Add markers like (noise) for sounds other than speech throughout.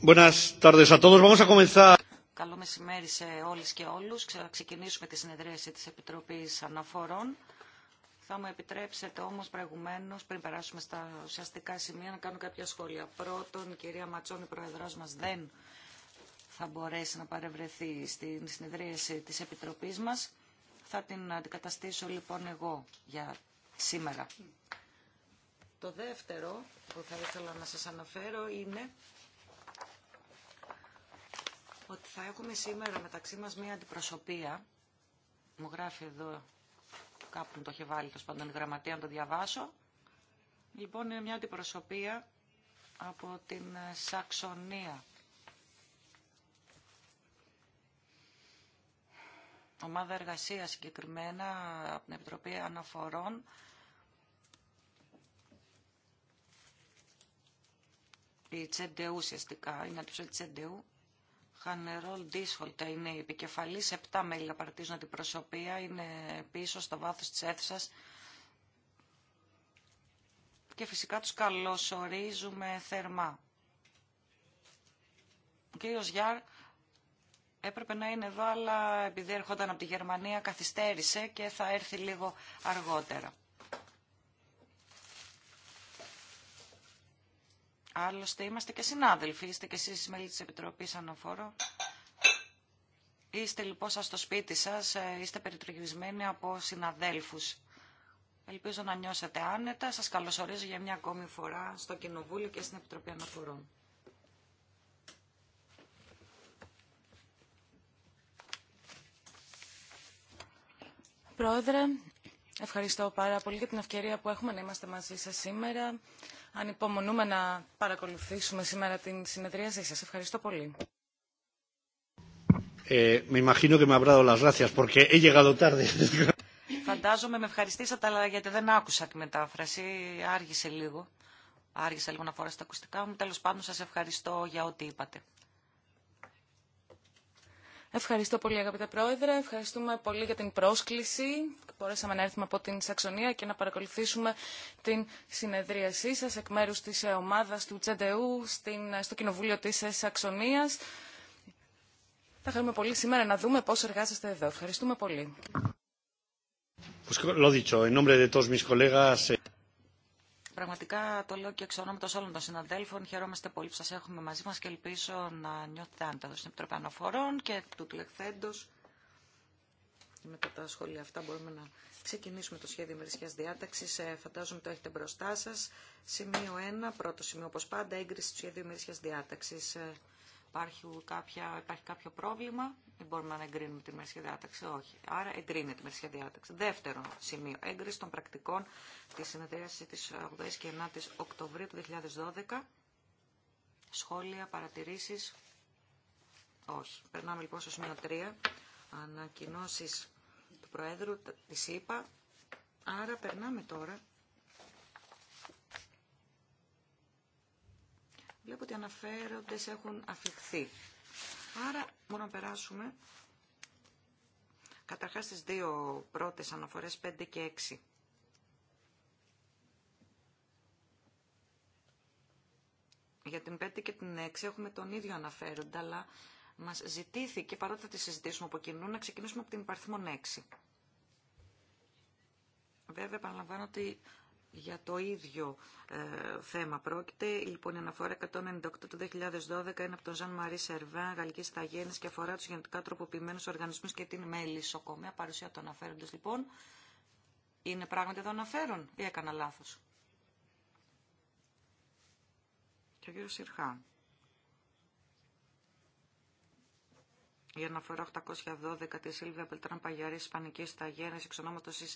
Buenas Καλό μεσημέρι σε όλες και όλους. Θα ξεκινήσουμε τη συνεδρίαση της Επιτροπής Αναφορών. Θα μου επιτρέψετε όμως προηγουμένως, πριν περάσουμε στα ουσιαστικά σημεία, να κάνω κάποια σχόλια. Πρώτον, η κυρία Ματσόνη, η Προεδρός μας, δεν θα μπορέσει να παρευρεθεί στην συνεδρίαση της Επιτροπής μας. Θα την αντικαταστήσω λοιπόν εγώ για σήμερα. Το δεύτερο που θα ήθελα να σας αναφέρω είναι ότι θα έχουμε σήμερα μεταξύ μας μία αντιπροσωπεία. Μου γράφει εδώ, κάπου μου το έχει βάλει το γραμματεία να το διαβάσω. Λοιπόν, είναι μια αντιπροσωπεία από την Σαξονία. Ομάδα εργασίας συγκεκριμένα από την Επιτροπή Αναφορών η Τσεντεού ουσιαστικά, είναι αντιψώλη της Τσεντεού. Χανερόλ Ντίσχολτα είναι η επικεφαλή επτά μέλη απαρτίζουν την προσωπία, είναι πίσω στο βάθος της αίθουσα. Και φυσικά τους καλωσορίζουμε θερμά. Ο κύριος Γιάρ έπρεπε να είναι εδώ, αλλά επειδή έρχονταν από τη Γερμανία καθυστέρησε και θα έρθει λίγο αργότερα. Άλλωστε είμαστε και συνάδελφοι, είστε και εσείς μέλη της Επιτροπής Αναφόρο. Είστε λοιπόν σας στο σπίτι σας, ε, είστε περιτριγισμένοι από συναδέλφους. Ελπίζω να νιώσετε άνετα. Σας καλωσορίζω για μια ακόμη φορά στο Κοινοβούλιο και στην Επιτροπή Αναφορών. Πρόεδρε, ευχαριστώ πάρα πολύ για την ευκαιρία που έχουμε να είμαστε μαζί σας σήμερα ανυπομονούμε να παρακολουθήσουμε σήμερα την συνεδρίασή σας. Ευχαριστώ πολύ. Φαντάζομαι με ευχαριστήσατε, αλλά γιατί δεν άκουσα τη μετάφραση. Άργησε λίγο. Άργησα λίγο να φοράσω τα ακουστικά μου. Τέλος πάντων, σας ευχαριστώ για ό,τι είπατε. Ευχαριστώ πολύ αγαπητέ Πρόεδρε, ευχαριστούμε πολύ για την πρόσκληση. Μπορέσαμε να έρθουμε από την Σαξονία και να παρακολουθήσουμε την συνεδρίασή σας εκ μέρους της ομάδας του Τσεντεού στο Κοινοβούλιο της Σαξονίας. Θα χαρούμε πολύ σήμερα να δούμε πώς εργάζεστε εδώ. Ευχαριστούμε πολύ. Πραγματικά το λέω και εξ ονόματος όλων των συναδέλφων. Χαιρόμαστε πολύ που σας έχουμε μαζί μας και ελπίζω να νιώθετε άνετα στην Επιτροπή Αναφορών και του τουλεχθέντος. Και μετά τα σχόλια αυτά μπορούμε να ξεκινήσουμε το σχέδιο ημερησίας διάταξης. Ε, φαντάζομαι το έχετε μπροστά σας. Σημείο 1, πρώτο σημείο όπω πάντα, έγκριση του σχέδιου ημερησίας διάταξης. Ε, υπάρχει, κάποια, υπάρχει κάποιο πρόβλημα ή μπορούμε να εγκρίνουμε τη μερσιά διάταξη. Όχι. Άρα εγκρίνεται τη μερσιά διάταξη. Δεύτερο σημείο. Έγκριση των πρακτικών τη συνεδρίαση τη 8η και 9η Οκτωβρίου του 2012. Σχόλια, παρατηρήσει. Όχι. Περνάμε λοιπόν στο σημείο 3. Ανακοινώσει του Προέδρου τη είπα. Άρα περνάμε τώρα. Βλέπω ότι αναφέροντες έχουν αφηχθεί. Άρα μπορούμε να περάσουμε καταρχάς στις δύο πρώτες αναφορές 5 και 6. Για την 5 και την 6 έχουμε τον ίδιο αναφέροντα, αλλά μας ζητήθηκε, παρότι θα τη συζητήσουμε από κοινού, να ξεκινήσουμε από την υπαριθμόν 6. Βέβαια, επαναλαμβάνω ότι για το ίδιο ε, θέμα πρόκειται, λοιπόν, η αναφορά 198 του 2012 είναι από τον Ζαν Μαρί Σερβά, Γαλλική Σταγέννη και αφορά του γενετικά τροποποιημένου οργανισμού και την μελισσοκομεία. Παρουσία των αναφέροντο, λοιπόν. Είναι πράγματι εδώ αναφέρον ή έκανα λάθο. Και ο κύριο Σιρχά. Η αναφορά 812 τη Σίλβια Πελτράν Παγιαρή, Ισπανική Σταγέννη, εξ τη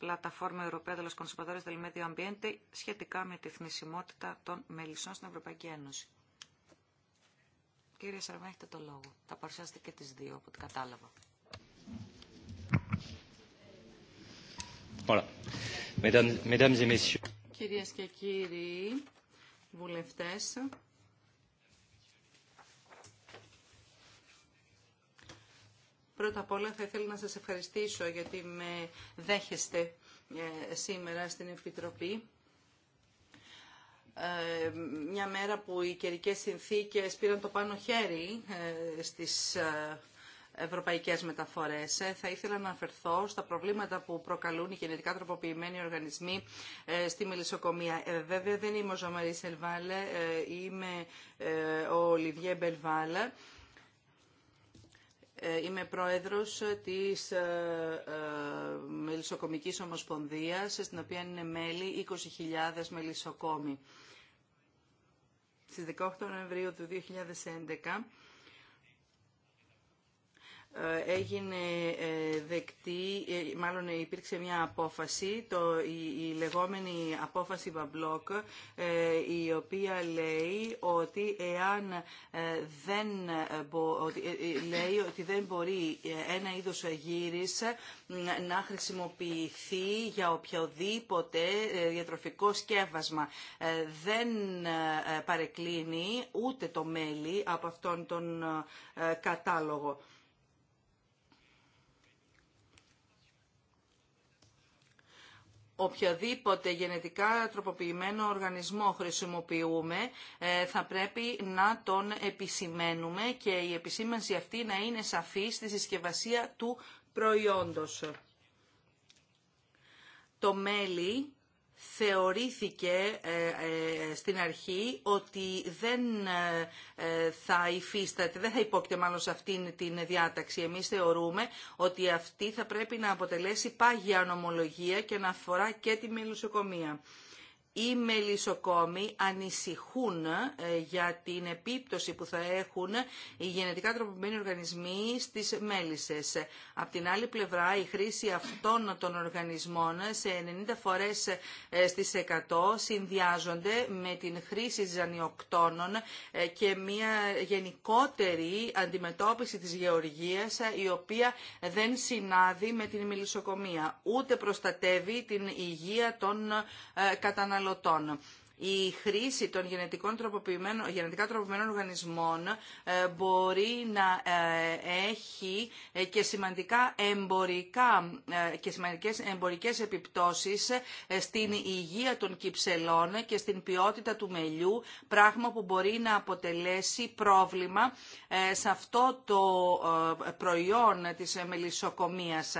πλατφόρμα Ευρωπαία de los Conservadores del Medio σχετικά με τη θνησιμότητα των μελισσών στην Ευρωπαϊκή Ένωση. Κύριε Σαρμά, έχετε το λόγο. Θα παρουσιάσετε και τις δύο, από ό,τι κατάλαβα. Κυρίες και κύριοι βουλευτές, Πρώτα απ' όλα θα ήθελα να σας ευχαριστήσω γιατί με δέχεστε ε, σήμερα στην Επιτροπή ε, μια μέρα που οι καιρικές συνθήκες πήραν το πάνω χέρι ε, στις ευρωπαϊκές μεταφορές. Θα ήθελα να αναφερθώ στα προβλήματα που προκαλούν οι γενετικά τροποποιημένοι οργανισμοί στη μελισσοκομεία. Βέβαια δεν είμαι ο Ζωμαρή Σελβάλε, είμαι ο Λιβιέ Μπελβάλε ε, είμαι πρόεδρος της ε, ε, Μελισσοκομικής Ομοσπονδίας, στην οποία είναι μέλη 20.000 μελισσοκόμοι. Στις 18 Νοεμβρίου του 2011 ε, έγινε ε, δεκτή, ε, μάλλον υπήρξε μια απόφαση, το, η, λεγόμενη απόφαση Βαμπλόκ, η οποία λέει ότι εάν δεν, λέει ότι δεν μπορεί ένα είδος γύρις να χρησιμοποιηθεί για οποιοδήποτε διατροφικό σκεύασμα. Δεν παρεκκλίνει ούτε το μέλι από αυτόν τον κατάλογο. οποιοδήποτε γενετικά τροποποιημένο οργανισμό χρησιμοποιούμε ε, θα πρέπει να τον επισημαίνουμε και η επισήμανση αυτή να είναι σαφή στη συσκευασία του προϊόντος. Το μέλι θεωρήθηκε ε, ε, στην αρχή ότι δεν ε, θα υφίσταται, δεν θα υπόκειται μάλλον σε αυτήν την διάταξη. Εμείς θεωρούμε ότι αυτή θα πρέπει να αποτελέσει πάγια νομολογία και να αφορά και τη μελουσοκομεία οι μελισσοκόμοι ανησυχούν ε, για την επίπτωση που θα έχουν οι γενετικά τροποποιημένοι οργανισμοί στις μέλισσες. Απ' την άλλη πλευρά, η χρήση αυτών των οργανισμών σε 90 φορές ε, στις 100 συνδυάζονται με την χρήση ζανιοκτώνων ε, και μια γενικότερη αντιμετώπιση της γεωργίας η οποία δεν συνάδει με την μελισσοκομία, ούτε προστατεύει την υγεία των καταναλωτών η χρήση των γενετικών τροποποιημένων, γενετικά τροποποιημένων οργανισμών ε, μπορεί να ε, έχει ε, και σημαντικά εμπορικά και σημαντικές εμπορικές επιπτώσεις στην υγεία των κυψελών και στην ποιότητα του μελιού, πράγμα που μπορεί να αποτελέσει πρόβλημα σε αυτό το προϊόν της μελισσοκομείας.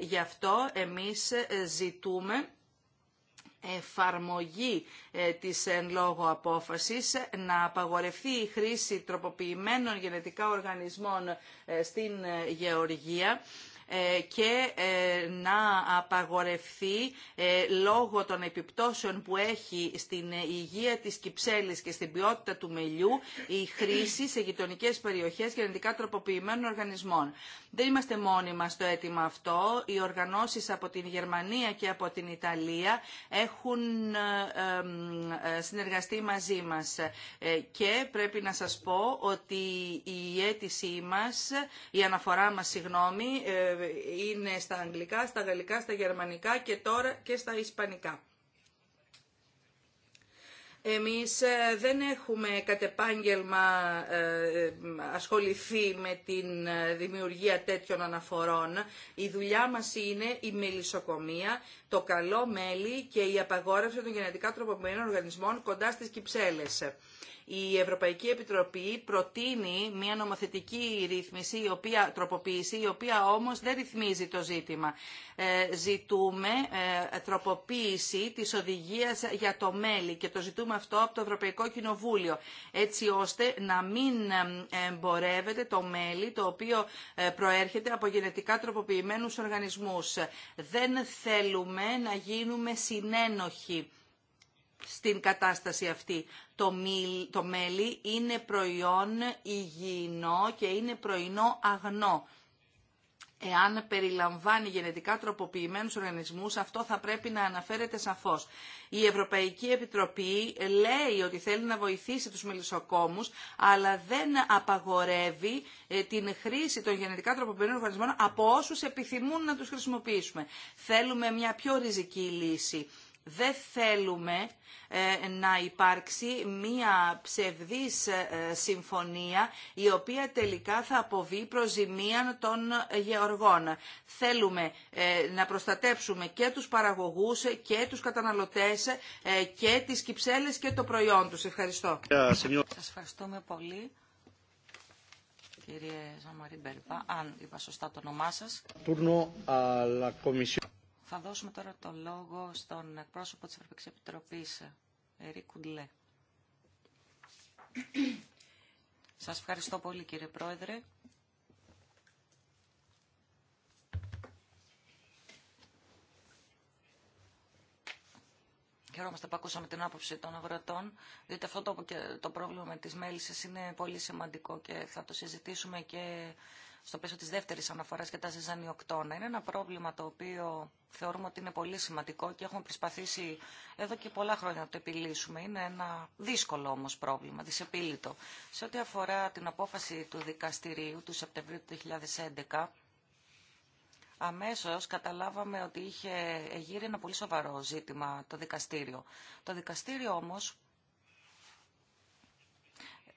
Γι' αυτό εμείς ζητούμε εφαρμογή ε, της εν λόγω απόφασης να απαγορευτεί η χρήση τροποποιημένων γενετικά οργανισμών ε, στην ε, γεωργία ε, και ε, να απαγορευθεί ε, λόγω των επιπτώσεων που έχει στην υγεία της κυψέλης και στην ποιότητα του μελιού η χρήση σε γειτονικέ περιοχές γενετικά τροποποιημένων οργανισμών. Δεν είμαστε μόνοι μας στο αίτημα αυτό. Οι οργανώσεις από την Γερμανία και από την Ιταλία έχουν συνεργαστεί μαζί μας και πρέπει να σας πω ότι η αίτησή μας, η αναφορά μας, συγγνώμη, είναι στα αγγλικά, στα γαλλικά, στα γερμανικά και τώρα και στα ισπανικά. Εμείς ε, δεν έχουμε κατ' επάγγελμα ε, ε, ασχοληθεί με την δημιουργία τέτοιων αναφορών. Η δουλειά μας είναι η μελισσοκομεία, το καλό μέλι και η απαγόρευση των γενετικά τροποποιημένων οργανισμών κοντά στις κυψέλες. Η Ευρωπαϊκή Επιτροπή προτείνει μια νομοθετική ρύθμιση, η οποία, τροποποίηση, η οποία όμως δεν ρυθμίζει το ζήτημα. Ε, ζητούμε ε, τροποποίηση της οδηγίας για το μέλι και το ζητούμε αυτό από το Ευρωπαϊκό Κοινοβούλιο, έτσι ώστε να μην ε, εμπορεύεται το μέλι το οποίο προέρχεται από γενετικά τροποποιημένους οργανισμούς. Δεν θέλουμε να γίνουμε συνένοχοι στην κατάσταση αυτή. Το, μέλι είναι προϊόν υγιεινό και είναι πρωινό αγνό. Εάν περιλαμβάνει γενετικά τροποποιημένους οργανισμούς, αυτό θα πρέπει να αναφέρεται σαφώς. Η Ευρωπαϊκή Επιτροπή λέει ότι θέλει να βοηθήσει τους μελισσοκόμους, αλλά δεν απαγορεύει ε, την χρήση των γενετικά τροποποιημένων οργανισμών από όσους επιθυμούν να τους χρησιμοποιήσουμε. Θέλουμε μια πιο ριζική λύση δεν θέλουμε ε, να υπάρξει μία ψευδής ε, συμφωνία η οποία τελικά θα αποβεί προς των γεωργών. Θέλουμε ε, να προστατέψουμε και τους παραγωγούς και τους καταναλωτές και τις κυψέλες και το προϊόν τους. Ευχαριστώ. Σας ευχαριστούμε πολύ. Κύριε Ζαμαρή Μπερπά, αν είπα σωστά το όνομά σας. Θα δώσουμε τώρα το λόγο στον εκπρόσωπο της Ευρωπαϊκής Επιτροπής, Ερή Κουντλέ. Σας ευχαριστώ πολύ κύριε Πρόεδρε. Χαιρόμαστε που ακούσαμε την άποψη των αγροτών, διότι αυτό το, το πρόβλημα με τις μέλισσες είναι πολύ σημαντικό και θα το συζητήσουμε και στο πλαίσιο της δεύτερης αναφοράς και τα ζεζανιοκτώνα. Είναι ένα πρόβλημα το οποίο θεωρούμε ότι είναι πολύ σημαντικό και έχουμε προσπαθήσει εδώ και πολλά χρόνια να το επιλύσουμε. Είναι ένα δύσκολο όμως πρόβλημα, δυσεπίλητο. Σε ό,τι αφορά την απόφαση του δικαστηρίου του Σεπτεμβρίου του 2011, αμέσως καταλάβαμε ότι είχε γύρει ένα πολύ σοβαρό ζήτημα το δικαστήριο. Το δικαστήριο όμως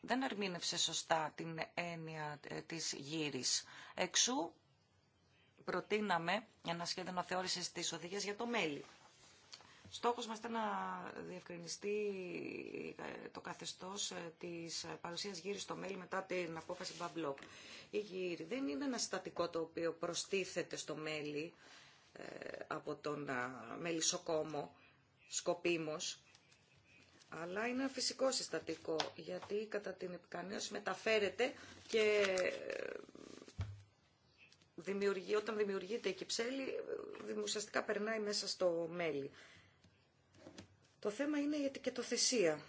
δεν ερμήνευσε σωστά την έννοια ε, της γύρης. Εξού προτείναμε ένα σχέδιο θεώρησε της οδηγίες για το μέλι. Στόχος μας ήταν να διευκρινιστεί ε, το καθεστώς ε, της παρουσίας γύρι στο μέλι μετά την απόφαση Μπαμπλό. Η γύρι δεν είναι ένα συστατικό το οποίο προστίθεται στο μέλι από τον μελισσοκόμο σκοπίμος. Αλλά είναι ένα φυσικό συστατικό, γιατί κατά την επικανέωση μεταφέρεται και ε, δημιουργεί, όταν δημιουργείται η κυψέλη, ε, ουσιαστικά περνάει μέσα στο μέλι. Το θέμα είναι η θεσία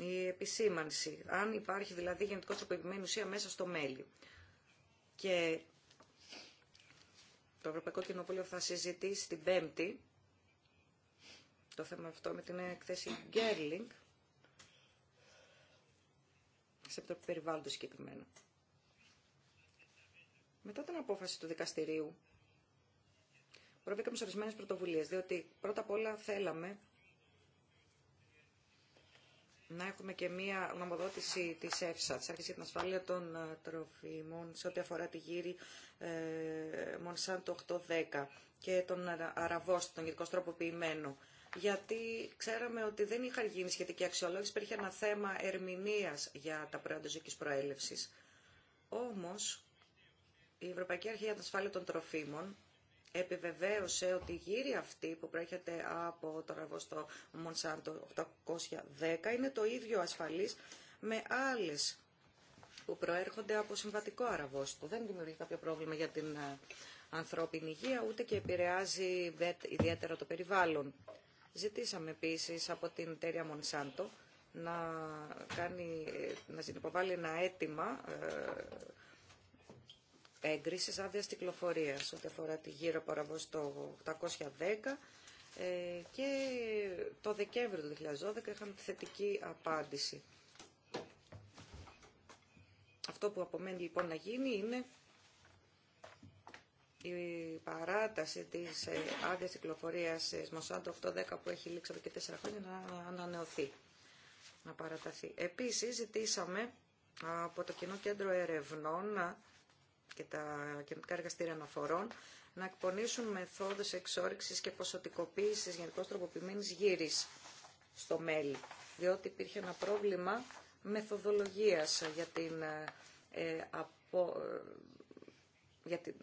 η επισήμανση, αν υπάρχει δηλαδή γενετικό τροποποιημένη ουσία μέσα στο μέλι. Και το Ευρωπαϊκό Κοινοβούλιο θα συζητήσει την Πέμπτη το θέμα αυτό με την έκθεση Γκέρλινγκ σε επιτροπή Περιβάλλοντος συγκεκριμένα. Μετά την απόφαση του δικαστηρίου, προβήκαμε σε ορισμένε πρωτοβουλίε, διότι πρώτα απ' όλα θέλαμε να έχουμε και μία γνωμοδότηση τη ΕΦΣΑ, τη Αρχή για την Ασφάλεια των ε, Τροφίμων, σε ό,τι αφορά τη γύρι ε, Μονσάντο 810 και τον ε, αραβόστο, τον γενικώ τροποποιημένο γιατί ξέραμε ότι δεν είχαν γίνει σχετική αξιολόγηση, υπήρχε ένα θέμα ερμηνεία για τα προϊόντα ζωική προέλευση. Όμω, η Ευρωπαϊκή Αρχή για την Ασφάλεια των Τροφίμων επιβεβαίωσε ότι η γύρι αυτή που προέρχεται από το στο Μονσάντο 810 είναι το ίδιο ασφαλής με άλλες που προέρχονται από συμβατικό αραβόστο. Δεν δημιουργεί κάποιο πρόβλημα για την ε, ανθρώπινη υγεία, ούτε και επηρεάζει ιδιαίτερα το περιβάλλον. Ζητήσαμε επίσης από την εταιρεία Μονσάντο να, κάνει, να υποβάλει ένα αίτημα ε, έγκρισης άδειας κυκλοφορίας ό,τι αφορά τη γύρω παραβώς το 810 και το Δεκέμβριο του 2012 είχαμε τη θετική απάντηση. Αυτό που απομένει λοιπόν να γίνει είναι η παράταση της ε, άδειας κυκλοφορίας Μοσάντο ε, 810 που έχει λήξει από και 4 χρόνια να ανανεωθεί, να παραταθεί. Επίσης ζητήσαμε από το Κοινό Κέντρο Ερευνών και τα Κοινωνικά Εργαστήρια Αναφορών να εκπονήσουν μεθόδους εξόριξης και ποσοτικοποίησης γενικώ τροποποιημένης γύρης στο μέλι, διότι υπήρχε ένα πρόβλημα μεθοδολογίας για την, ε, από, για την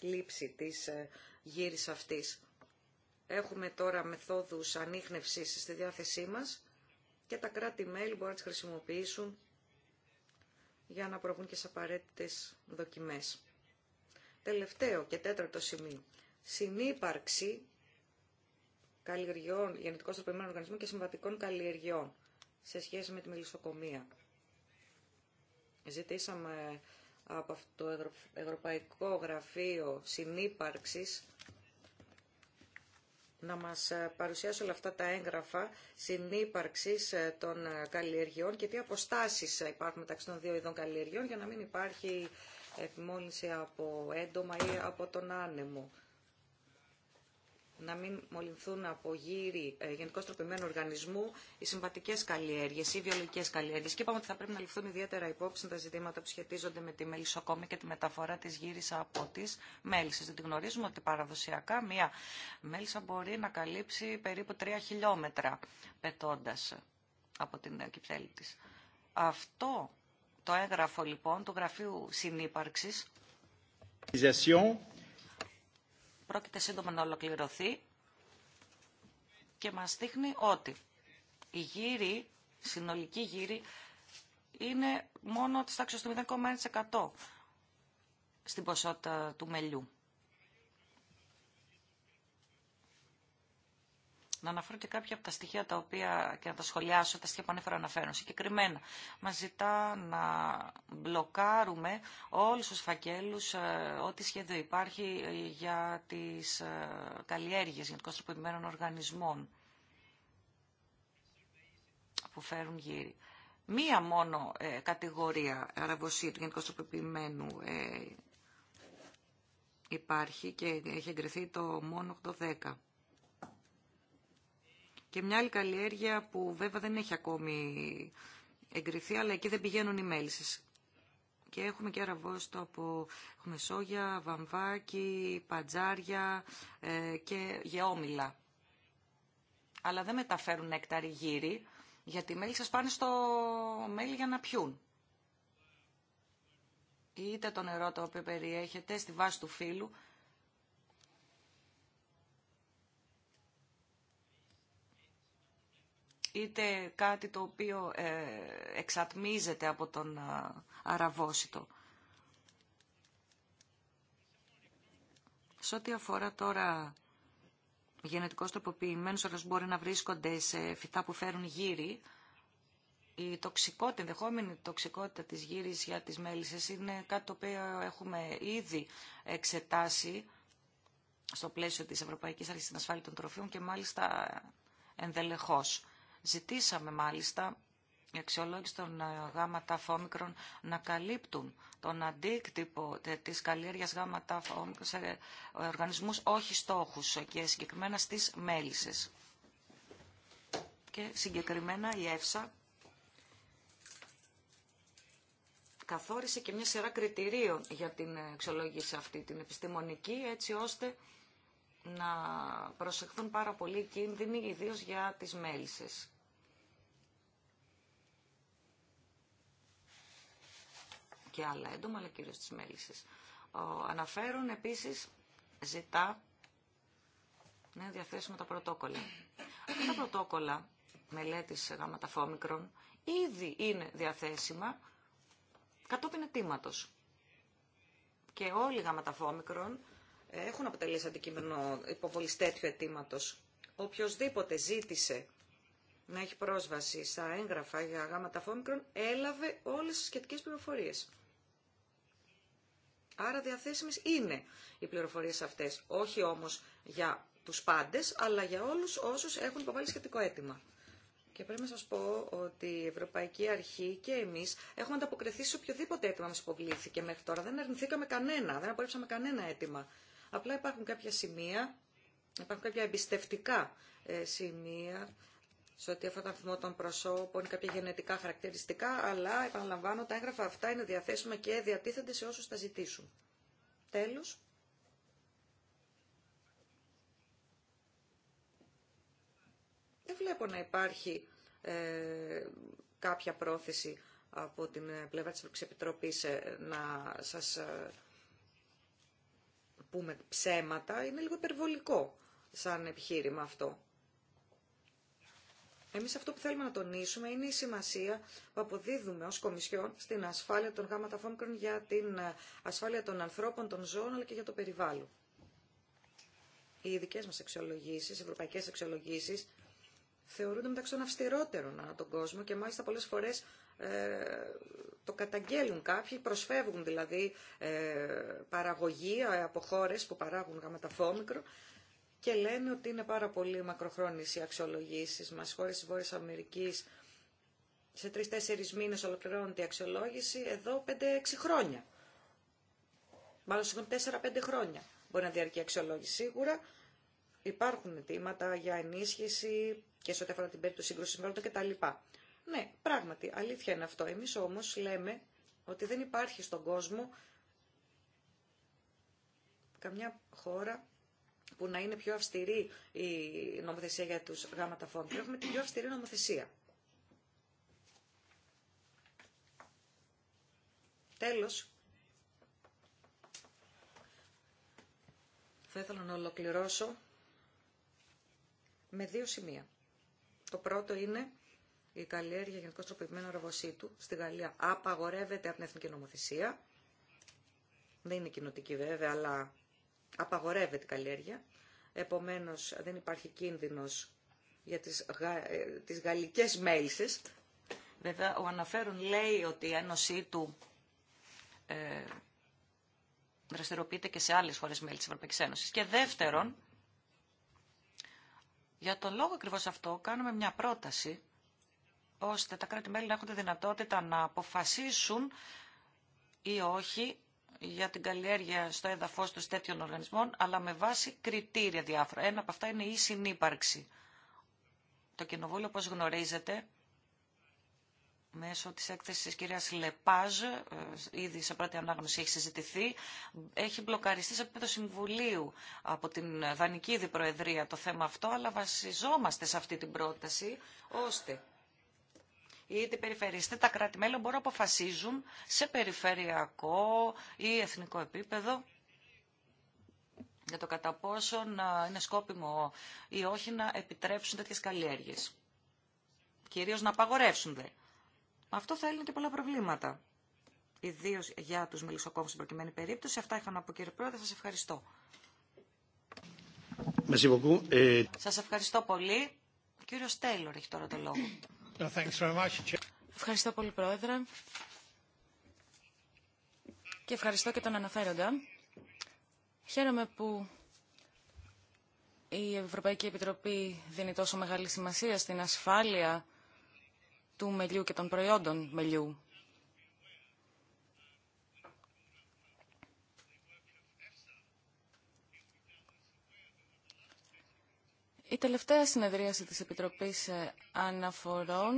λήψη της ε, γύρης αυτής. Έχουμε τώρα μεθόδους ανείχνευσης στη διάθεσή μας και τα κράτη-μέλη μπορούν να τις χρησιμοποιήσουν για να προβούν και σε απαραίτητε δοκιμές. Τελευταίο και τέταρτο σημείο. Συνύπαρξη καλλιεργιών, γενετικώς τροπημένων οργανισμών και συμβατικών καλλιεργιών σε σχέση με τη μελισσοκομεία. Ζητήσαμε από αυτό το Ευρωπαϊκό Γραφείο Συνύπαρξης να μας ε, παρουσιάσει όλα αυτά τα έγγραφα συνύπαρξης ε, των ε, καλλιεργειών και τι αποστάσεις υπάρχουν μεταξύ των δύο ειδών καλλιεργειών για να μην υπάρχει επιμόλυνση από έντομα ή από τον άνεμο να μην μολυνθούν από γύρι ε, γενικώ τροπημένου οργανισμού οι συμβατικέ καλλιέργειε ή οι βιολογικέ καλλιέργειε. Και είπαμε ότι θα πρέπει να ληφθούν ιδιαίτερα υπόψη τα ζητήματα που σχετίζονται με τη μελισσοκόμη και τη μεταφορά τη γύρι από τι μέλισσε. Δεν γνωρίζουμε ότι παραδοσιακά μία μέλισσα μπορεί να καλύψει περίπου 3 χιλιόμετρα πετώντα από την κυψέλη τη. Αυτό το έγγραφο λοιπόν του Γραφείου Συνύπαρξη πρόκειται σύντομα να ολοκληρωθεί και μας δείχνει ότι η γύρη, συνολική γύρη, είναι μόνο της τάξης του 0,1% στην ποσότητα του μελιού. Να αναφέρω και κάποια από τα στοιχεία τα οποία και να τα σχολιάσω, τα στοιχεία που ανέφερα φέρω. Συγκεκριμένα, μα ζητά να μπλοκάρουμε όλου του φακέλου, ε, ό,τι σχέδιο υπάρχει ε, για τι ε, καλλιέργειε γενικώ τροποποιημένων οργανισμών που φέρουν γύρι. Μία μόνο κατηγορία αραβοσία του γενικώς τροποποιημένου ε, υπάρχει και έχει εγκριθεί το μόνο 8-10. Και μια άλλη καλλιέργεια που βέβαια δεν έχει ακόμη εγκριθεί, αλλά εκεί δεν πηγαίνουν οι μέλισσε. Και έχουμε και αραβόστο από έχουμε σόγια, βαμβάκι, πατζάρια ε, και γεώμηλα. Αλλά δεν μεταφέρουν νέκταρη γύρι, γιατί οι μέλισσε πάνε στο μέλι για να πιούν. Είτε το νερό το οποίο περιέχεται στη βάση του φύλου, είτε κάτι το οποίο ε, εξατμίζεται από τον ε, αραβόσιτο. Σε ό,τι αφορά τώρα γενετικώς τροποποιημένους, όλες μπορεί να βρίσκονται σε φυτά που φέρουν γύρι, η τοξικότητα, ενδεχόμενη τοξικότητα της γύρης για τις μέλισσες είναι κάτι το οποίο έχουμε ήδη εξετάσει στο πλαίσιο της Ευρωπαϊκής Αρχής της των Τροφίων και μάλιστα ενδελεχώς. Ζητήσαμε μάλιστα οι αξιολόγηση των ε, γάμματα να καλύπτουν τον αντίκτυπο της καλλιέργειας γάμα φόμικρων σε ε, οργανισμούς όχι στόχους ε, και συγκεκριμένα στις μέλισσες. Και συγκεκριμένα η ΕΦΣΑ καθόρισε και μια σειρά κριτηρίων για την αξιολόγηση αυτή, την επιστημονική, έτσι ώστε να προσεχθούν πάρα πολύ κίνδυνοι, ιδίως για τις μέλισσες και άλλα έντομα, αλλά κυρίως τις μέλισσες. Ο αναφέρον επίσης ζητά να είναι διαθέσιμα τα πρωτόκολλα. Αυτά τα πρωτόκολλα μελέτης γάμματα φόμικρον ήδη είναι διαθέσιμα κατόπιν ετήματος Και όλοι οι γάμματα φόμικρον έχουν αποτελέσει αντικείμενο υποβολής τέτοιου αιτήματο. Οποιοςδήποτε ζήτησε να έχει πρόσβαση στα έγγραφα για γάμματα φόμικρον έλαβε όλες τις σχετικές πληροφορίες. Άρα διαθέσιμες είναι οι πληροφορίες αυτές, όχι όμως για τους πάντες, αλλά για όλους όσους έχουν υποβάλει σχετικό αίτημα. Και πρέπει να σας πω ότι η Ευρωπαϊκή Αρχή και εμείς έχουμε ανταποκριθεί σε οποιοδήποτε αίτημα μας υποβλήθηκε μέχρι τώρα. Δεν αρνηθήκαμε κανένα, δεν απορρίψαμε κανένα αίτημα. Απλά υπάρχουν κάποια σημεία, υπάρχουν κάποια εμπιστευτικά ε, σημεία σε ό,τι αφορά τον αριθμό των προσώπων, κάποια γενετικά χαρακτηριστικά, αλλά επαναλαμβάνω τα έγγραφα αυτά είναι διαθέσιμα και διατίθενται σε όσους τα ζητήσουν. Τέλος. Δεν βλέπω να υπάρχει ε, κάποια πρόθεση από την πλευρά της Επιτροπής ε, να σας ε, πούμε ψέματα. Είναι λίγο υπερβολικό σαν επιχείρημα αυτό. Εμείς αυτό που θέλουμε να τονίσουμε είναι η σημασία που αποδίδουμε ως Κομισιόν στην ασφάλεια των γάμματα φόμικρων για την ε, ασφάλεια των ανθρώπων, των ζώων αλλά και για το περιβάλλον. Οι ειδικέ μας αξιολογήσεις, οι ευρωπαϊκές αξιολογήσεις θεωρούνται μεταξύ των αυστηρότερων ανά τον κόσμο και μάλιστα πολλές φορές ε, το καταγγέλουν κάποιοι, προσφεύγουν δηλαδή ε, παραγωγή ε, από χώρε που παράγουν γάμματα φόμικρο και λένε ότι είναι πάρα πολύ μακροχρόνιες οι αξιολογήσεις μας. Χώρες της Βόρειας Αμερικής σε τρει-τέσσερι μήνε ολοκληρώνεται η αξιολόγηση, εδώ πέντε-έξι χρόνια. Μάλλον σχεδόν τέσσερα-πέντε χρόνια μπορεί να διαρκεί η αξιολόγηση. Σίγουρα υπάρχουν αιτήματα για ενίσχυση και σε ό,τι αφορά την περίπτωση σύγκρουση συμφέροντων κτλ. Ναι, πράγματι, αλήθεια είναι αυτό. Εμεί όμω λέμε ότι δεν υπάρχει στον κόσμο καμιά χώρα που να είναι πιο αυστηρή η νομοθεσία για τους γάμματα φόντου. Έχουμε την πιο αυστηρή νομοθεσία. Τέλος, θα ήθελα να ολοκληρώσω με δύο σημεία. Το πρώτο είναι η καλλιέργεια γενικώ τροποποιημένου ραβοσίτου στη Γαλλία απαγορεύεται από την Εθνική Νομοθεσία. Δεν είναι κοινοτική βέβαια, αλλά απαγορεύεται η καλλιέργεια, επομένως δεν υπάρχει κίνδυνος για τις, γα... Ε, τις γαλλικές μέλισσες. Βέβαια, ο αναφέρον λέει ότι η ένωσή του ε, δραστηριοποιείται και σε άλλες χώρες μέλη της Ευρωπαϊκής Ένωσης. Και δεύτερον, για τον λόγο ακριβώς αυτό κάνουμε μια πρόταση ώστε τα κράτη-μέλη να έχουν τη δυνατότητα να αποφασίσουν ή όχι για την καλλιέργεια στο έδαφος του τέτοιων οργανισμών, αλλά με βάση κριτήρια διάφορα. Ένα από αυτά είναι η συνύπαρξη. Το κοινοβούλιο, όπως γνωρίζετε, μέσω της έκθεσης της κυρίας Λεπάζ, ε, ήδη σε πρώτη ανάγνωση έχει συζητηθεί, έχει μπλοκαριστεί σε επίπεδο συμβουλίου από την Δανική Διπροεδρία το θέμα αυτό, αλλά βασιζόμαστε σε αυτή την πρόταση, ώστε είτε περιφερειστεί, τα κράτη-μέλη μπορούν να αποφασίζουν σε περιφερειακό ή εθνικό επίπεδο για το κατά πόσο ε, είναι σκόπιμο ή όχι να επιτρέψουν τέτοιε καλλιέργειες. Κυρίω να απαγορεύσουν δε. Αυτό θα έλυνε και πολλά προβλήματα. Ιδίω για τους μελισσοκόμους στην προκειμένη περίπτωση. Αυτά είχα να πω κύριε Πρόεδρε. σα ευχαριστώ. Ε, σα ευχαριστώ πολύ. Ο κύριος έχει τώρα το λόγο. Ευχαριστώ πολύ, Πρόεδρε. Και ευχαριστώ και τον αναφέροντα. Χαίρομαι που η Ευρωπαϊκή Επιτροπή δίνει τόσο μεγάλη σημασία στην ασφάλεια του μελιού και των προϊόντων μελιού. Η τελευταία συνεδρίαση της Επιτροπής ε, Αναφορών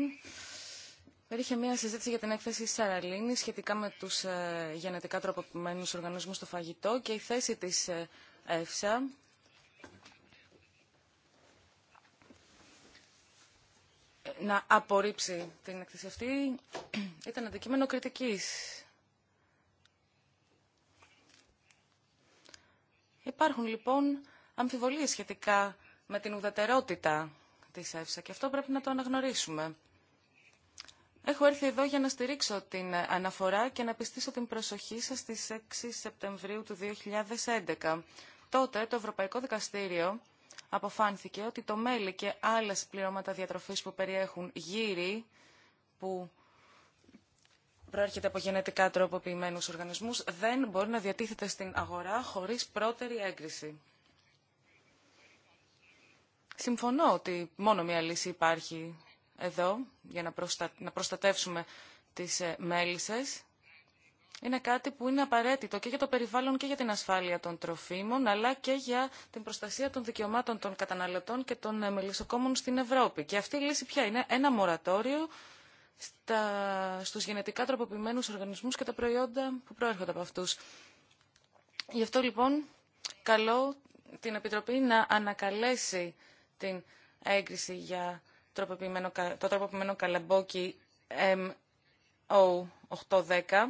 Υπήρχε μια συζήτηση για την έκθεση Σαραλίνη σχετικά με τους ε, γενετικά τροποποιημένους οργανισμούς στο φαγητό και η θέση της ε, ΕΦΣΑ να απορρίψει την έκθεση αυτή ήταν αντικείμενο κριτικής. Υπάρχουν λοιπόν αμφιβολίες σχετικά με την ουδετερότητα της ΕΦΣΑ και αυτό πρέπει να το αναγνωρίσουμε. Έχω έρθει εδώ για να στηρίξω την αναφορά και να πιστήσω την προσοχή σας στις 6 Σεπτεμβρίου του 2011. Τότε το Ευρωπαϊκό Δικαστήριο αποφάνθηκε ότι το μέλι και άλλες πληρώματα διατροφής που περιέχουν γύρι, που προέρχεται από γενετικά τροποποιημένους οργανισμούς, δεν μπορεί να διατίθεται στην αγορά χωρίς πρώτερη έγκριση. Συμφωνώ ότι μόνο μία λύση υπάρχει εδώ για να, να προστατεύσουμε τις ε, μέλισσες. Είναι κάτι που είναι απαραίτητο και για το περιβάλλον και για την ασφάλεια των τροφίμων, αλλά και για την προστασία των δικαιωμάτων των καταναλωτών και των ε, μελισσοκόμων στην Ευρώπη. Και αυτή η λύση πια είναι, ένα μορατόριο στα... στους γενετικά τροποποιημένους οργανισμούς και τα προϊόντα που προέρχονται από αυτούς. Γι' αυτό λοιπόν καλώ την Επιτροπή να ανακαλέσει την έγκριση για το τροποποιημένο καλαμπόκι MO810.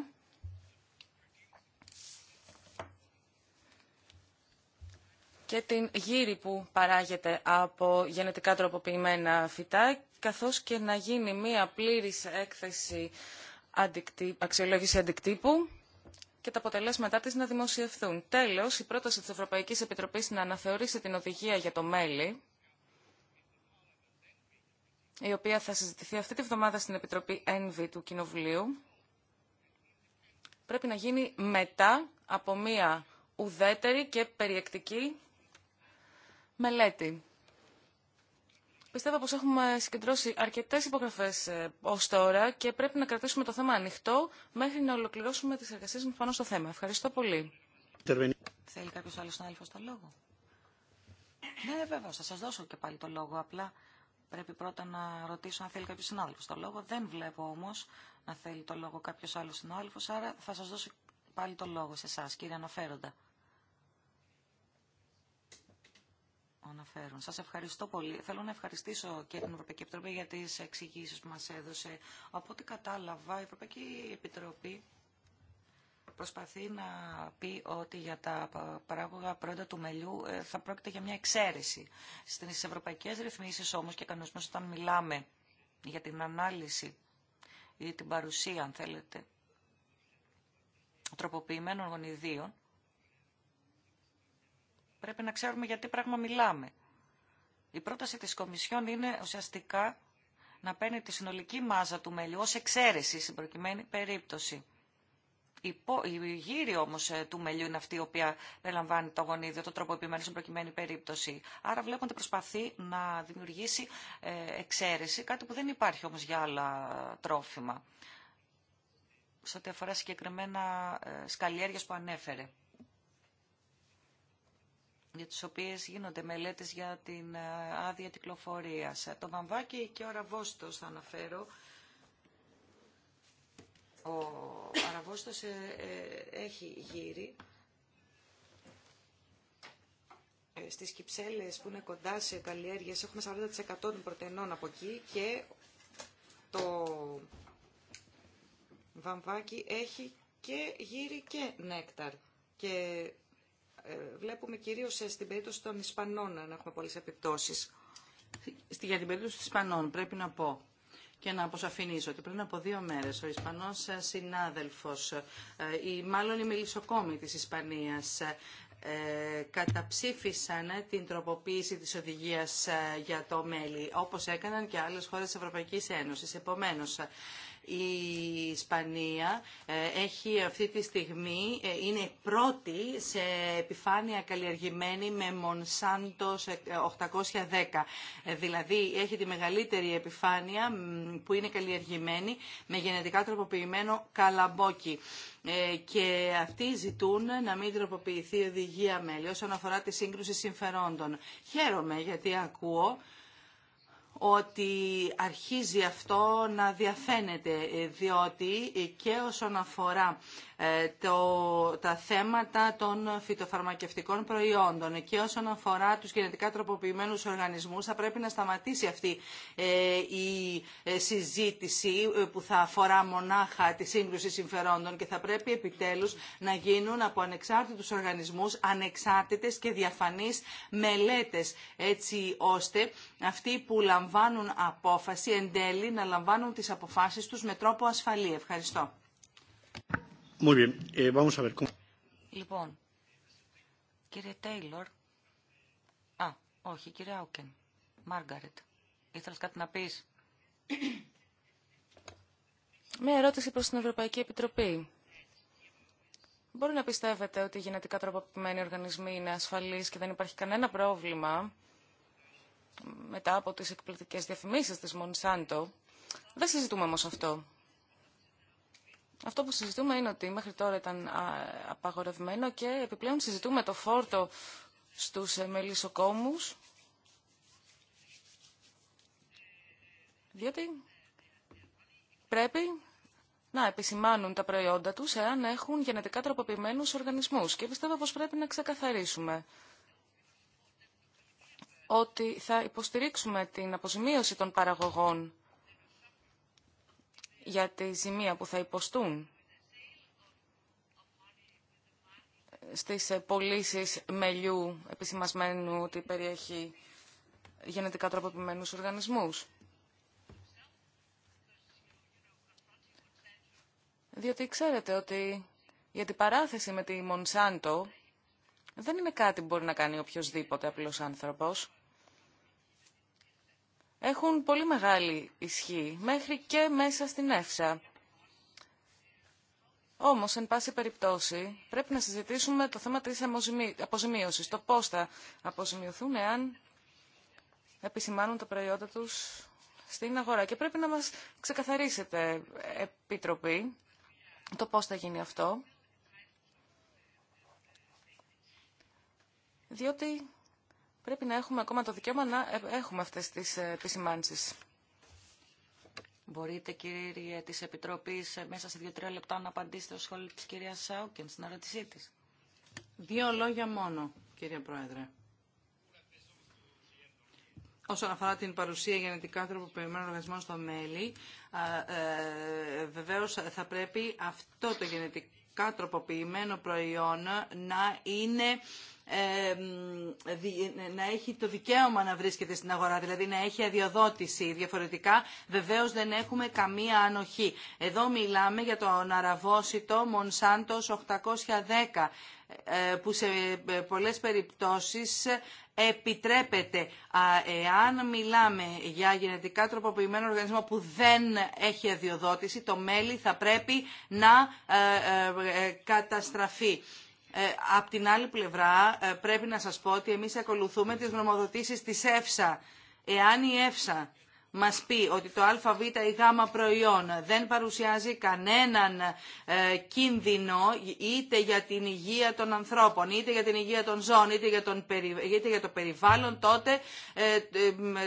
και την γύρι που παράγεται από γενετικά τροποποιημένα φυτά, καθώς και να γίνει μία πλήρης έκθεση αξιολόγηση αντικτύπου και τα αποτελέσματά της να δημοσιευθούν. Τέλος, η πρόταση της Ευρωπαϊκής Επιτροπής να αναθεωρήσει την οδηγία για το μέλι, η οποία θα συζητηθεί αυτή τη βδομάδα στην Επιτροπή ΕΝΒΗ του Κοινοβουλίου, πρέπει να γίνει μετά από μία ουδέτερη και περιεκτική μελέτη. Πιστεύω πως έχουμε συγκεντρώσει αρκετές υπογραφές ε, ως τώρα και πρέπει να κρατήσουμε το θέμα ανοιχτό μέχρι να ολοκληρώσουμε τις εργασίες μας πάνω στο θέμα. Ευχαριστώ πολύ. Θέλει κάποιος άλλος συνάδελφος στο λόγο. Ναι, βέβαια, θα σας δώσω και πάλι το λόγο. Απλά Πρέπει πρώτα να ρωτήσω αν θέλει κάποιο συνάδελφο το λόγο. Δεν βλέπω όμω να θέλει το λόγο κάποιο άλλο συνάδελφο, άρα θα σα δώσω πάλι το λόγο σε εσά, κύριε Αναφέροντα. Σα Σας ευχαριστώ πολύ. Θέλω να ευχαριστήσω και την Ευρωπαϊκή Επιτροπή για τις εξηγήσεις που μας έδωσε. Από ό,τι κατάλαβα, η Ευρωπαϊκή Επιτροπή προσπαθεί να πει ότι για τα παράγωγα προϊόντα του μελιού ε, θα πρόκειται για μια εξαίρεση. Στις ευρωπαϊκές ρυθμίσεις όμως και κανονισμούς όταν μιλάμε για την ανάλυση ή την παρουσία, αν θέλετε, τροποποιημένων γονιδίων, πρέπει να ξέρουμε γιατί πράγμα μιλάμε. Η πρόταση της Κομισιόν είναι ουσιαστικά να παίρνει τη συνολική μάζα του μελιού ως εξαίρεση στην προκειμένη περίπτωση. Η γύρη όμω ε, του μελιού είναι αυτή η οποία περιλαμβάνει το γονίδιο, το τρόπο επιμένου στην προκειμένη περίπτωση. Άρα βλέπουμε ότι προσπαθεί να δημιουργήσει ε, εξαίρεση, κάτι που δεν υπάρχει όμω για άλλα τρόφιμα. Σε ό,τι αφορά συγκεκριμένα ε, σκαλιέργειε που ανέφερε, για τις οποίες γίνονται μελέτες για την άδεια κυκλοφορίας. Το βαμβάκι και ο αραβόστος θα αναφέρω ο Αραβόστος ε, ε, έχει γύρι. Ε, στις Κυψέλες που είναι κοντά σε καλλιέργειες έχουμε 40% των πρωτενών από εκεί και το βαμβάκι έχει και γύρι και νέκταρ. Και βλέπουμε κυρίως στην περίπτωση των Ισπανών να έχουμε πολλές επιπτώσεις. Για την περίπτωση των Ισπανών πρέπει να πω και να αποσαφηνίσω ότι πριν από δύο μέρες ο Ισπανός ε, συνάδελφος ή ε, μάλλον η μελισσοκόμη της Ισπανίας ε, καταψήφισαν την τροποποίηση της οδηγίας για το μέλι, όπως έκαναν και άλλες χώρες της Ευρωπαϊκής Ένωσης. Επομένως, η Ισπανία ε, έχει αυτή τη στιγμή, ε, είναι πρώτη σε επιφάνεια καλλιεργημένη με Μονσάντο 810. Ε, δηλαδή έχει τη μεγαλύτερη επιφάνεια που είναι καλλιεργημένη με γενετικά τροποποιημένο καλαμπόκι και αυτοί ζητούν να μην τροποποιηθεί η οδηγία μέλη όσον αφορά τη σύγκρουση συμφερόντων. Χαίρομαι γιατί ακούω ότι αρχίζει αυτό να διαφαίνεται, ε, διότι ε, και όσον αφορά ε, το, τα θέματα των φυτοφαρμακευτικών προϊόντων και όσον αφορά τους γενετικά τροποποιημένους οργανισμούς θα πρέπει να σταματήσει αυτή η συζήτηση που θα αφορά μονάχα τη σύγκρουση συμφερόντων και θα πρέπει επιτέλους να γίνουν από ανεξάρτητους οργανισμούς ανεξάρτητες και διαφανείς μελέτες έτσι ώστε αυτοί που λαμβάνουν λαμβάνουν απόφαση εν τέλει να λαμβάνουν τις αποφάσεις τους με τρόπο ασφαλή. Ευχαριστώ. Muy bien. Eh, vamos a ver. Λοιπόν, κύριε Τέιλορ, α, όχι, κύριε Άουκεν, Μάργαρετ, ήθελες κάτι να πεις. Μία ερώτηση προς την Ευρωπαϊκή Επιτροπή. Μπορεί να πιστεύετε ότι οι γενετικά τροποποιημένοι οργανισμοί είναι ασφαλείς και δεν υπάρχει κανένα πρόβλημα μετά από τις εκπληκτικές διαφημίσεις της Monsanto, Δεν συζητούμε όμως αυτό. Αυτό που συζητούμε είναι ότι μέχρι τώρα ήταν απαγορευμένο και επιπλέον συζητούμε το φόρτο στους ε, μελισσοκόμους, διότι πρέπει να επισημάνουν τα προϊόντα τους εάν έχουν γενετικά τροποποιημένους οργανισμούς και πιστεύω πως πρέπει να ξεκαθαρίσουμε ότι θα υποστηρίξουμε την αποζημίωση των παραγωγών για τη ζημία που θα υποστούν στις πωλήσει μελιού επισημασμένου ότι περιέχει γενετικά τροποποιημένους οργανισμούς. Διότι ξέρετε ότι η αντιπαράθεση με τη Μονσάντο δεν είναι κάτι που μπορεί να κάνει οποιοδήποτε απλός άνθρωπος έχουν πολύ μεγάλη ισχύ, μέχρι και μέσα στην ΕΦΣΑ. Όμως, εν πάση περιπτώσει, πρέπει να συζητήσουμε το θέμα της αποζημίωσης, το πώς θα αποζημιωθούν εάν επισημάνουν τα προϊόντα τους στην αγορά. Και πρέπει να μας ξεκαθαρίσετε, επιτροπή το πώς θα γίνει αυτό. Διότι πρέπει να έχουμε ακόμα το δικαίωμα να ε, έχουμε αυτές τις ε, επισημάνσεις. Μπορείτε κύριε της Επιτροπής ε, μέσα σε δύο-τρία λεπτά να απαντήσετε στο σχόλιο της κυρίας Σάουκεν στην ερώτησή της. Δύο λόγια μόνο κύριε Πρόεδρε. Όσον αφορά την παρουσία γενετικά τροποποιημένων οργανισμών στο μέλι, βεβαίως θα πρέπει αυτό το γενετικά τροποποιημένο προϊόν να είναι να έχει το δικαίωμα να βρίσκεται στην αγορά, δηλαδή να έχει αδειοδότηση. Διαφορετικά βεβαίω δεν έχουμε καμία ανοχή. Εδώ μιλάμε για τον αραβόσιτο Μονσάντο 810 ε, που σε ε, πολλές περιπτώσεις επιτρέπεται. Εάν μιλάμε για γενετικά τροποποιημένο οργανισμό που δεν έχει αδειοδότηση, το μέλι θα πρέπει να ε, καταστραφεί. Ε, απ' την άλλη πλευρά ε, πρέπει να σας πω ότι εμείς ακολουθούμε τις γνωμοδοτήσεις της ΕΦΣΑ. Εάν η ΕΦΣΑ μας πει ότι το ΑΒ ή Γ προϊόν δεν παρουσιάζει κανέναν ε, κίνδυνο είτε για την υγεία των ανθρώπων, είτε για την υγεία των ζώων, είτε για, τον περι... είτε για το περιβάλλον, τότε ε,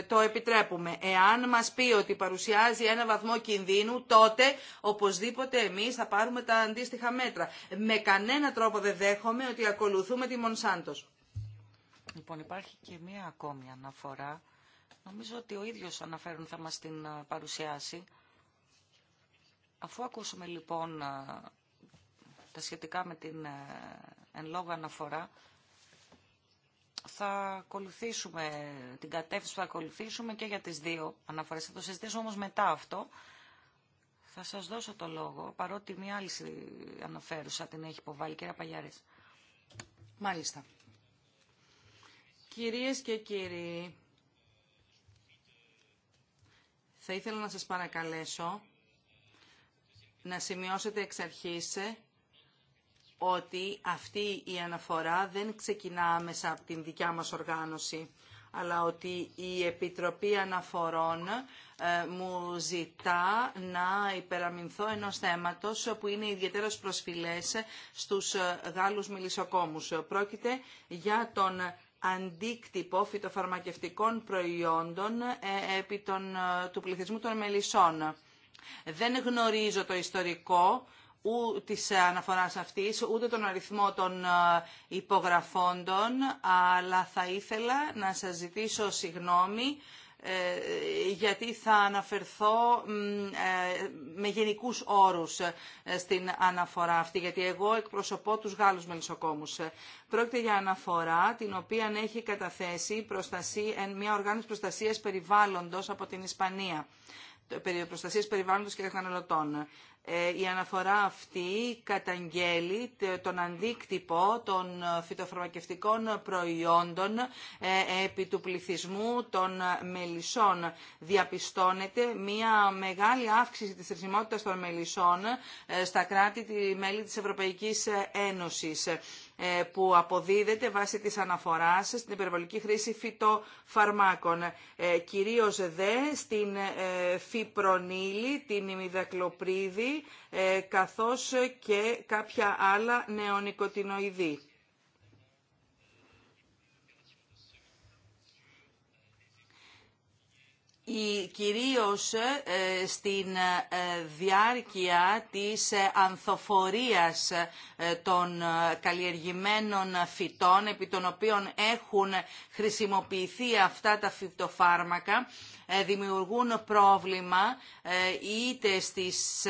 το επιτρέπουμε. Εάν μας πει ότι παρουσιάζει ένα βαθμό κινδύνου, τότε οπωσδήποτε εμείς θα πάρουμε τα αντίστοιχα μέτρα. Με κανένα τρόπο δεν δέχομαι ότι ακολουθούμε τη Μονσάντος. Λοιπόν, υπάρχει και μία ακόμη αναφορά Νομίζω ότι ο ίδιος αναφέρουν θα μας την παρουσιάσει. Αφού ακούσουμε λοιπόν τα σχετικά με την εν λόγω αναφορά, θα ακολουθήσουμε την κατεύθυνση που θα ακολουθήσουμε και για τις δύο αναφορές. Θα το συζητήσουμε όμως μετά αυτό. Θα σας δώσω το λόγο, παρότι μια άλλη αναφέρουσα την έχει υποβάλει, κύριε Παγιάρης. Μάλιστα. Κυρίες και κύριοι, θα ήθελα να σας παρακαλέσω να σημειώσετε εξ αρχής ότι αυτή η αναφορά δεν ξεκινά άμεσα από την δικιά μας οργάνωση, αλλά ότι η Επιτροπή Αναφορών ε, μου ζητά να υπεραμεινθώ ενός θέματος που είναι ιδιαίτερα προσφυλές στους ε, Γάλλους μιλισσοκόμους. Πρόκειται για τον αντίκτυπο φυτοφαρμακευτικών προϊόντων ε, επί των, ε, του πληθυσμού των μελισσών. Δεν γνωρίζω το ιστορικό ού, της αναφοράς αυτής, ούτε τον αριθμό των ε, υπογραφόντων, αλλά θα ήθελα να σας ζητήσω συγγνώμη ε, γιατί θα αναφερθώ ε, με γενικούς όρους ε, στην αναφορά αυτή, γιατί εγώ εκπροσωπώ τους Γάλλους μελισσοκόμους. Πρόκειται για αναφορά την οποία έχει καταθέσει μια οργάνωση προστασίας περιβάλλοντος από την Ισπανία προστασία περιβάλλοντος και καταναλωτών. Ε, η αναφορά αυτή καταγγέλει τον αντίκτυπο των φυτοφαρμακευτικών προϊόντων ε, επί του πληθυσμού των μελισσών. Διαπιστώνεται μια μεγάλη αύξηση της θρησιμότητας των μελισσών ε, στα κράτη-μέλη της Ευρωπαϊκής Ένωσης. Ε, που αποδίδεται βάσει της αναφοράς στην υπερβολική χρήση φυτοφαρμάκων. Ε, κυρίως δε στην ε, φιπρονίλη, την ημιδακλοπρίδη, καθώς και κάποια άλλα νεονικοτινοειδή. η, κυρίως ε, στην ε, διάρκεια της ε, ανθοφορίας των καλλιεργημένων φυτών επί των οποίων έχουν χρησιμοποιηθεί αυτά τα φυτοφάρμακα δημιουργούν πρόβλημα είτε, στις,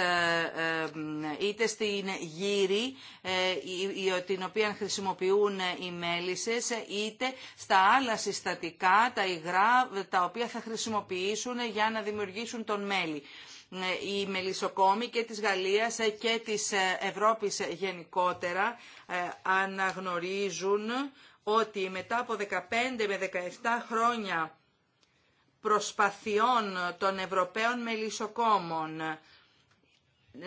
είτε στην γύρη ε, την οποία χρησιμοποιούν ε, οι μέλισσες, είτε στα άλλα συστατικά, τα υγρά, τα οποία θα χρησιμοποιήσουν για να δημιουργήσουν τον μέλι ε, οι μελισσοκόμοι και της Γαλλίας και της Ευρώπης γενικότερα αναγνωρίζουν ότι μετά από 15 με 17 χρόνια προσπαθειών των Ευρωπαίων μελισσοκόμων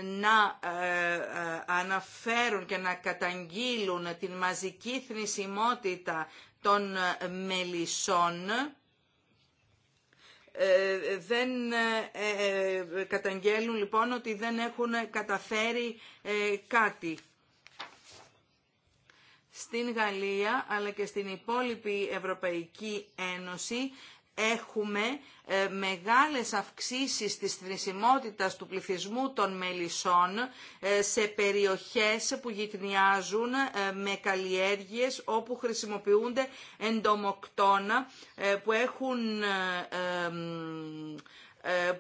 να ε, ε, αναφέρουν και να καταγγείλουν την μαζική θνησιμότητα των ε, μελισσών δεν καταγγέλουν λοιπόν ότι δεν έχουν καταφέρει κάτι. Στην Γαλλία αλλά και στην υπόλοιπη Ευρωπαϊκή Ένωση έχουμε ε, μεγάλες αυξήσεις της θρησιμότητας του πληθυσμού των μελισσών ε, σε περιοχές που γυτνιάζουν ε, με καλλιέργειες όπου χρησιμοποιούνται εντομοκτώνα που έχουν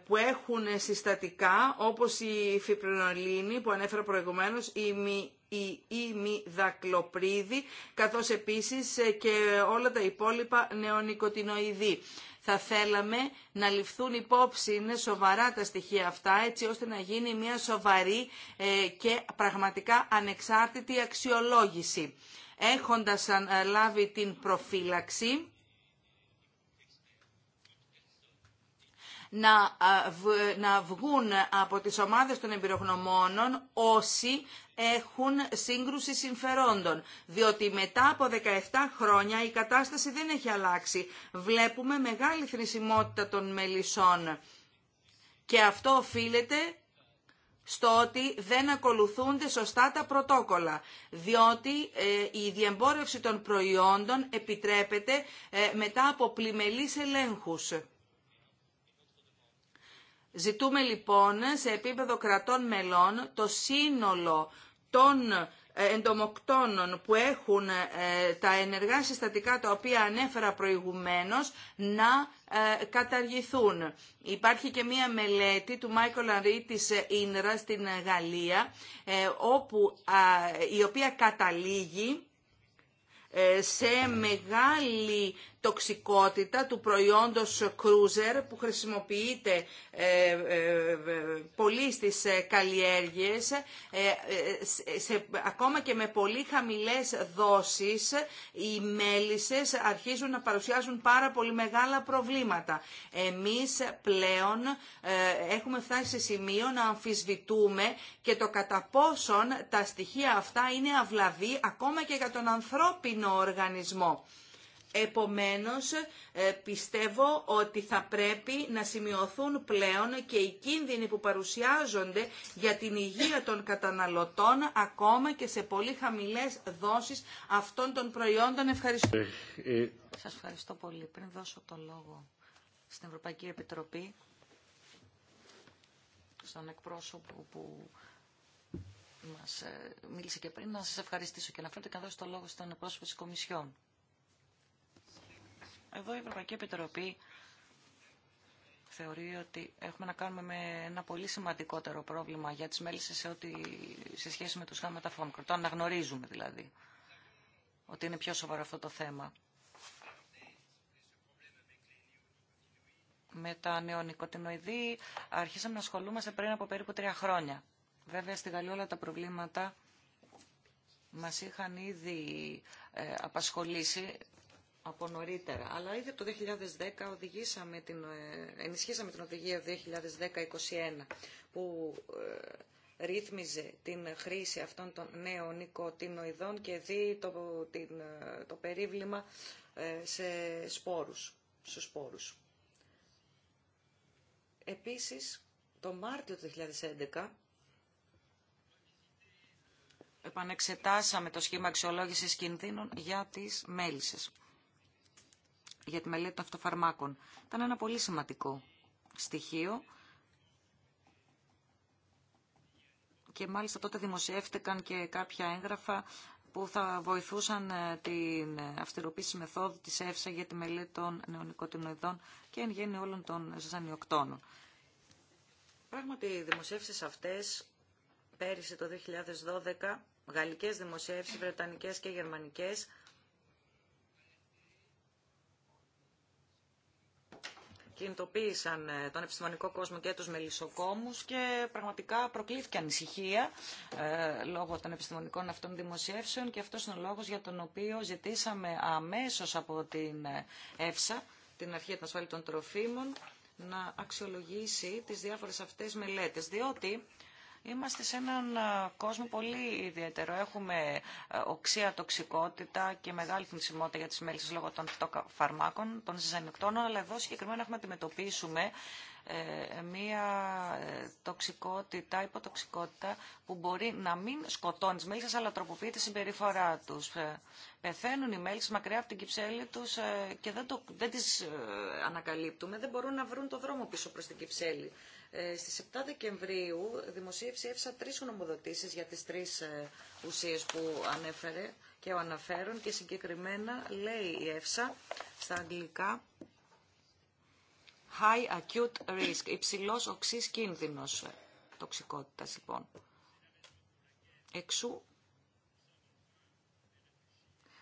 που έχουν συστατικά όπως η φιπρινολίνη που ανέφερα προηγουμένως, η μη η ημιδακλοπρίδη, καθώς επίσης και όλα τα υπόλοιπα νεονικοτινοειδή. Θα θέλαμε να ληφθούν υπόψη είναι σοβαρά τα στοιχεία αυτά έτσι ώστε να γίνει μια σοβαρή ε, και πραγματικά ανεξάρτητη αξιολόγηση. Έχοντας ε, λάβει την προφύλαξη, ε, να, βγουν από τις ομάδες των εμπειρογνωμόνων όσοι έχουν σύγκρουση συμφερόντων, διότι μετά από 17 χρόνια η κατάσταση δεν έχει αλλάξει. Βλέπουμε μεγάλη θνησιμότητα των μελισσών και αυτό οφείλεται στο ότι δεν ακολουθούνται σωστά τα πρωτόκολλα, διότι ε, η διεμπόρευση των προϊόντων επιτρέπεται ε, μετά από πλημελείς ελέγχους. Ζητούμε λοιπόν σε επίπεδο κρατών μελών το σύνολο των ε, εντομοκτώνων που έχουν ε, τα ενεργά συστατικά τα οποία ανέφερα προηγουμένως να ε, καταργηθούν. Υπάρχει και μία μελέτη του Μάικολ Ανρή της Ίνρα στην Γαλλία όπου, η οποία καταλήγει σε μεγάλη τοξικότητα του προϊόντος κρούζερ που χρησιμοποιείται ε, ε, ε πολύ στις ε, καλλιέργειες ακόμα και με πολύ χαμηλές δόσεις οι μέλισσες αρχίζουν να παρουσιάζουν πάρα πολύ μεγάλα προβλήματα. Εμείς πλέον έχουμε φτάσει σε σημείο να αμφισβητούμε και το κατά πόσον τα στοιχεία αυτά είναι αυλαβή ακόμα και για τον ανθρώπινο οργανισμό. Επομένως, ε, πιστεύω ότι θα πρέπει να σημειωθούν πλέον και οι κίνδυνοι που παρουσιάζονται για την υγεία των καταναλωτών, ακόμα και σε πολύ χαμηλές δόσεις αυτών των προϊόντων. Ευχαριστώ. Σας ευχαριστώ πολύ. Πριν δώσω το λόγο στην Ευρωπαϊκή Επιτροπή, στον εκπρόσωπο που μας ε, μίλησε και πριν, να σας ευχαριστήσω και να φέρετε και να δώσω το λόγο στον εκπρόσωπο της Κομισιόν. Εδώ η Ευρωπαϊκή Επιτροπή θεωρεί ότι έχουμε να κάνουμε με ένα πολύ σημαντικότερο πρόβλημα για τις μέλησες σε, ό,τι, σε σχέση με τους χάματα φόμικρο. Το αναγνωρίζουμε δηλαδή ότι είναι πιο σοβαρό αυτό το θέμα. Με τα νεονικοτινοειδή αρχίσαμε να ασχολούμαστε πριν από περίπου τρία χρόνια. Βέβαια στη Γαλλία όλα τα προβλήματα μας είχαν ήδη ε, απασχολήσει από νωρίτερα. Αλλά ήδη από το 2010 οδηγήσαμε την, ε, ενισχύσαμε την οδηγία 2010-21 που ε, ρύθμιζε την χρήση αυτών των νέων νοικοτινοειδών και δει το, την, ε, το περίβλημα σε σπόρους, στους σπόρους. Επίσης, το Μάρτιο του 2011 επανεξετάσαμε το σχήμα αξιολόγησης κινδύνων για τις μέλισσες για τη μελέτη των αυτοφαρμάκων. Ήταν ένα πολύ σημαντικό στοιχείο. Και μάλιστα τότε δημοσιεύτηκαν και κάποια έγγραφα που θα βοηθούσαν ε, την αυστηροποίηση μεθόδου της ΕΦΣΑ για τη μελέτη των νεονικοτινοειδών και εν γέννη όλων των ζανιοκτώνων. Πράγματι, οι δημοσιεύσεις αυτές πέρυσι το 2012, γαλλικές δημοσιεύσεις, βρετανικές και γερμανικές, κινητοποίησαν ε, τον επιστημονικό κόσμο και τους μελισσοκόμους και πραγματικά προκλήθηκε ανησυχία ε, λόγω των επιστημονικών αυτών δημοσιεύσεων και αυτός είναι ο λόγος για τον οποίο ζητήσαμε αμέσως από την ΕΦΣΑ, την Αρχή των των Τροφίμων, να αξιολογήσει τις διάφορες αυτές μελέτες, διότι Είμαστε σε έναν ε, κόσμο πολύ ιδιαίτερο. Έχουμε ε, οξία τοξικότητα και μεγάλη θνησιμότητα για τις μέλησες λόγω των φαρμάκων, των ζυζανιοκτώνων, αλλά εδώ συγκεκριμένα έχουμε να αντιμετωπίσουμε ε, μία τοξικότητα, υποτοξικότητα που μπορεί να μην σκοτώνει τις μέλισσες αλλά τροποποιεί τη συμπεριφορά τους. Πεθαίνουν οι μέλισσες μακριά από την κυψέλη τους και δεν, το, δεν τις ανακαλύπτουμε, δεν μπορούν να βρουν το δρόμο πίσω προς την κυψέλη. Ε, στις 7 Δεκεμβρίου δημοσίευσε ΕΦΣΑ τρεις γνωμοδοτήσεις για τις τρεις ε, ουσίες που ανέφερε και ο αναφέρον και συγκεκριμένα λέει η ΕΦΣΑ στα αγγλικά high acute risk, υψηλός οξύς κίνδυνος ε, τοξικότητας λοιπόν. Εξού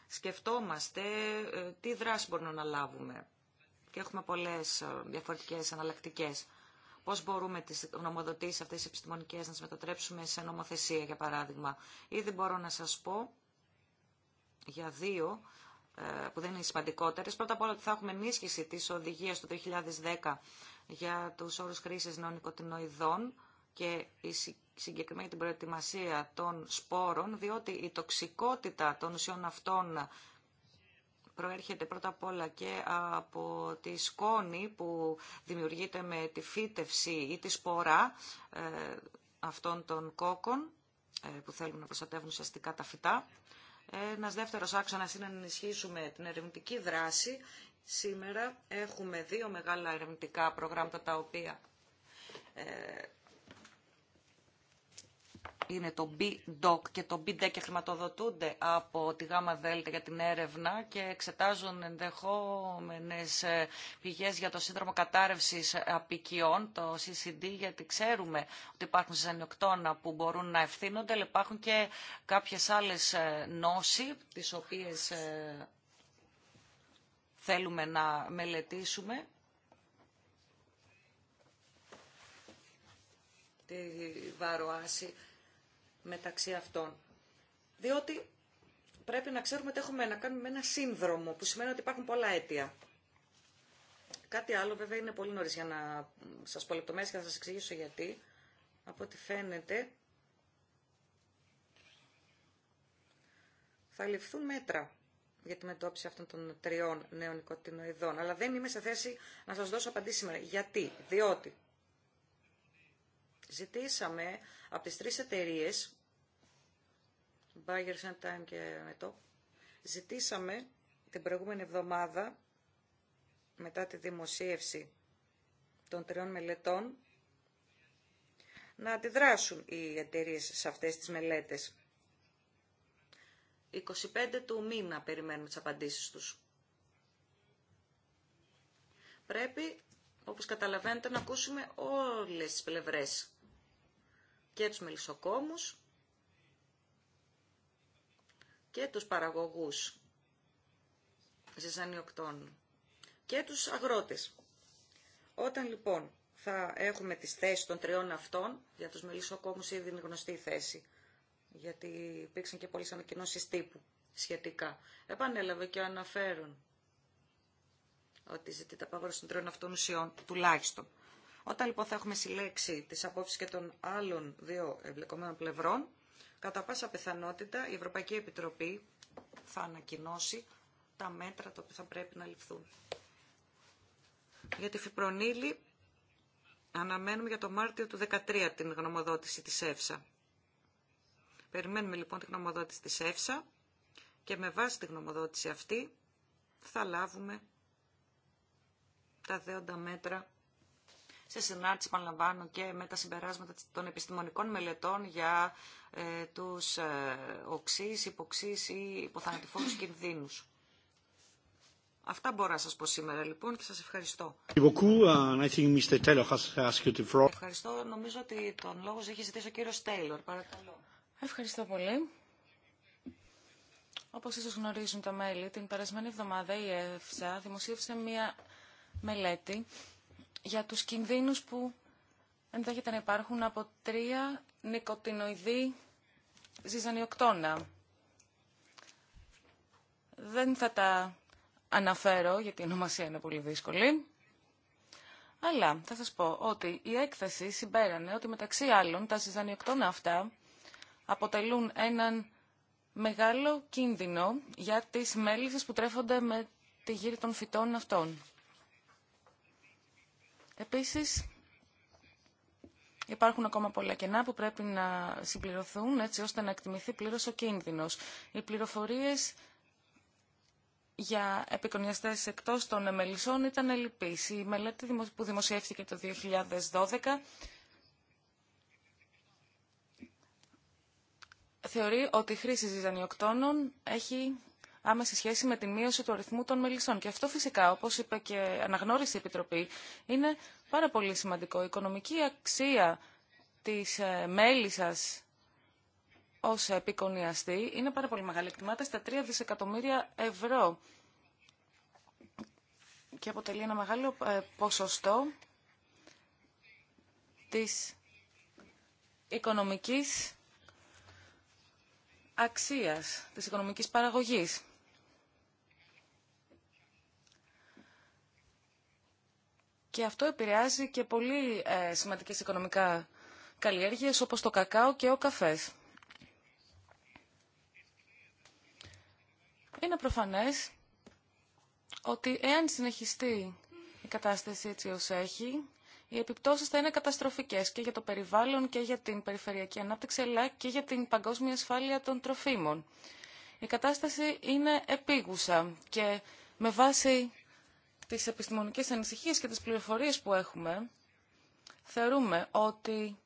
σκεφτόμαστε τι δράση μπορούμε να λάβουμε και έχουμε πολλές διαφορετικές αναλλακτικές. Πώ μπορούμε τι γνωμοδοτήσει αυτέ τις επιστημονικέ να τι μετατρέψουμε σε νομοθεσία, για παράδειγμα. Ήδη μπορώ να σας πω για δύο ε, που δεν είναι σημαντικότερες. Πρώτα απ' όλα ότι θα έχουμε ενίσχυση της οδηγίας του 2010 για τους όρους χρήσης νεονικοτινοειδών και η συγκεκριμένη την προετοιμασία των σπόρων, διότι η τοξικότητα των ουσιών αυτών προέρχεται πρώτα απ' όλα και από τη σκόνη που δημιουργείται με τη φύτευση ή τη σπορά ε, αυτών των κόκκων ε, που θέλουν να προστατεύουν ουσιαστικά τα φυτά. Ένας δεύτερος άξονας είναι να ενισχύσουμε την ερευνητική δράση. Σήμερα έχουμε δύο μεγάλα ερευνητικά προγράμματα τα οποία ε, είναι το B-DOC και το b και χρηματοδοτούνται από τη ΓΑΜΑ για την έρευνα και εξετάζουν ενδεχόμενες ε, πηγές για το σύνδρομο κατάρρευσης απικιών, το CCD, γιατί ξέρουμε ότι υπάρχουν ζανιοκτώνα που μπορούν να ευθύνονται, αλλά υπάρχουν και κάποιες άλλες ε, νόσοι, τις οποίες ε, θέλουμε να μελετήσουμε. τη βαροάση μεταξύ αυτών. Διότι πρέπει να ξέρουμε ότι έχουμε να κάνουμε ένα σύνδρομο που σημαίνει ότι υπάρχουν πολλά αίτια. Κάτι άλλο βέβαια είναι πολύ νωρίς για να σας πω λεπτομέρειε και θα σας εξηγήσω γιατί. Από ό,τι φαίνεται θα ληφθούν μέτρα για τη μετώπιση αυτών των τριών νέων νοικοτινοειδών. Αλλά δεν είμαι σε θέση να σας δώσω απαντήσει σήμερα. Γιατί, διότι ζητήσαμε από τις τρεις εταιρείες Time και ζητήσαμε την προηγούμενη εβδομάδα, μετά τη δημοσίευση των τριών μελετών, να αντιδράσουν οι εταιρείε σε αυτές τις μελέτες. 25 του μήνα περιμένουμε τις απαντήσεις τους. Πρέπει, όπως καταλαβαίνετε, να ακούσουμε όλες τις πλευρές. Και τους μελισσοκόμους και τους παραγωγούς ζυζανιοκτών και τους αγρότες. Όταν λοιπόν θα έχουμε τις θέσεις των τριών αυτών, για τους μελισσοκόμους ήδη είναι γνωστή η θέση, γιατί υπήρξαν και πολλές ανακοινώσεις τύπου σχετικά. Επανέλαβε και αναφέρουν ότι ζητείται απαγόρευση των τριών αυτών ουσιών τουλάχιστον. Όταν λοιπόν θα έχουμε συλλέξει τις απόψεις και των άλλων δύο εμπλεκομένων πλευρών, Κατά πάσα πιθανότητα η Ευρωπαϊκή Επιτροπή θα ανακοινώσει τα μέτρα τα οποία θα πρέπει να ληφθούν. Για τη φιπρονίλη αναμένουμε για το Μάρτιο του 2013 την γνωμοδότηση της ΕΦΣΑ. Περιμένουμε λοιπόν την γνωμοδότηση της ΕΦΣΑ και με βάση τη γνωμοδότηση αυτή θα λάβουμε τα δέοντα μέτρα σε συνάρτηση, παραλαμβάνω, και με τα συμπεράσματα των επιστημονικών μελετών για ε, τους ε, οξύς, υποξύς ή υποθανατηφόρους κινδύνους. Αυτά μπορώ να σας πω σήμερα λοιπόν και σας ευχαριστώ. Ευχαριστώ. Νομίζω ότι τον λόγο έχει ζητήσει ο κύριος Τέιλορ. Παρακαλώ. Ευχαριστώ πολύ. Όπως ίσως γνωρίζουν τα μέλη, την περασμένη εβδομάδα η ΕΦΣΑ δημοσίευσε μία μελέτη για τους κινδύνους που ενδέχεται να υπάρχουν από τρία νικοτινοειδή ζυζανιοκτώνα. Δεν θα τα αναφέρω, γιατί η ονομασία είναι πολύ δύσκολη. Αλλά θα σας πω ότι η έκθεση συμπέρανε ότι μεταξύ άλλων τα ζυζανιοκτώνα αυτά αποτελούν έναν μεγάλο κίνδυνο για τις μέλισσες που τρέφονται με τη γύρη των φυτών αυτών. Επίσης, Υπάρχουν ακόμα πολλά κενά που πρέπει να συμπληρωθούν έτσι ώστε να εκτιμηθεί πλήρως ο κίνδυνος. Οι πληροφορίες για επικονιαστές εκτός των εμελισσών ήταν ελλειπής. Η μελέτη που δημοσιεύθηκε το 2012 θεωρεί ότι η χρήση ζυζανιοκτώνων έχει άμεση σχέση με τη μείωση του αριθμού των μελισσών. Και αυτό φυσικά, όπως είπε και αναγνώρισε η Επιτροπή, είναι πάρα πολύ σημαντικό. Η οικονομική αξία της ε, μέλισσας ως επικονιαστή είναι πάρα πολύ μεγάλη. Εκτιμάται στα 3 δισεκατομμύρια ευρώ και αποτελεί ένα μεγάλο ε, ποσοστό της οικονομικής αξίας, της οικονομικής παραγωγής. Και αυτό επηρεάζει και πολύ ε, σημαντικές οικονομικά καλλιέργειες όπως το κακάο και ο καφές. Είναι προφανές ότι εάν συνεχιστεί η κατάσταση έτσι ως έχει, οι επιπτώσεις θα είναι καταστροφικές και για το περιβάλλον και για την περιφερειακή ανάπτυξη, αλλά και για την παγκόσμια ασφάλεια των τροφίμων. Η κατάσταση είναι επίγουσα και με βάση τις επιστημονικές ανησυχίες και τις πληροφορίες που έχουμε, θεωρούμε ότι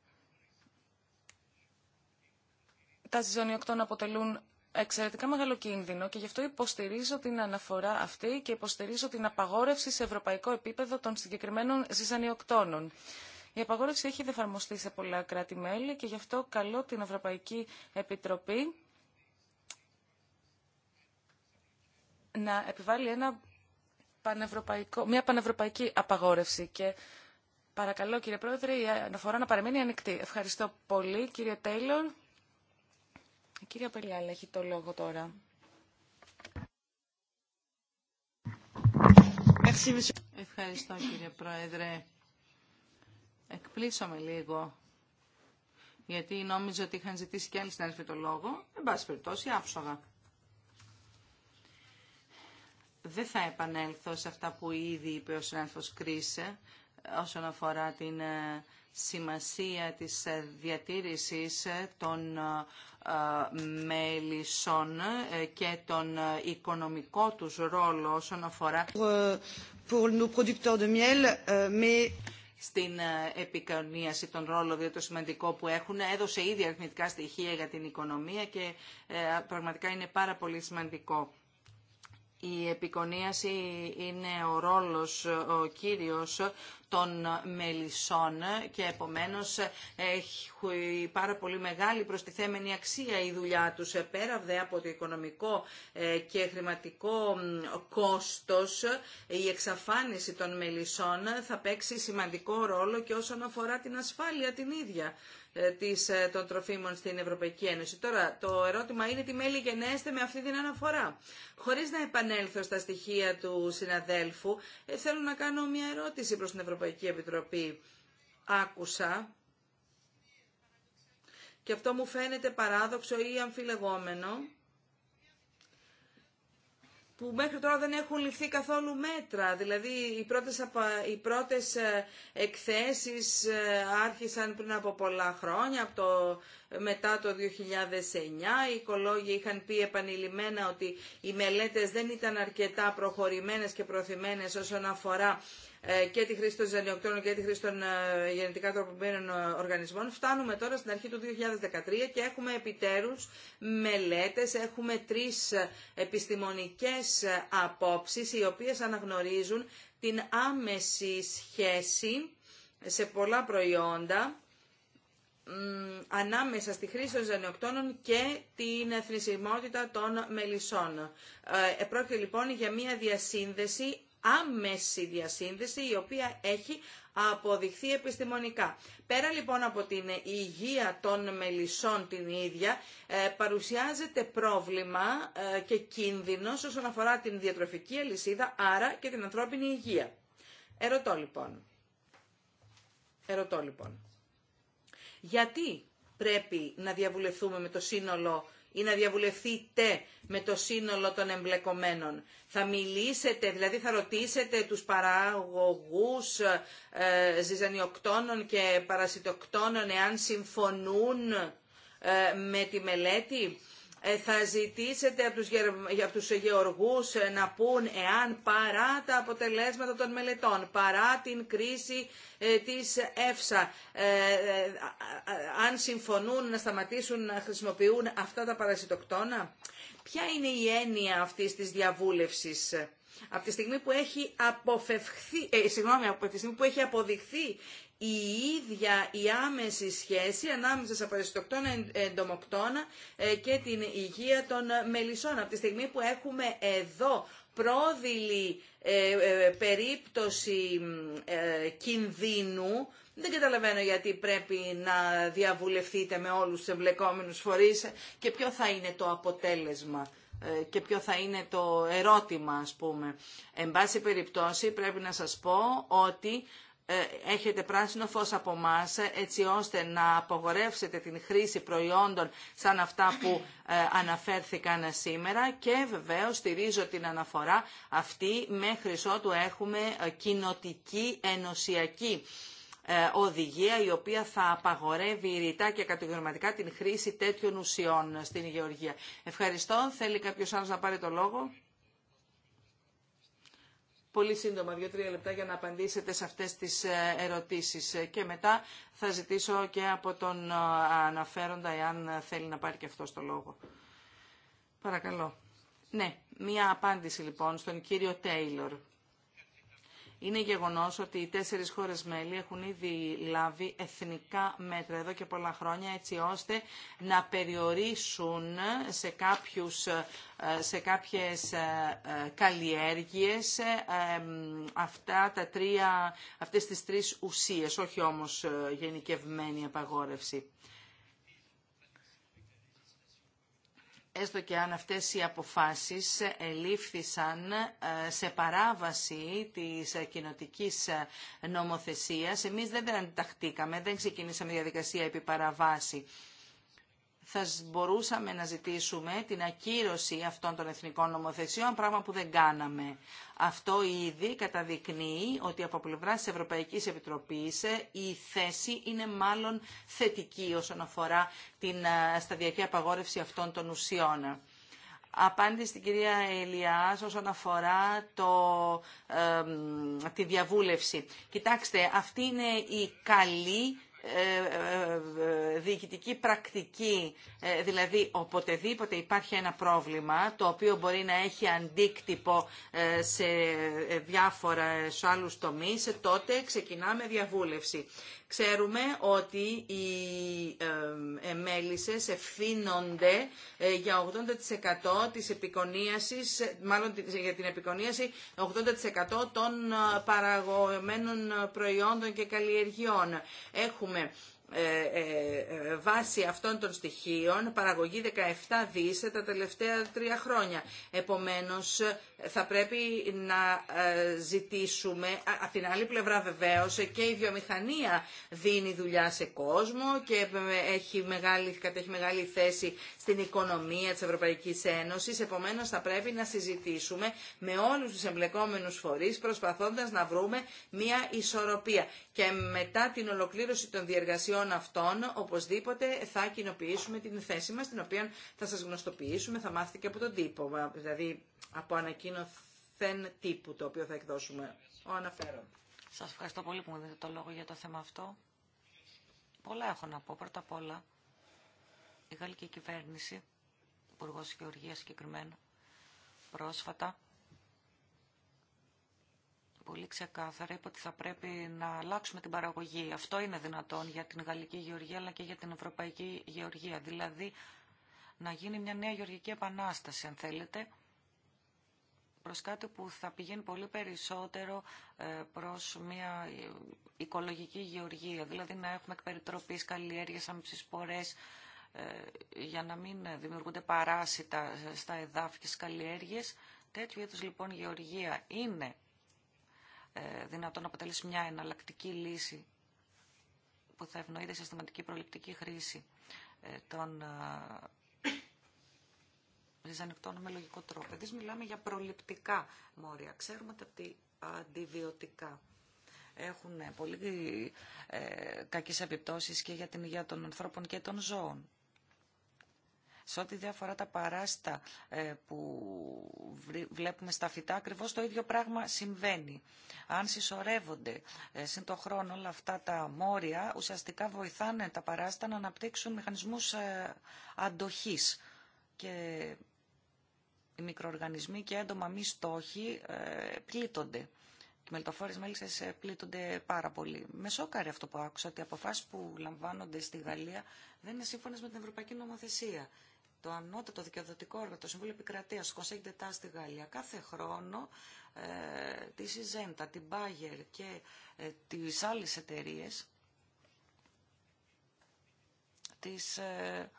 τα ζυζανιοκτώνα αποτελούν εξαιρετικά μεγάλο κίνδυνο και γι' αυτό υποστηρίζω την αναφορά αυτή και υποστηρίζω την απαγόρευση σε ευρωπαϊκό επίπεδο των συγκεκριμένων ζυζανιοκτώνων. Η απαγόρευση έχει δεφαρμοστεί σε πολλά κράτη-μέλη και γι' αυτό καλώ την Ευρωπαϊκή Επιτροπή να επιβάλλει ένα μια πανευρωπαϊκή απαγόρευση και παρακαλώ κύριε Πρόεδρε η αναφορά να παραμείνει ανοιχτή. Ευχαριστώ πολύ κύριε Τέιλορ. Η κυρία Πελιάλα έχει το λόγο τώρα. Ευχαριστώ κύριε Πρόεδρε. με λίγο. Γιατί νόμιζα ότι είχαν ζητήσει κι άλλοι συνάδελφοι το λόγο. Εν πάση περιπτώσει, άψογα. Δεν θα επανέλθω σε αυτά που ήδη είπε ο συνάδελφος Κρίσε ε, όσον αφορά την ε, σημασία της ε, διατήρησης των μέλισσων και τον οικονομικό τους ρόλο όσον αφορά στην επικοινωνίαση των ρόλων, διότι το σημαντικό που έχουν. Έδωσε ήδη αριθμητικά στοιχεία για την οικονομία και πραγματικά είναι πάρα πολύ σημαντικό. Η επικονίαση είναι ο ρόλος ο κύριος των μελισσών και επομένως έχει πάρα πολύ μεγάλη προστιθέμενη αξία η δουλειά τους πέρα από το οικονομικό και χρηματικό κόστος η εξαφάνιση των μελισσών θα παίξει σημαντικό ρόλο και όσον αφορά την ασφάλεια την ίδια. Ε, ε, των τροφίμων στην Ευρωπαϊκή Ένωση. Τώρα, το ερώτημα είναι τι μέλη γενέστε με αυτή την αναφορά. Χωρίς να επανέλθω στα στοιχεία του συναδέλφου, ε, θέλω να κάνω μια ερώτηση προς την Ευρωπαϊκή Επιτροπή. Άκουσα και αυτό μου φαίνεται παράδοξο ή αμφιλεγόμενο που μέχρι τώρα δεν έχουν ληφθεί καθόλου μέτρα. Δηλαδή οι πρώτες, απα... οι πρώτες ε, εκθέσεις ε, άρχισαν πριν από πολλά χρόνια, από το... μετά το 2009. Οι οικολόγοι είχαν πει επανειλημμένα ότι οι μελέτες δεν ήταν αρκετά προχωρημένες και προθυμένες όσον αφορά ε, και τη χρήση των ζανιοκτώνων και τη χρήση των ε, γενετικά τροποποιημένων ε, οργανισμών. Φτάνουμε τώρα στην αρχή του 2013 και έχουμε επιτέρους μελέτες, έχουμε τρεις επιστημονικές απόψεις οι οποίες αναγνωρίζουν την άμεση σχέση σε πολλά προϊόντα ανάμεσα στη χρήση των ζανιοκτώνων και την εθνισμότητα των μελισσών. Ε, πρόκειται λοιπόν για μια διασύνδεση άμεση διασύνδεση η οποία έχει αποδειχθεί επιστημονικά. Πέρα λοιπόν από την υγεία των μελισσών την ίδια, ε, παρουσιάζεται πρόβλημα ε, και κίνδυνος όσον αφορά την διατροφική αλυσίδα, άρα και την ανθρώπινη υγεία. Ερωτώ λοιπόν. Ερωτώ λοιπόν. Γιατί πρέπει να διαβουλευτούμε με το σύνολο ή να διαβουλευτείτε με το σύνολο των εμπλεκομένων. Θα μιλήσετε, δηλαδή θα ρωτήσετε τους παραγωγούς ε, ζυζανιοκτώνων και παρασιτοκτώνων εάν συμφωνούν ε, με τη μελέτη ε, θα ζητήσετε από τους, από γεωργούς ε, να πούν εάν παρά τα αποτελέσματα των μελετών, παρά την κρίση ε, της ΕΦΣΑ, αν συμφωνούν να σταματήσουν να χρησιμοποιούν αυτά τα παρασιτοκτόνα. Ποια είναι η έννοια αυτής της διαβούλευσης. Από τη στιγμή που έχει αποφευχθεί, ε, συγγνώμη, από τη στιγμή που έχει αποδειχθεί η ίδια η άμεση σχέση ανάμεσα σε παρασιτοκτόνα εντομοκτόνα ε, και την υγεία των μελισσών. Από τη στιγμή που έχουμε εδώ πρόδειλη ε, ε, περίπτωση κινδύνου, δεν καταλαβαίνω γιατί πρέπει να διαβουλευτείτε με όλους τους εμπλεκόμενους φορείς και ποιο θα είναι το αποτέλεσμα και ποιο θα είναι το ερώτημα, ας πούμε. Εν πάση περιπτώσει, πρέπει να σας πω ότι ε, έχετε πράσινο φως από εμά έτσι ώστε να απογορεύσετε την χρήση προϊόντων σαν αυτά που ε, αναφέρθηκαν σήμερα και βεβαίως στηρίζω την αναφορά αυτή μέχρι ότου έχουμε ε, κοινοτική ενωσιακή οδηγία η οποία θα απαγορεύει ρητά και κατηγορηματικά την χρήση τέτοιων ουσιών στην Γεωργία. Ευχαριστώ. Θέλει κάποιος άλλος να πάρει το λόγο πολύ σύντομα, δύο-τρία λεπτά για να απαντήσετε σε αυτές τις ε, ερωτήσεις. Ε, και μετά θα ζητήσω και από τον ε, αναφέροντα, εάν θέλει να πάρει και αυτό το λόγο. Παρακαλώ. Ναι, μία απάντηση λοιπόν στον κύριο Τέιλορ. Είναι γεγονός ότι οι τέσσερις χώρες μέλη έχουν ήδη λάβει εθνικά μέτρα εδώ και πολλά χρόνια έτσι ώστε να περιορίσουν σε, κάποιους, ε, σε κάποιες ε, ε, καλλιέργειες αυτά τα τρία, αυτές τις τρεις ουσίες, όχι όμως γενικευμένη απαγόρευση. έστω και αν αυτές οι αποφάσεις ελήφθησαν ε, σε παράβαση της κοινοτικής ε, νομοθεσίας. Εμείς δεν ταχτήκαμε, δεν ξεκινήσαμε διαδικασία επί παραβάση θα μπορούσαμε να ζητήσουμε την ακύρωση αυτών των εθνικών νομοθεσιών, πράγμα που δεν κάναμε. Αυτό ήδη καταδεικνύει ότι από πλευρά τη Ευρωπαϊκή Επιτροπή ε, η θέση είναι μάλλον θετική όσον αφορά την ε, σταδιακή απαγόρευση αυτών των ουσιών. Απάντηση στην κυρία Ελιάς όσον αφορά το, ε, τη διαβούλευση. Κοιτάξτε, αυτή είναι η καλή ε, ε, ε, διοικητική πρακτική, δηλαδή οποτεδήποτε υπάρχει ένα πρόβλημα το οποίο μπορεί να έχει αντίκτυπο σε διάφορα σε άλλους τομείς, τότε ξεκινάμε διαβούλευση. Ξέρουμε ότι οι μέλισσες ευθύνονται ε, για 80% της επικονίασης, μάλλον για την επικονίαση 80% των ε, παραγωγμένων προϊόντων και καλλιεργιών. Έχουμε ε, ε, ε, βάσει αυτών των στοιχείων παραγωγή 17 δις τα τελευταία τρία χρόνια. Επομένως θα πρέπει να ζητήσουμε, από την άλλη πλευρά βεβαίως και η βιομηχανία δίνει δουλειά σε κόσμο και έχει μεγάλη, κατέχει μεγάλη θέση στην οικονομία της Ευρωπαϊκής Ένωσης, επομένως θα πρέπει να συζητήσουμε με όλους τους εμπλεκόμενους φορείς προσπαθώντας να βρούμε μια ισορροπία και μετά την ολοκλήρωση των διεργασιών αυτών οπωσδήποτε θα κοινοποιήσουμε την θέση μας την οποία θα σας γνωστοποιήσουμε, θα μάθετε και από τον τύπο, δηλαδή από ανακοίνωθεν τύπου το οποίο θα εκδώσουμε. Ο αναφέρον. Σας ευχαριστώ πολύ που μου δίνετε το λόγο για το θέμα αυτό. Πολλά έχω να πω. Πρώτα απ' όλα, η γαλλική κυβέρνηση, Υπουργός Γεωργίας συγκεκριμένα, πρόσφατα πολύ ξεκάθαρα, είπε ότι θα πρέπει να αλλάξουμε την παραγωγή. Αυτό είναι δυνατόν για την γαλλική γεωργία αλλά και για την ευρωπαϊκή γεωργία. Δηλαδή να γίνει μια νέα γεωργική επανάσταση, αν θέλετε, προς κάτι που θα πηγαίνει πολύ περισσότερο ε, προς μια οικολογική γεωργία. Δηλαδή να έχουμε εκπεριτροπής, καλλιέργειες, πορές, ε, για να μην δημιουργούνται παράσιτα στα εδάφη και στις καλλιέργειες. Τέτοιου είδους λοιπόν γεωργία είναι ε, δυνατόν να αποτελέσει μια εναλλακτική λύση που θα ευνοείται σε συστηματική προληπτική χρήση ε, των ζυζανικτών ε, με λογικό τρόπο. Εμεί μιλάμε για προληπτικά μόρια. Ξέρουμε ότι αντιβιωτικά έχουν πολύ ε, κακές επιπτώσεις και για την υγεία των ανθρώπων και των ζώων. Σε ό,τι διαφορά τα παράστα ε, που βλέπουμε στα φυτά, ακριβώ το ίδιο πράγμα συμβαίνει. Αν συσσωρεύονται ε, σύν το χρόνο όλα αυτά τα μόρια, ουσιαστικά βοηθάνε τα παράστα να αναπτύξουν μηχανισμούς ε, αντοχής. Και οι μικροοργανισμοί και έντομα μη στόχοι πλήττονται. Οι μελτοφόρες μέλισσες πλήττονται πάρα πολύ. Με σόκαρε αυτό που άκουσα, ότι οι αποφάσεις που λαμβάνονται στη Γαλλία δεν είναι σύμφωνες με την Ευρωπαϊκή Νομοθεσία το ανώτατο δικαιοδοτικό όργανο, το Συμβούλιο Επικρατεία, το Conseil d'État στη Γαλλία, κάθε χρόνο ε, τη Σιζέντα, την Μπάγερ και ε, τις άλλες εταιρείες τις ε,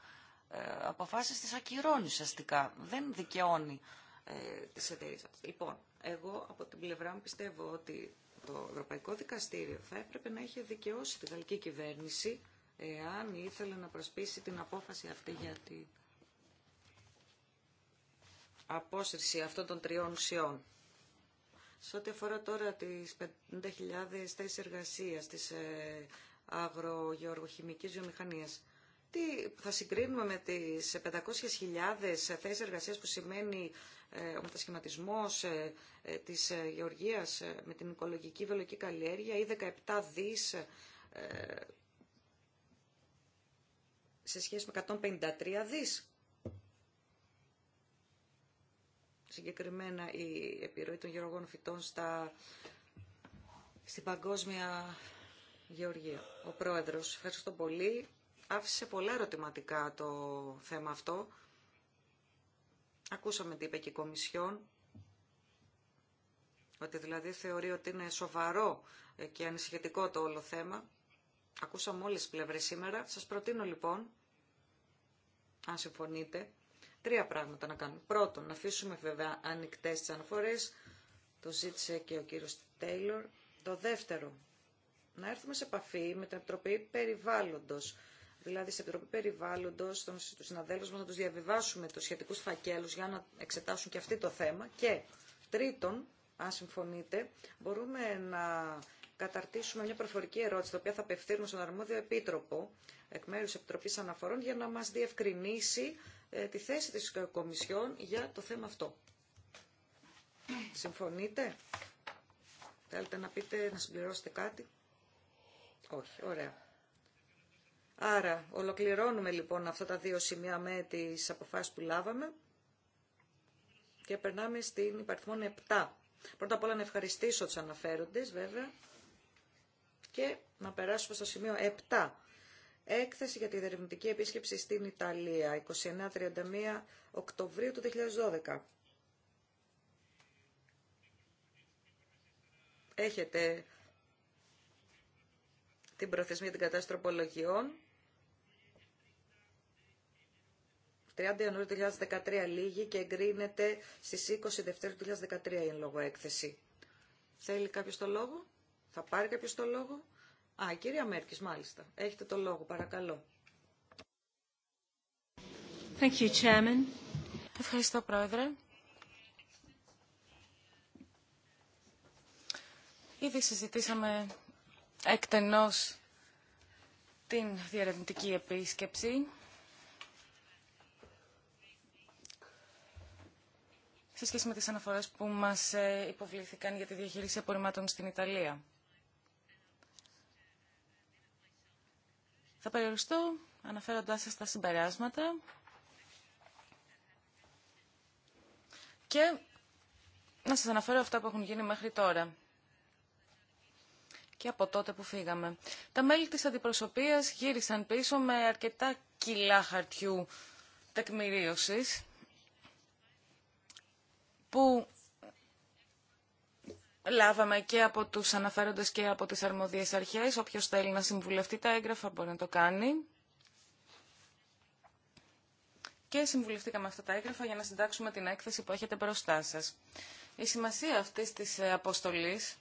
ε, αποφάσεις τις ακυρώνει ουσιαστικά, δεν δικαιώνει ε, τις εταιρείες. Λοιπόν, εγώ από την πλευρά μου πιστεύω ότι το Ευρωπαϊκό Δικαστήριο θα έπρεπε να είχε δικαιώσει τη γαλλική κυβέρνηση εάν ήθελε να προσπίσει την απόφαση αυτή για την απόσυρση αυτών των τριών ουσιών. Σε ό,τι αφορά τώρα τις 50.000 θέσεις εργασίας της ε, αγρογεωργοχημικής βιομηχανίας, τι θα συγκρίνουμε με τις 500.000 θέσεις εργασίας που σημαίνει ε, ο μετασχηματισμός ε, ε, της γεωργίας με την οικολογική βιολογική καλλιέργεια ή 17 δις σε σχέση με 153 δις συγκεκριμένα η επιρροή των γεωργών φυτών στα, στην παγκόσμια γεωργία. Ο Πρόεδρος, ευχαριστώ πολύ. Άφησε πολλά ερωτηματικά το θέμα αυτό. Ακούσαμε τι είπε και η Κομισιόν, ότι δηλαδή θεωρεί ότι είναι σοβαρό και ανησυχητικό το όλο θέμα. Ακούσαμε όλες τις πλευρές σήμερα. Σας προτείνω λοιπόν, αν συμφωνείτε, Τρία πράγματα να κάνουμε. Πρώτον, να αφήσουμε βέβαια ανοιχτέ τι αναφορέ. Το ζήτησε και ο κύριο Τέιλορ. Το δεύτερο, να έρθουμε σε επαφή με την Επιτροπή Περιβάλλοντο. Δηλαδή, στην Επιτροπή Περιβάλλοντο, στου συναδέλφου μα να του διαβιβάσουμε του σχετικού φακέλου για να εξετάσουν και αυτοί το θέμα. Και τρίτον, αν συμφωνείτε, μπορούμε να καταρτήσουμε μια προφορική ερώτηση, την οποία θα απευθύνουμε στον αρμόδιο επίτροπο εκ μέρου Επιτροπή Αναφορών για να μα διευκρινίσει ε, τη θέση της Κομισιόν για το θέμα αυτό. Συμφωνείτε? Θέλετε να πείτε, να συμπληρώσετε κάτι? Όχι, ωραία. Άρα, ολοκληρώνουμε λοιπόν αυτά τα δύο σημεία με τις αποφάσεις που λάβαμε και περνάμε στην υπαριθμόν 7. Πρώτα απ' όλα να ευχαριστήσω τους αναφέροντες βέβαια και να περάσουμε στο σημείο 7 έκθεση για τη διερευνητική επίσκεψη στην Ιταλία, 29-31 Οκτωβρίου του 2012. Έχετε την προθεσμία την κατάσταση τροπολογιών. 30 Ιανουαρίου 2013 λίγη και εγκρίνεται στις 20 Δευτέρου 2013 η εν λόγω έκθεση. Θέλει κάποιος το λόγο? Θα πάρει κάποιος το λόγο? Α, η κυρία Μέρκης, μάλιστα. Έχετε το λόγο, παρακαλώ. Thank you, Chairman. Ευχαριστώ, Πρόεδρε. Ήδη συζητήσαμε εκτενώς την διαρευνητική επίσκεψη. σε σχέση με τις αναφορές που μας ε, υποβλήθηκαν για τη διαχείριση απορριμμάτων στην Ιταλία. Θα περιοριστώ αναφέροντάς σας τα συμπεράσματα και να σας αναφέρω αυτά που έχουν γίνει μέχρι τώρα και από τότε που φύγαμε. Τα μέλη της αντιπροσωπείας γύρισαν πίσω με αρκετά κιλά χαρτιού τεκμηρίωσης που λάβαμε και από τους αναφέροντες και από τις αρμοδίες αρχές. Όποιος θέλει να συμβουλευτεί τα έγγραφα μπορεί να το κάνει. Και συμβουλευτήκαμε αυτά τα έγγραφα για να συντάξουμε την έκθεση που έχετε μπροστά σας. Η σημασία αυτής της ε, αποστολής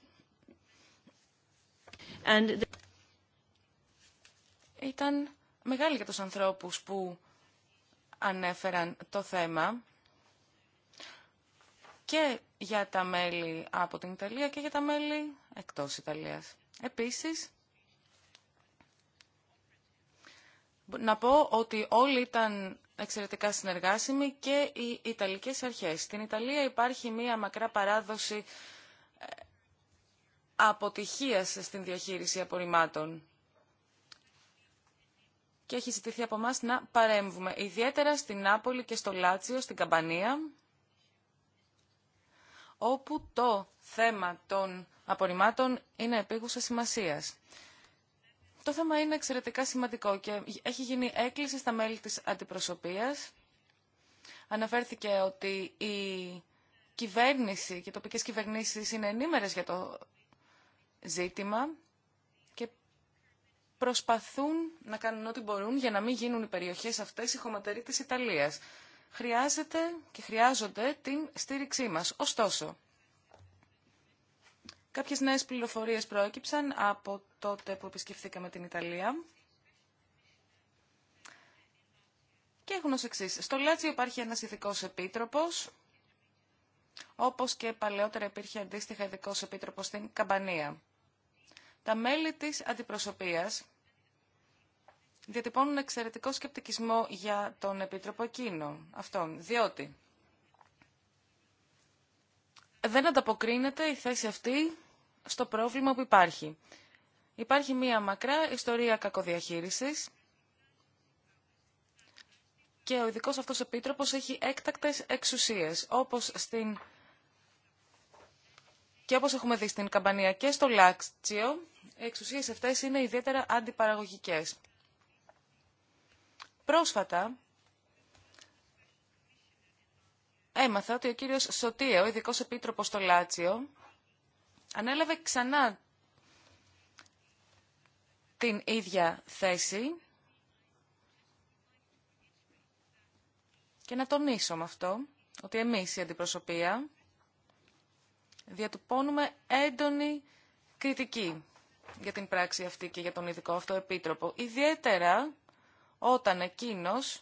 ήταν μεγάλη για τους ανθρώπους που ανέφεραν το θέμα και για τα μέλη από την Ιταλία και για τα μέλη εκτός Ιταλίας. Επίσης, να πω ότι όλοι ήταν εξαιρετικά συνεργάσιμοι και οι Ιταλικές αρχές. Στην Ιταλία υπάρχει μία μακρά παράδοση ε, αποτυχίας στην διαχείριση απορριμμάτων και έχει ζητηθεί από εμά να παρέμβουμε, ιδιαίτερα στην Νάπολη και στο Λάτσιο, στην Καμπανία, όπου το θέμα των απορριμμάτων είναι επίγουσα σημασίας. Το θέμα είναι εξαιρετικά σημαντικό και έχει γίνει έκκληση στα μέλη της αντιπροσωπείας. Αναφέρθηκε ότι η κυβέρνηση και οι τοπικές κυβερνήσεις είναι ενήμερες για το ζήτημα και προσπαθούν να κάνουν ό,τι μπορούν για να μην γίνουν οι περιοχές αυτές οι χωματερή της Ιταλίας χρειάζεται και χρειάζονται την στήριξή μας. Ωστόσο, κάποιες νέες πληροφορίες πρόκυψαν από τότε που επισκεφθήκαμε την Ιταλία. Και έχουν ως εξής. Στο Λάτσιο υπάρχει ένας ειδικός επίτροπος, όπως και παλαιότερα υπήρχε αντίστοιχα ειδικός επίτροπος στην Καμπανία. Τα μέλη της αντιπροσωπείας διατυπώνουν εξαιρετικό σκεπτικισμό για τον Επίτροπο εκείνο, αυτόν, διότι δεν ανταποκρίνεται η θέση αυτή στο πρόβλημα που υπάρχει. Υπάρχει μία μακρά ιστορία κακοδιαχείρισης και ο ειδικός αυτός επίτροπος έχει έκτακτες εξουσίες, όπως στην... και όπως έχουμε δει στην Καμπανία και στο Λάξτσιο, οι εξουσίες αυτές είναι ιδιαίτερα αντιπαραγωγικές. Πρόσφατα έμαθα ότι ο κύριος Σωτία, ο ειδικός επίτροπος στο Λάτσιο, ανέλαβε ξανά την ίδια θέση και να τονίσω με αυτό ότι εμείς η αντιπροσωπεία διατυπώνουμε έντονη κριτική για την πράξη αυτή και για τον ειδικό αυτό επίτροπο. Ιδιαίτερα όταν εκείνος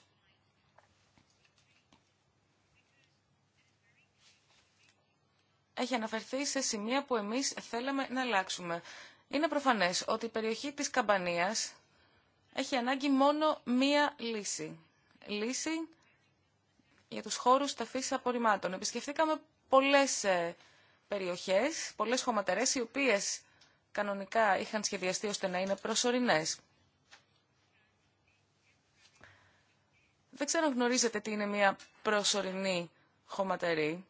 έχει αναφερθεί σε σημεία που εμείς θέλαμε να αλλάξουμε. Είναι προφανές ότι η περιοχή της Καμπανίας έχει ανάγκη μόνο μία λύση. Λύση για τους χώρους ταφής απορριμμάτων. Επισκεφθήκαμε πολλές ε, περιοχές, πολλές χωματερές, οι οποίες κανονικά είχαν σχεδιαστεί ώστε να είναι προσωρινές. Δεν ξέρω αν γνωρίζετε τι είναι μια προσωρινή χωματερή.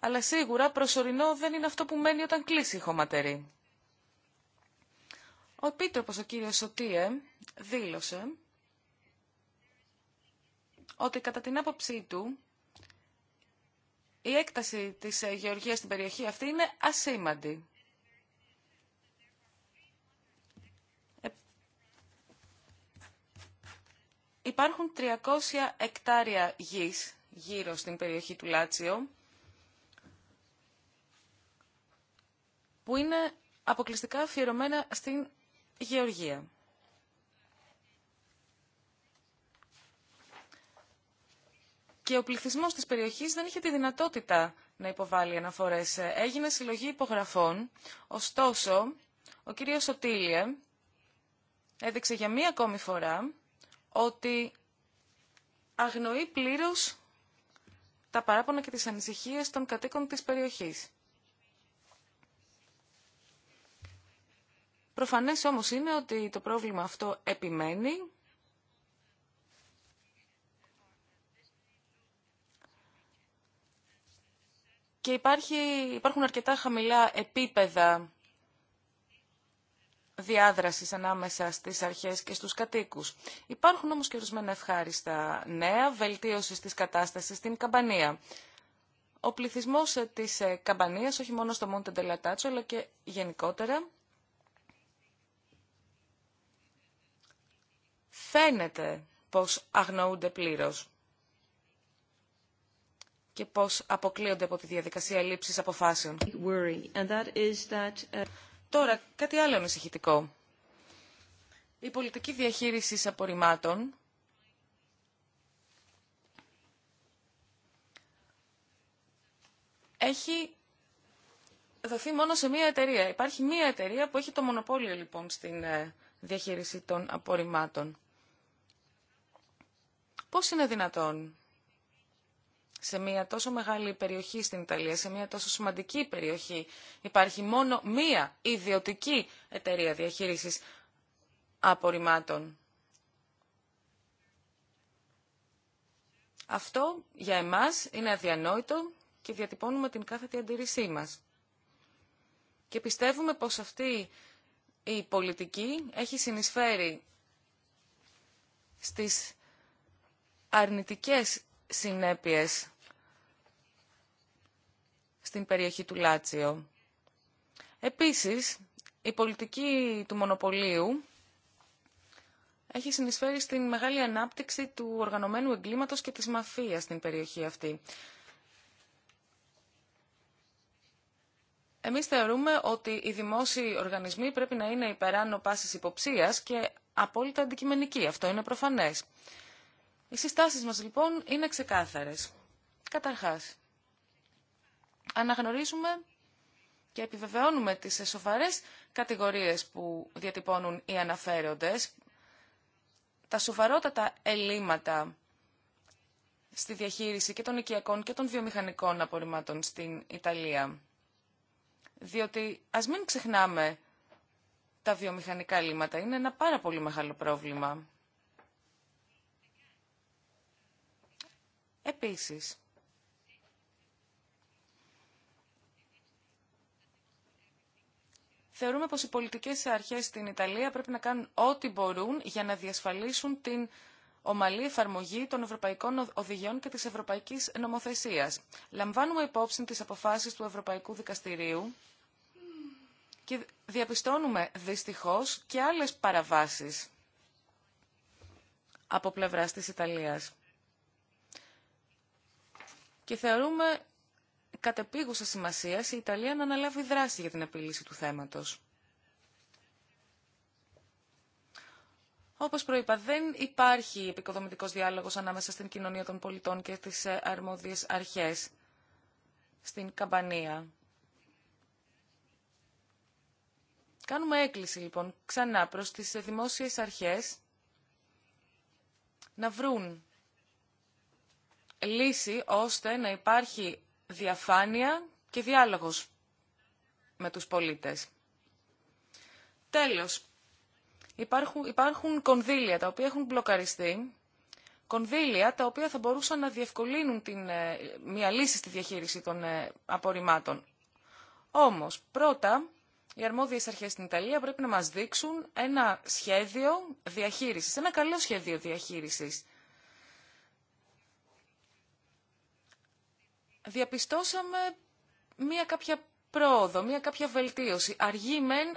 Αλλά σίγουρα προσωρινό δεν είναι αυτό που μένει όταν κλείσει η χωματερή. Ο Επίτροπος, ο κύριος Σωτίε, δήλωσε ότι κατά την άποψή του η έκταση της ε, γεωργίας στην περιοχή αυτή είναι ασήμαντη. Υπάρχουν 300 εκτάρια γης γύρω στην περιοχή του Λάτσιο, που είναι αποκλειστικά αφιερωμένα στην γεωργία. Και ο πληθυσμός της περιοχής δεν είχε τη δυνατότητα να υποβάλει αναφορές. Έγινε συλλογή υπογραφών, ωστόσο ο κύριος Σωτήλια έδειξε για μία ακόμη φορά ότι αγνοεί πλήρως τα παράπονα και τις ανησυχίες των κατοίκων της περιοχής. Προφανές όμως είναι ότι το πρόβλημα αυτό επιμένει και υπάρχει, υπάρχουν αρκετά χαμηλά επίπεδα διάδρασης ανάμεσα στις αρχές και στους κατοίκους. Υπάρχουν όμως και ορισμένα ευχάριστα νέα βελτίωση της κατάστασης στην Καμπανία. Ο πληθυσμός ε, της ε, Καμπανίας, όχι μόνο στο Μόντε Ντελατάτσο, αλλά και γενικότερα, φαίνεται πως αγνοούνται πλήρως και πως αποκλείονται από τη διαδικασία λήψης αποφάσεων. Τώρα, κάτι άλλο ανησυχητικό. Η πολιτική διαχείριση απορριμμάτων έχει δοθεί μόνο σε μία εταιρεία. Υπάρχει μία εταιρεία που έχει το μονοπόλιο λοιπόν στην ε, διαχείριση των απορριμμάτων. Πώς είναι δυνατόν σε μια τόσο μεγάλη περιοχή στην Ιταλία, σε μια τόσο σημαντική περιοχή, υπάρχει μόνο μία ιδιωτική εταιρεία διαχείρισης απορριμμάτων. Αυτό για εμάς είναι αδιανόητο και διατυπώνουμε την κάθετη αντίρρησή μας. Και πιστεύουμε πως αυτή η πολιτική έχει συνεισφέρει στις αρνητικές συνέπειες στην περιοχή του Λάτσιο. Επίσης, η πολιτική του μονοπωλίου έχει συνεισφέρει στην μεγάλη ανάπτυξη του οργανωμένου εγκλήματος και της μαφίας στην περιοχή αυτή. Εμείς θεωρούμε ότι οι δημόσιοι οργανισμοί πρέπει να είναι υπεράνω πάσης υποψίας και απόλυτα αντικειμενικοί. Αυτό είναι προφανές. Οι συστάσεις μας λοιπόν είναι ξεκάθαρες. Καταρχάς, αναγνωρίζουμε και επιβεβαιώνουμε τις σοβαρές κατηγορίες που διατυπώνουν οι αναφέροντες, τα σοβαρότατα ελλείμματα στη διαχείριση και των οικιακών και των βιομηχανικών απορριμμάτων στην Ιταλία. Διότι ας μην ξεχνάμε τα βιομηχανικά ελλείμματα. Είναι ένα πάρα πολύ μεγάλο πρόβλημα. Επίσης, Θεωρούμε πως οι πολιτικές αρχές στην Ιταλία πρέπει να κάνουν ό,τι μπορούν για να διασφαλίσουν την ομαλή εφαρμογή των ευρωπαϊκών οδηγιών και της ευρωπαϊκής νομοθεσίας. Λαμβάνουμε υπόψη τις αποφάσεις του Ευρωπαϊκού Δικαστηρίου και διαπιστώνουμε δυστυχώς και άλλες παραβάσεις από πλευράς της Ιταλίας. Και θεωρούμε κατεπίγουσα σημασία η Ιταλία να αναλάβει δράση για την επίλυση του θέματος. Όπως προείπα, δεν υπάρχει επικοδομητικός διάλογος ανάμεσα στην κοινωνία των πολιτών και τις ε, αρμόδιες αρχές στην καμπανία. Κάνουμε έκκληση λοιπόν ξανά προς τις δημόσιες αρχές να βρουν λύση ώστε να υπάρχει διαφάνεια και διάλογος με τους πολίτες. Τέλος, υπάρχουν, υπάρχουν κονδύλια τα οποία έχουν μπλοκαριστεί, κονδύλια τα οποία θα μπορούσαν να διευκολύνουν την, ε, μια λύση στη διαχείριση των ε, απορριμμάτων. Όμως, πρώτα, οι αρμόδιες αρχές στην Ιταλία πρέπει να μας δείξουν ένα σχέδιο διαχείρισης, ένα καλό σχέδιο διαχείρισης διαπιστώσαμε μία κάποια πρόοδο, μία κάποια βελτίωση. Αργή μεν,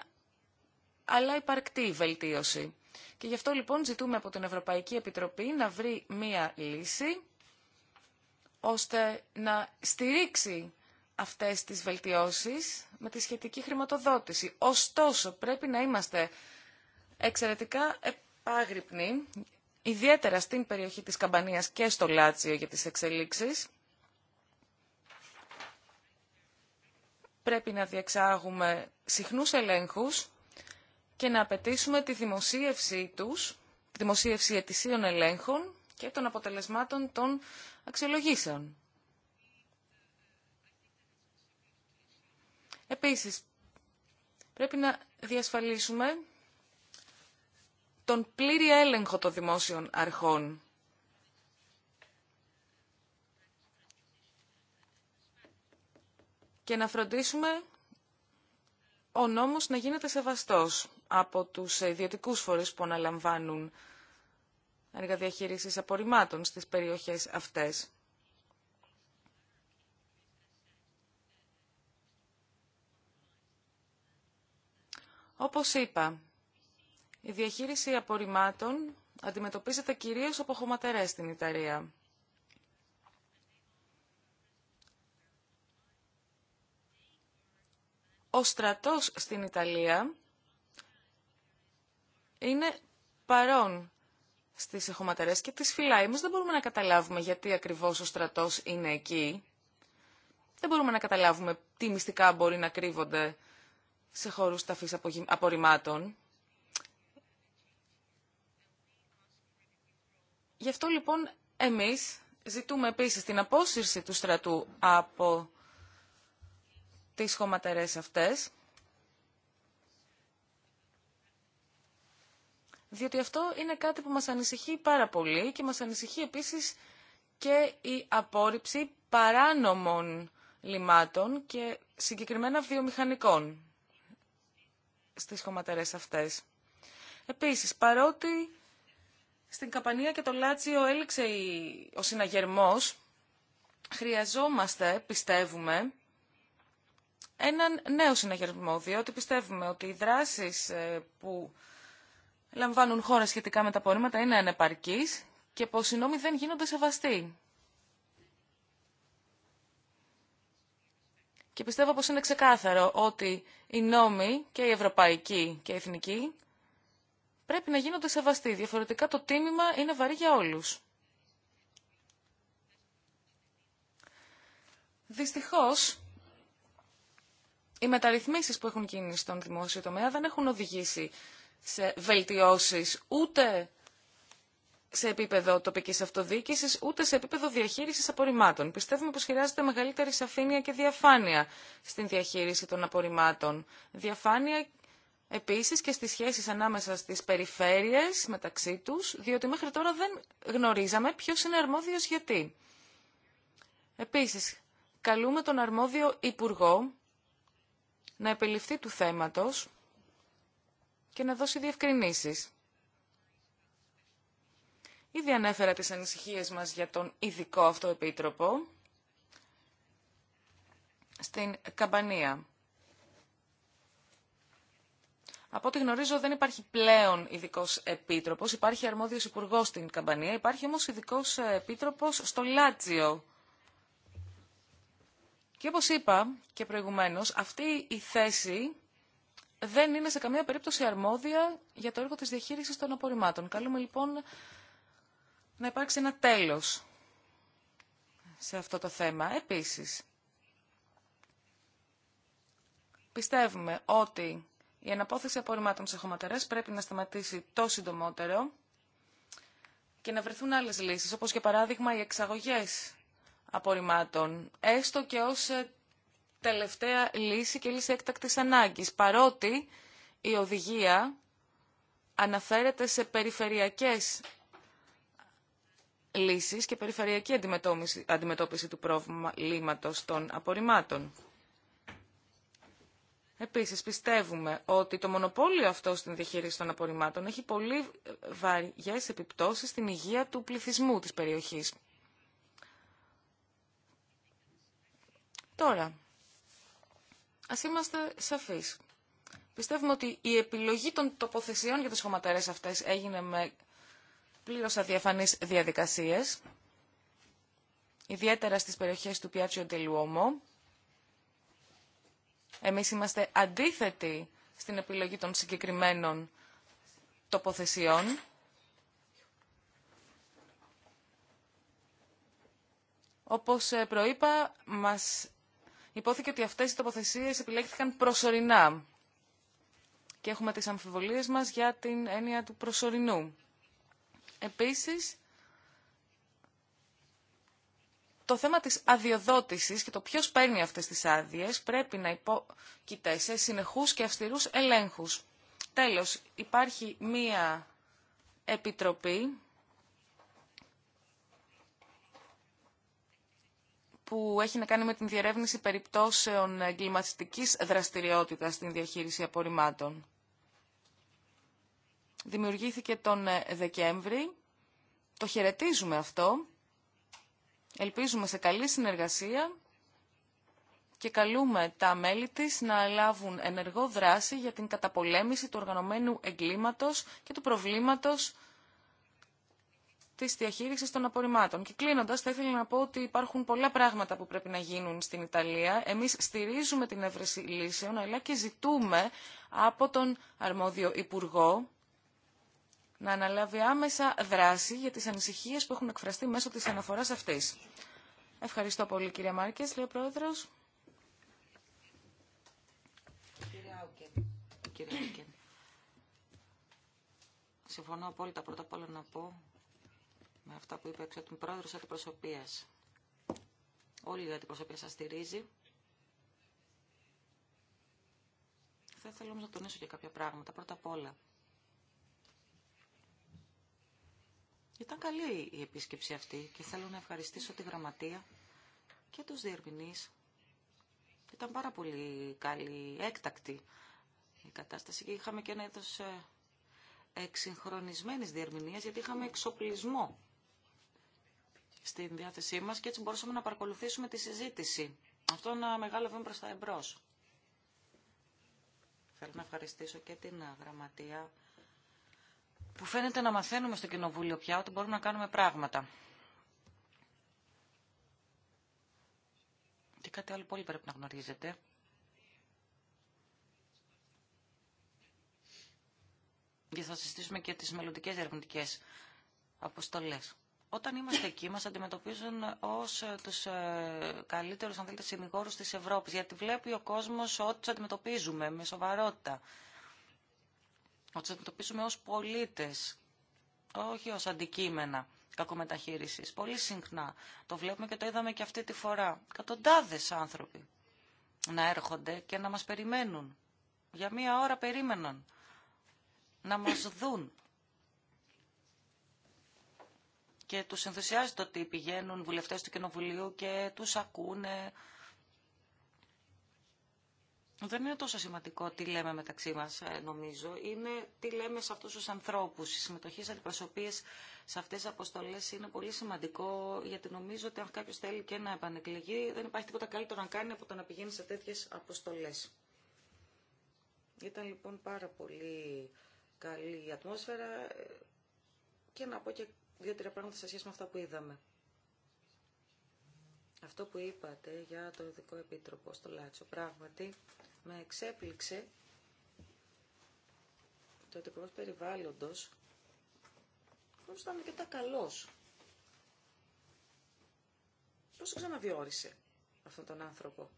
αλλά υπαρκτή βελτίωση. Και γι' αυτό λοιπόν ζητούμε από την Ευρωπαϊκή Επιτροπή να βρει μία λύση ώστε να στηρίξει αυτές τις βελτιώσεις με τη σχετική χρηματοδότηση. Ωστόσο, πρέπει να είμαστε εξαιρετικά επάγρυπνοι, ιδιαίτερα στην περιοχή της Καμπανίας και στο Λάτσιο για τις εξελίξεις, πρέπει να διεξάγουμε συχνούς ελέγχους και να απαιτήσουμε τη δημοσίευση τους, τη δημοσίευση ετησίων ελέγχων και των αποτελεσμάτων των αξιολογήσεων. Επίσης, πρέπει να διασφαλίσουμε τον πλήρη έλεγχο των δημόσιων αρχών. και να φροντίσουμε ο νόμος να γίνεται σεβαστός από τους ιδιωτικούς φορείς που αναλαμβάνουν έργα διαχείρισης απορριμμάτων στις περιοχές αυτές. Όπως είπα, η διαχείριση απορριμμάτων αντιμετωπίζεται κυρίως από χωματερές στην Ιταλία. ο στρατός στην Ιταλία είναι παρόν στις εχωματερές και τις φυλάει. Εμείς δεν μπορούμε να καταλάβουμε γιατί ακριβώς ο στρατός είναι εκεί. Δεν μπορούμε να καταλάβουμε τι μυστικά μπορεί να κρύβονται σε χώρους ταφής απορριμμάτων. Γι' αυτό λοιπόν εμείς ζητούμε επίσης την απόσυρση του στρατού από τις χωματερές αυτές, διότι αυτό είναι κάτι που μας ανησυχεί πάρα πολύ και μας ανησυχεί επίσης και η απόρριψη παράνομων λιμάτων και συγκεκριμένα βιομηχανικών στις χωματερές αυτές. Επίσης, παρότι στην Καπανία και το Λάτσιο έληξε ο συναγερμός, χρειαζόμαστε, πιστεύουμε, έναν νέο συναγερμό, διότι πιστεύουμε ότι οι δράσεις ε, που λαμβάνουν χώρα σχετικά με τα πορήματα είναι ανεπαρκείς και πως οι νόμοι δεν γίνονται σεβαστοί. Και πιστεύω πως είναι ξεκάθαρο ότι οι νόμοι και οι ευρωπαϊκοί και οι εθνικοί πρέπει να γίνονται σεβαστοί. Διαφορετικά το τίμημα είναι βαρύ για όλους. Δυστυχώς, οι μεταρρυθμίσεις που έχουν γίνει στον δημόσιο τομέα δεν έχουν οδηγήσει σε βελτιώσεις ούτε σε επίπεδο τοπικής αυτοδιοίκησης, ούτε σε επίπεδο διαχείρισης απορριμμάτων. Πιστεύουμε πως χρειάζεται μεγαλύτερη σαφήνεια και διαφάνεια στην διαχείριση των απορριμμάτων. Διαφάνεια επίσης και στις σχέσεις ανάμεσα στις περιφέρειες μεταξύ τους, διότι μέχρι τώρα δεν γνωρίζαμε ποιο είναι αρμόδιος γιατί. Επίσης, καλούμε τον αρμόδιο υπουργό να επιληφθεί του θέματος και να δώσει διευκρινήσεις. Ήδη ανέφερα τις ανησυχίες μας για τον ειδικό αυτό επίτροπο στην Καμπανία. Από ό,τι γνωρίζω δεν υπάρχει πλέον ειδικό επίτροπος, υπάρχει αρμόδιος υπουργός στην Καμπανία, υπάρχει όμως ειδικό επίτροπος στο Λάτσιο και όπως είπα και προηγουμένως, αυτή η θέση δεν είναι σε καμία περίπτωση αρμόδια για το έργο της διαχείρισης των απορριμμάτων. Καλούμε λοιπόν να υπάρξει ένα τέλος σε αυτό το θέμα. Επίσης, πιστεύουμε ότι η αναπόθεση απορριμμάτων σε χωματερές πρέπει να σταματήσει το συντομότερο και να βρεθούν άλλες λύσεις, όπως για παράδειγμα οι εξαγωγές απορριμμάτων, έστω και ω τελευταία λύση και λύση έκτακτης ανάγκης, παρότι η οδηγία αναφέρεται σε περιφερειακές λύσεις και περιφερειακή αντιμετώπιση του προβλήματος των απορριμμάτων. Επίσης, πιστεύουμε ότι το μονοπόλιο αυτό στην διαχείριση των απορριμμάτων έχει πολύ βαριές επιπτώσεις στην υγεία του πληθυσμού της περιοχής. Τώρα, ας είμαστε σαφείς. Πιστεύουμε ότι η επιλογή των τοποθεσιών για τις χωματερές αυτές έγινε με πλήρως αδιαφανείς διαδικασίες, ιδιαίτερα στις περιοχές του Πιάτσιο Τελουόμο. Εμείς είμαστε αντίθετοι στην επιλογή των συγκεκριμένων τοποθεσιών. Όπως ε, προείπα, μας υπόθηκε ότι αυτές οι τοποθεσίες επιλέχθηκαν προσωρινά. Και έχουμε τις αμφιβολίες μας για την έννοια του προσωρινού. Επίσης, το θέμα της αδειοδότησης και το ποιος παίρνει αυτές τις άδειες πρέπει να υπόκειται σε συνεχούς και αυστηρούς ελέγχους. Τέλος, υπάρχει μία επιτροπή που έχει να κάνει με την διερεύνηση περιπτώσεων εγκληματιστικής δραστηριότητας στην διαχείριση απορριμμάτων. Δημιουργήθηκε τον ε, Δεκέμβρη. Το χαιρετίζουμε αυτό. Ελπίζουμε σε καλή συνεργασία και καλούμε τα μέλη της να λάβουν ενεργό δράση για την καταπολέμηση του οργανωμένου εγκλήματος και του προβλήματος τη διαχείριση των απορριμμάτων. Και κλείνοντας, θα ήθελα να πω ότι υπάρχουν πολλά πράγματα που πρέπει να γίνουν στην Ιταλία. Εμείς στηρίζουμε την έβρεση λύσεων, αλλά και ζητούμε από τον αρμόδιο Υπουργό να αναλάβει άμεσα δράση για τις ανησυχίες που έχουν εκφραστεί μέσω τη αναφορά αυτή. Ευχαριστώ πολύ κύριε Μάρκε, λέει ο Πρόεδρο. Συμφωνώ απόλυτα πρώτα απ' όλα να πω με αυτά που είπε ο πρόεδρο πρόεδρος αντιπροσωπείας. Όλη η αντιπροσωπεία σας στηρίζει. Θα ήθελα όμως να τονίσω και κάποια πράγματα. Πρώτα απ' όλα, Ήταν καλή η επίσκεψη αυτή και θέλω να ευχαριστήσω τη γραμματεία και τους διερμηνείς. Ήταν πάρα πολύ καλή, έκτακτη η κατάσταση και είχαμε και ένα είδος ε, εξυγχρονισμένης διερμηνίας γιατί είχαμε εξοπλισμό στην διάθεσή μας και έτσι μπορούσαμε να παρακολουθήσουμε τη συζήτηση. Αυτό είναι ένα μεγάλο βήμα προς τα εμπρός. Θέλω να ευχαριστήσω και την γραμματεία που φαίνεται να μαθαίνουμε στο Κοινοβούλιο πια ότι μπορούμε να κάνουμε πράγματα. Και κάτι άλλο πολύ πρέπει να γνωρίζετε. Και θα συζητήσουμε και τις μελλοντικέ ερευνητικέ αποστολές. Όταν είμαστε εκεί μας αντιμετωπίζουν ως ε, τους ε, καλύτερους αν θέλετε της Ευρώπης γιατί βλέπει ο κόσμος ότι τους αντιμετωπίζουμε με σοβαρότητα. Ότι τους αντιμετωπίζουμε ως πολίτες, όχι ως αντικείμενα κακομεταχείρισης. Πολύ συχνά το βλέπουμε και το είδαμε και αυτή τη φορά. Κατοντάδες άνθρωποι να έρχονται και να μας περιμένουν. Για μία ώρα περίμεναν να μας δουν και τους ενθουσιάζει το ότι πηγαίνουν βουλευτές του Κοινοβουλίου και τους ακούνε. Δεν είναι τόσο σημαντικό τι λέμε μεταξύ μας, ε, νομίζω. Είναι τι λέμε σε αυτούς τους ανθρώπους. Η συμμετοχή σε αντιπροσωπείες σε αυτές τις αποστολές είναι πολύ σημαντικό, γιατί νομίζω ότι αν κάποιος θέλει και να επανεκλεγεί, δεν υπάρχει τίποτα καλύτερο να κάνει από το να πηγαίνει σε τέτοιες αποστολές. Ήταν λοιπόν πάρα πολύ καλή η ατμόσφαιρα ε, και να πω και δύο-τρία πράγματα σε σχέση με αυτά που είδαμε. Αυτό που είπατε για το ειδικό επίτροπο στο Λάτσο, πράγματι με εξέπληξε το ότι ο περιβάλλοντος πώς ήταν αρκετά καλός. Πώς ξαναδιόρισε αυτόν τον άνθρωπο.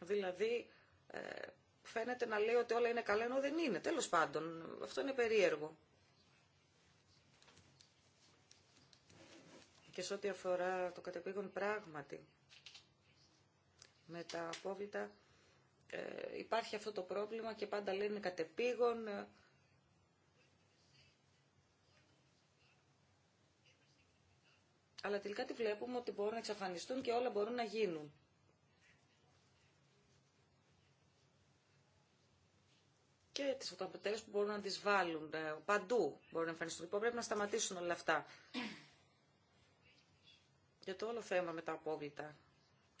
Δηλαδή, ε, φαίνεται να λέει ότι όλα είναι καλά, ενώ δεν είναι. Τέλος πάντων, αυτό είναι περίεργο. Και σε ό,τι αφορά το κατεπήγον πράγματι, με τα απόβλητα ε, υπάρχει αυτό το πρόβλημα και πάντα λένε κατεπήγον. Ε, αλλά τελικά τη βλέπουμε ότι μπορούν να εξαφανιστούν και όλα μπορούν να γίνουν. και τις φωτοαποτέλες που μπορούν να τις βάλουν ε, παντού μπορεί να εμφανιστούν. Λοιπόν, πρέπει να σταματήσουν όλα αυτά. Για το όλο θέμα με τα απόβλητα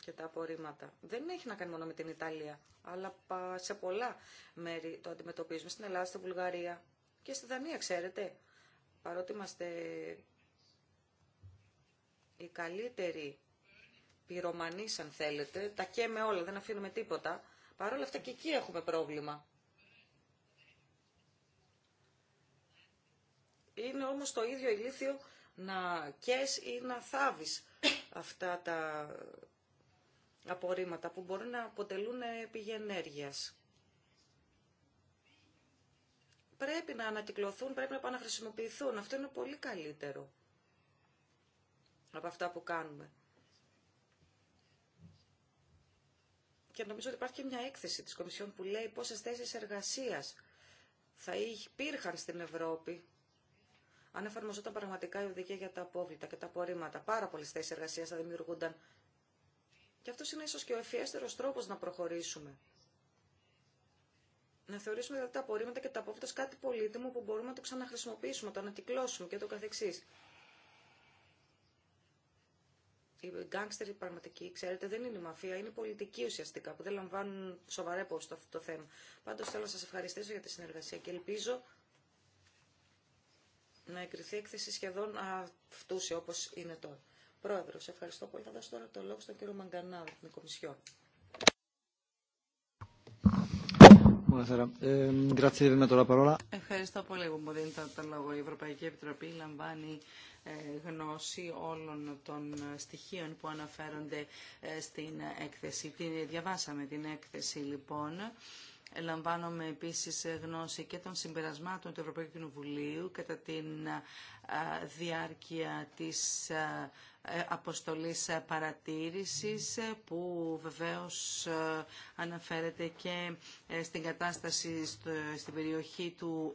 και τα απορρίμματα. Δεν έχει να κάνει μόνο με την Ιταλία, αλλά σε πολλά μέρη το αντιμετωπίζουμε. Στην Ελλάδα, στη Βουλγαρία και στη Δανία, ξέρετε. Παρότι είμαστε οι καλύτεροι πυρομανείς, αν θέλετε, τα καίμε όλα, δεν αφήνουμε τίποτα. Παρ' όλα αυτά και εκεί έχουμε πρόβλημα. Είναι όμως το ίδιο ηλίθιο να κες ή να θάβεις αυτά τα απορρίμματα που μπορεί να αποτελούν πηγή ενέργειας. Πρέπει να ανακυκλωθούν, πρέπει να επαναχρησιμοποιηθούν. Αυτό είναι πολύ καλύτερο από αυτά που κάνουμε. Και νομίζω ότι υπάρχει και μια έκθεση της Κομισιόν που λέει πόσες θέσεις εργασίας θα υπήρχαν στην Ευρώπη αν εφαρμοζόταν πραγματικά η οδηγία για τα απόβλητα και τα απορρίμματα, πάρα πολλέ θέσει εργασία θα δημιουργούνταν. Και αυτό είναι ίσω και ο ευφιέστερο τρόπο να προχωρήσουμε. Να θεωρήσουμε δηλαδή τα απορρίμματα και τα απόβλητα κάτι πολύτιμο που μπορούμε να το ξαναχρησιμοποιήσουμε, το ανακυκλώσουμε και το καθεξή. Οι γκάγκστερ, οι πραγματικοί, ξέρετε, δεν είναι η μαφία, είναι η πολιτική ουσιαστικά που δεν λαμβάνουν σοβαρέ υπόψη το θέμα. Πάντω θέλω να σα ευχαριστήσω για τη συνεργασία και ελπίζω να εγκριθεί έκθεση σχεδόν αυτούς όπως είναι τώρα. Πρόεδρο. ευχαριστώ πολύ. Θα δώσω τώρα το λόγο στον κύριο Μαγκανά, την Κομισιό. Ehm, ευχαριστώ πολύ που μου δίνετε το λόγο. Η Ευρωπαϊκή Επιτροπή λαμβάνει ε, γνώση όλων των στοιχείων που αναφέρονται ε, στην έκθεση. Διαβάσαμε την έκθεση λοιπόν ελαμβάνομαι επίσης γνώση και των συμπερασμάτων του Ευρωπαϊκού Κοινοβουλίου κατά την διάρκεια της ε, αποστολής παρατήρησης ε, που βεβαίως ε, αναφέρεται και στην κατάσταση στην περιοχή του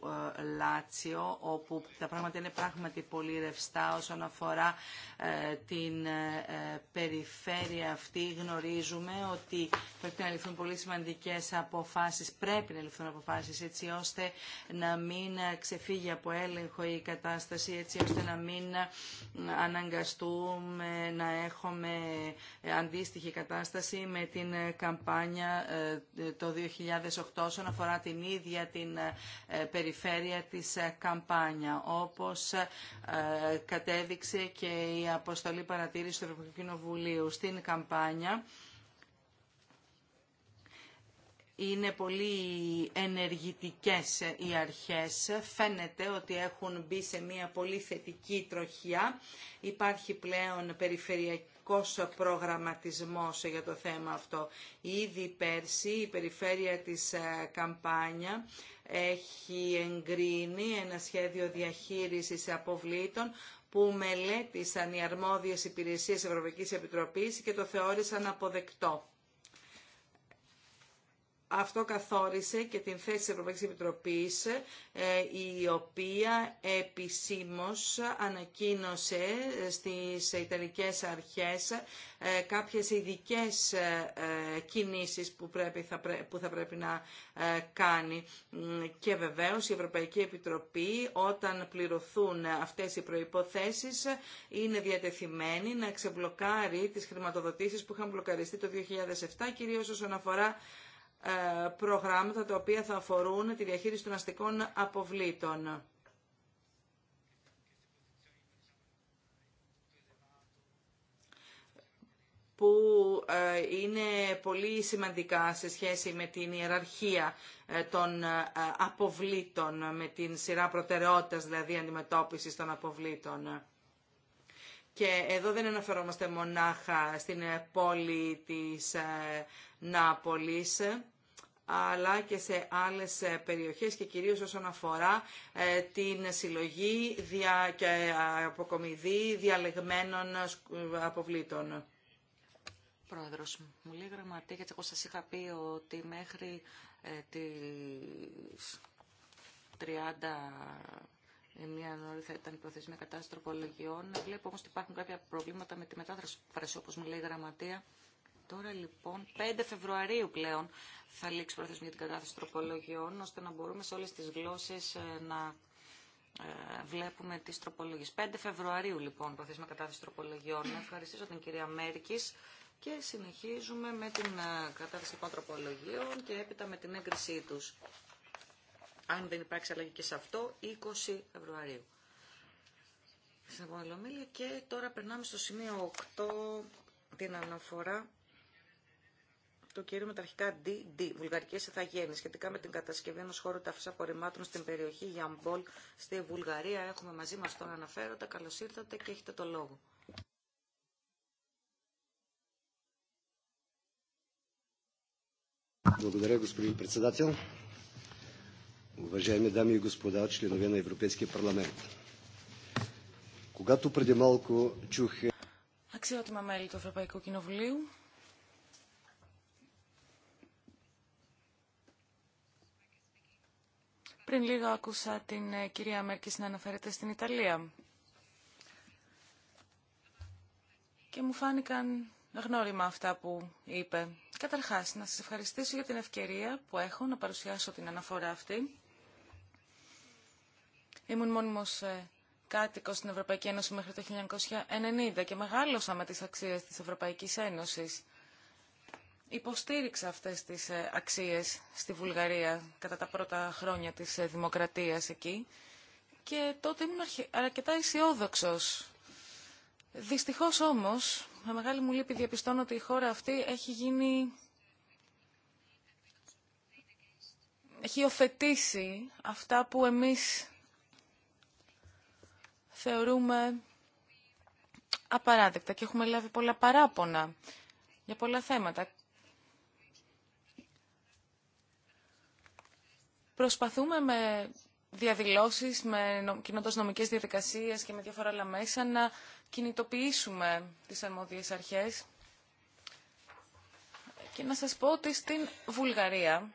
Λάτσιο όπου τα πράγματα είναι πράγματι πολύ ρευστά όσον αφορά την περιφέρεια αυτή γνωρίζουμε ότι πρέπει να ληφθούν πολύ σημαντικές αποφάσεις πρέπει να ληφθούν αποφάσεις έτσι ώστε να μην ξεφύγει από έλεγχο η κατάσταση έτσι ώστε να μην αναγκαστούμε να έχουμε αντίστοιχη κατάσταση με την καμπάνια ε, το 2008 όσον αφορά την ίδια την ε, περιφέρεια της ε, καμπάνια όπως κατέδειξε και η αποστολή παρατήρηση του Ευρωπαϊκού Κοινοβουλίου στην καμπάνια είναι πολύ ενεργητικές ε, οι αρχές. Φαίνεται ότι έχουν μπει σε μια πολύ θετική τροχιά. Υπάρχει πλέον περιφερειακός προγραμματισμός για το θέμα αυτό. Ήδη πέρσι η περιφέρεια της ε, Καμπάνια έχει εγκρίνει ένα σχέδιο διαχείρισης αποβλήτων που μελέτησαν οι αρμόδιες υπηρεσίες Ευρωπαϊκής Επιτροπής και το θεώρησαν αποδεκτό. Αυτό καθόρισε και την θέση της Ευρωπαϊκής Επιτροπής, ε, η οποία επισήμως ανακοίνωσε στις Ιταλικές Αρχές ε, κάποιες ειδικέ ε, κινήσεις που, πρέπει, που θα πρέπει να κάνει. Και βεβαίως η Ευρωπαϊκή Επιτροπή όταν πληρωθούν αυτές οι προϋποθέσεις είναι διατεθειμένη να ξεμπλοκάρει τις χρηματοδοτήσεις που είχαν μπλοκαριστεί το 2007, κυρίως όσον αφορά ε, προγράμματα τα οποία θα αφορούν τη διαχείριση των αστικών αποβλήτων. που ε, είναι πολύ σημαντικά σε σχέση με την ιεραρχία ε, των αποβλήτων, με την σειρά προτεραιότητας δηλαδή αντιμετώπισης των αποβλήτων. Και εδώ δεν αναφερόμαστε μονάχα στην ε, πόλη της ε, Νάπολης, αλλά και σε άλλες ε, περιοχές και κυρίως όσον αφορά την συλλογή και αποκομιδή διαλεγμένων αποβλήτων. Πρόεδρος, μου λέει γραμματή, γιατί εγώ σας είχα πει ότι μέχρι τις 30 μια ώρα θα ήταν η προθεσμία κατάσταση τροπολογιών. Βλέπω όμω ότι υπάρχουν κάποια προβλήματα με τη μετάφραση, όπω μου λέει η γραμματεία. Τώρα λοιπόν, 5 Φεβρουαρίου πλέον θα λήξει προθεσμία για την κατάθεση τροπολογιών, ώστε να μπορούμε σε όλε τι γλώσσε ε, να ε, βλέπουμε τις τροπολογίες. 5 Φεβρουαρίου λοιπόν προθεσμία κατάθεση τροπολογιών. Ευχαριστήσω την κυρία Μέρκης και συνεχίζουμε με την ε, κατάθεση λοιπόν τροπολογίων και έπειτα με την έγκρισή τους αν δεν υπάρξει αλλαγή και σε αυτό, 20 Φεβρουαρίου. Στην και τώρα περνάμε στο σημείο 8, την αναφορά του κυρίου μεταρχικά DD, Βουλγαρικέ Ιθαγένειε, σχετικά με την κατασκευή ενό χώρου ταφή απορριμμάτων στην περιοχή Γιαμπόλ στη Βουλγαρία. Έχουμε μαζί μα τον αναφέροντα. Καλώ ήρθατε και έχετε το λόγο. господин председател уважаеми Αξιότιμα μέλη του Ευρωπαϊκού Κοινοβουλίου, Πριν λίγο άκουσα την κυρία Μέρκης να αναφέρεται στην Ιταλία. Και μου φάνηκαν γνώριμα αυτά που είπε. Καταρχάς, να σας ευχαριστήσω για την ευκαιρία που έχω να παρουσιάσω την αναφορά αυτή. Ήμουν μόνιμος ε, κάτοικος στην Ευρωπαϊκή Ένωση μέχρι το 1990 και μεγάλωσα με τις αξίες της Ευρωπαϊκής Ένωσης. Υποστήριξα αυτές τις ε, αξίες στη Βουλγαρία κατά τα πρώτα χρόνια της ε, δημοκρατίας εκεί και τότε ήμουν αρκετά αισιόδοξο. Δυστυχώς όμως, με μεγάλη μου λύπη διαπιστώνω ότι η χώρα αυτή έχει γίνει... έχει υιοθετήσει αυτά που εμείς θεωρούμε απαράδεκτα και έχουμε λάβει πολλά παράπονα για πολλά θέματα. Προσπαθούμε με διαδηλώσεις, με κοινότητας νομικές διαδικασίες και με διάφορα άλλα μέσα να κινητοποιήσουμε τις αρμόδιες αρχές και να σας πω ότι στην Βουλγαρία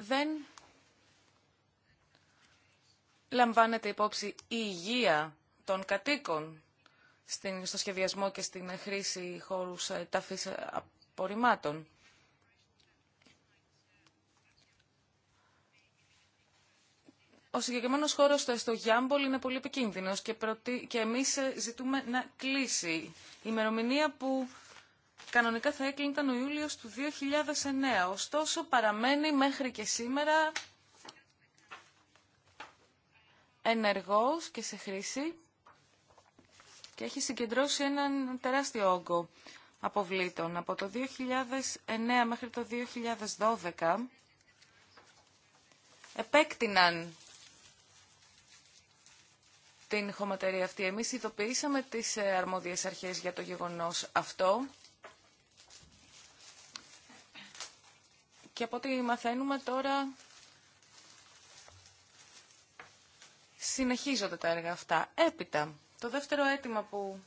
δεν λαμβάνεται υπόψη η υγεία των κατοίκων στο σχεδιασμό και στην χρήση χώρους ε, ταφής ε, απορριμμάτων. Ο συγκεκριμένο χώρο στο Γιάμπολ είναι πολύ επικίνδυνο και, προτι... και εμεί ε, ζητούμε να κλείσει. Η ημερομηνία που κανονικά θα έκλεινε ο Ιούλιο του 2009. Ωστόσο παραμένει μέχρι και σήμερα ενεργός και σε χρήση και έχει συγκεντρώσει έναν τεράστιο όγκο αποβλήτων. Από το 2009 μέχρι το 2012 επέκτηναν την χωματερία αυτή. Εμείς ειδοποιήσαμε τις ε, αρμόδιες αρχές για το γεγονός αυτό Και από ό,τι μαθαίνουμε τώρα συνεχίζονται τα έργα αυτά. Έπειτα, το δεύτερο αίτημα που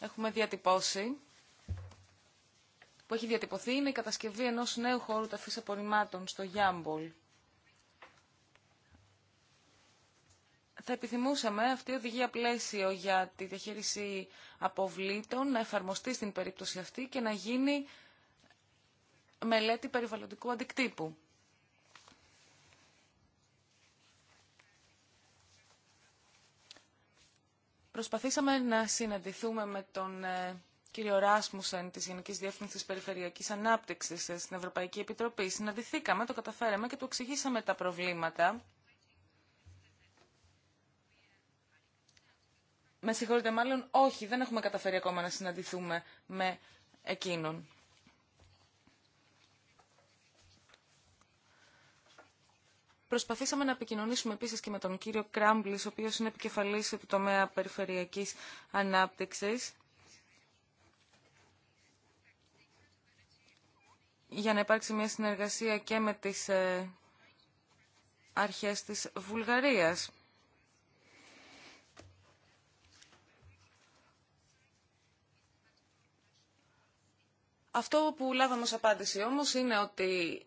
έχουμε διατυπώσει, που έχει διατυπωθεί, είναι η κατασκευή ενός νέου χώρου ταφής απορριμμάτων στο Γιάμπολ. Θα επιθυμούσαμε αυτή η οδηγία πλαίσιο για τη διαχείριση αποβλήτων να εφαρμοστεί στην περίπτωση αυτή και να γίνει μελέτη περιβαλλοντικού αντικτύπου. Προσπαθήσαμε να συναντηθούμε με τον ε, κύριο Ράσμουσεν της Γενικής Διεύθυνσης Περιφερειακής Ανάπτυξης ε, στην Ευρωπαϊκή Επιτροπή. Συναντηθήκαμε, το καταφέραμε και του εξηγήσαμε τα προβλήματα. Με συγχωρείτε, μάλλον όχι, δεν έχουμε καταφέρει ακόμα να συναντηθούμε με εκείνον. Προσπαθήσαμε να επικοινωνήσουμε επίσης και με τον κύριο Κράμπλης, ο οποίος είναι επικεφαλής του τομέα περιφερειακής ανάπτυξης, για να υπάρξει μια συνεργασία και με τις ε, αρχές της Βουλγαρίας. Αυτό που λάβαμε ως απάντηση όμως είναι ότι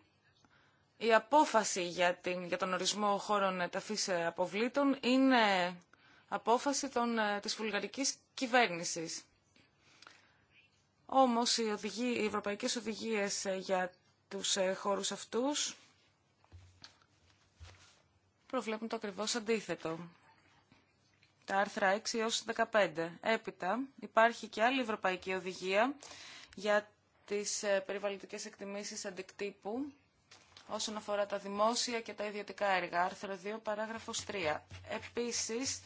η απόφαση για, την, τον ορισμό χώρων ταφής ε, αποβλήτων είναι απόφαση των, ε, της βουλγαρικής κυβέρνησης. Όμως οι, οδηγοί, οι ευρωπαϊκές οδηγίες ε, για τους χώρους αυτούς προβλέπουν το ακριβώς αντίθετο. Τα άρθρα 6 έως 15. Έπειτα υπάρχει και άλλη ευρωπαϊκή οδηγία για τις περιβαλλοντικές εκτιμήσεις αντικτύπου όσον αφορά τα δημόσια και τα ιδιωτικά έργα, άρθρο 2, παράγραφος 3. Επίσης,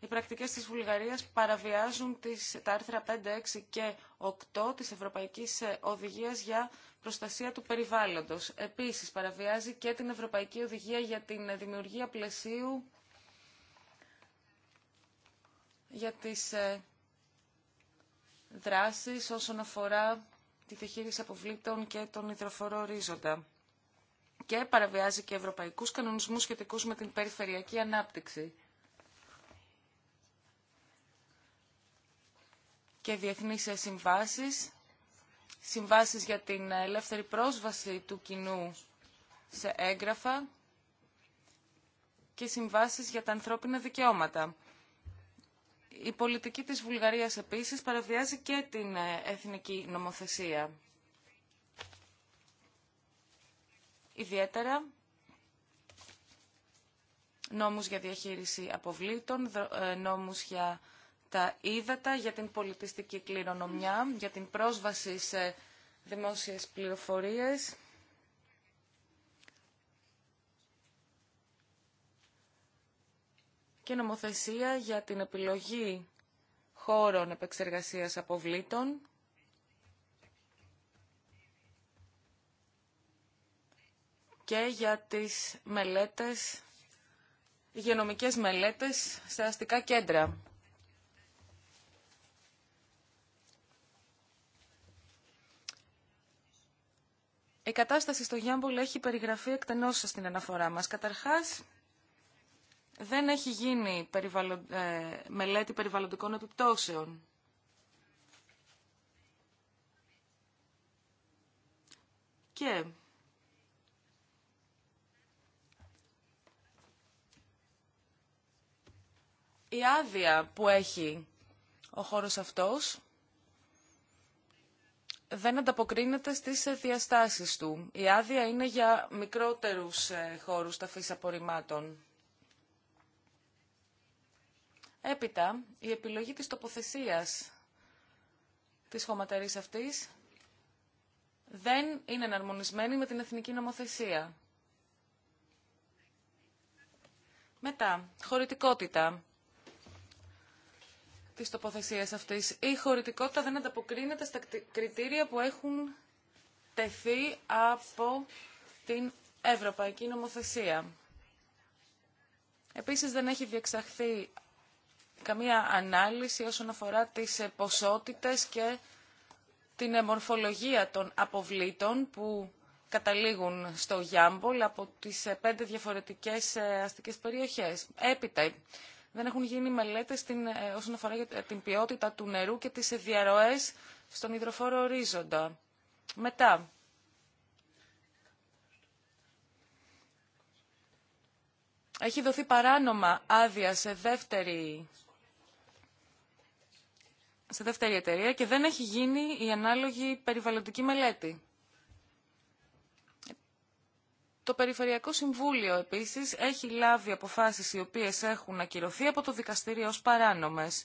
οι πρακτικές της Βουλγαρίας παραβιάζουν τις, τα άρθρα 5, 6 και 8 της Ευρωπαϊκής ε, Οδηγίας για προστασία του περιβάλλοντος. Επίσης, παραβιάζει και την Ευρωπαϊκή Οδηγία για την δημιουργία πλαισίου για τις ε, δράσεις όσον αφορά τη διαχείριση αποβλήτων και τον υδροφορό ορίζοντα και παραβιάζει και ευρωπαϊκούς κανονισμούς σχετικούς με την περιφερειακή ανάπτυξη. και διεθνείς συμβάσεις, συμβάσεις για την ελεύθερη πρόσβαση του κοινού σε έγγραφα και συμβάσεις για τα ανθρώπινα δικαιώματα. Η πολιτική της Βουλγαρίας επίσης παραβιάζει και την εθνική νομοθεσία. ιδιαίτερα νόμους για διαχείριση αποβλήτων, ε, νόμους για τα ύδατα, για την πολιτιστική κληρονομιά, για την πρόσβαση σε δημόσιες πληροφορίες. και νομοθεσία για την επιλογή χώρων επεξεργασίας αποβλήτων και για τις μελέτες, υγειονομικές μελέτες σε αστικά κέντρα. Η κατάσταση στο Γιάνμπολ έχει περιγραφεί εκτενώς στην αναφορά μας. Καταρχάς, δεν έχει γίνει ε, μελέτη περιβαλλοντικών επιπτώσεων. Και η άδεια που έχει ο χώρος αυτός δεν ανταποκρίνεται στις διαστάσεις του. Η άδεια είναι για μικρότερους ε, χώρους ταφής απορριμμάτων. Έπειτα, η επιλογή της τοποθεσίας της χωματερής αυτής δεν είναι εναρμονισμένη με την εθνική νομοθεσία. Μετά, χωρητικότητα της τοποθεσίας αυτής. Η χωρητικότητα δεν ανταποκρίνεται στα κριτήρια που έχουν τεθεί από την Ευρωπαϊκή Νομοθεσία. Επίσης δεν έχει διεξαχθεί καμία ανάλυση όσον αφορά τις ποσότητες και την εμορφολογία των αποβλήτων που καταλήγουν στο Γιάμπολ από τις πέντε διαφορετικές ε, αστικές περιοχές. Έπειτα, δεν έχουν γίνει μελέτες στην, ε, όσον αφορά την ποιότητα του νερού και τις διαρροές στον υδροφόρο ορίζοντα. Μετά, έχει δοθεί παράνομα άδεια σε δεύτερη, σε δεύτερη εταιρεία και δεν έχει γίνει η ανάλογη περιβαλλοντική μελέτη. Το Περιφερειακό Συμβούλιο επίσης έχει λάβει αποφάσεις οι οποίες έχουν ακυρωθεί από το δικαστήριο ως παράνομες.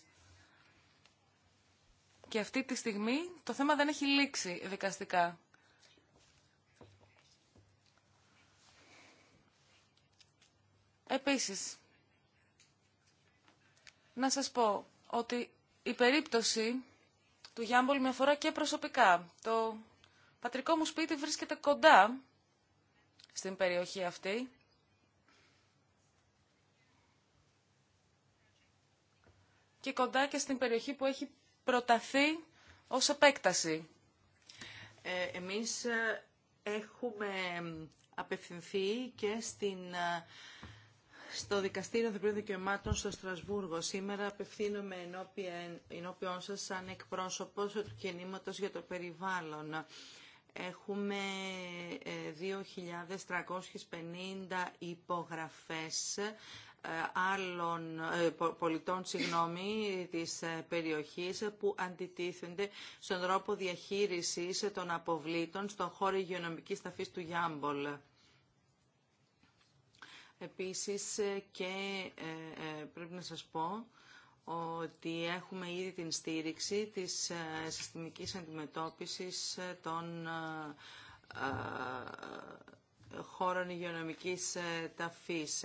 Και αυτή τη στιγμή το θέμα δεν έχει λήξει δικαστικά. Επίσης, να σας πω ότι η περίπτωση του Γιάμπολ με αφορά και προσωπικά. Το πατρικό μου σπίτι βρίσκεται κοντά στην περιοχή αυτή. Και κοντά και στην περιοχή που έχει προταθεί ως επέκταση. Ε, εμείς ε, έχουμε απευθυνθεί και στην, ε, στο Δικαστήριο Δημιουργίου Δικαιωμάτων στο Στρασβούργο. Σήμερα απευθύνομαι ενώπιον σας σαν εκπρόσωπος του κινήματος για το περιβάλλον. Έχουμε 2.350 ε, υπογραφές ε, άλλων ε, πολιτών συγγνώμη, της περιοχής που αντιτίθενται στον τρόπο διαχείρισης των αποβλήτων στον χώρο υγειονομικής ταφής του Γιάμπολ. Επίσης και πρέπει να σας πω ότι έχουμε ήδη την στήριξη της ε, συστημικής αντιμετώπισης ε, των ε, χώρων υγειονομικής ταφής.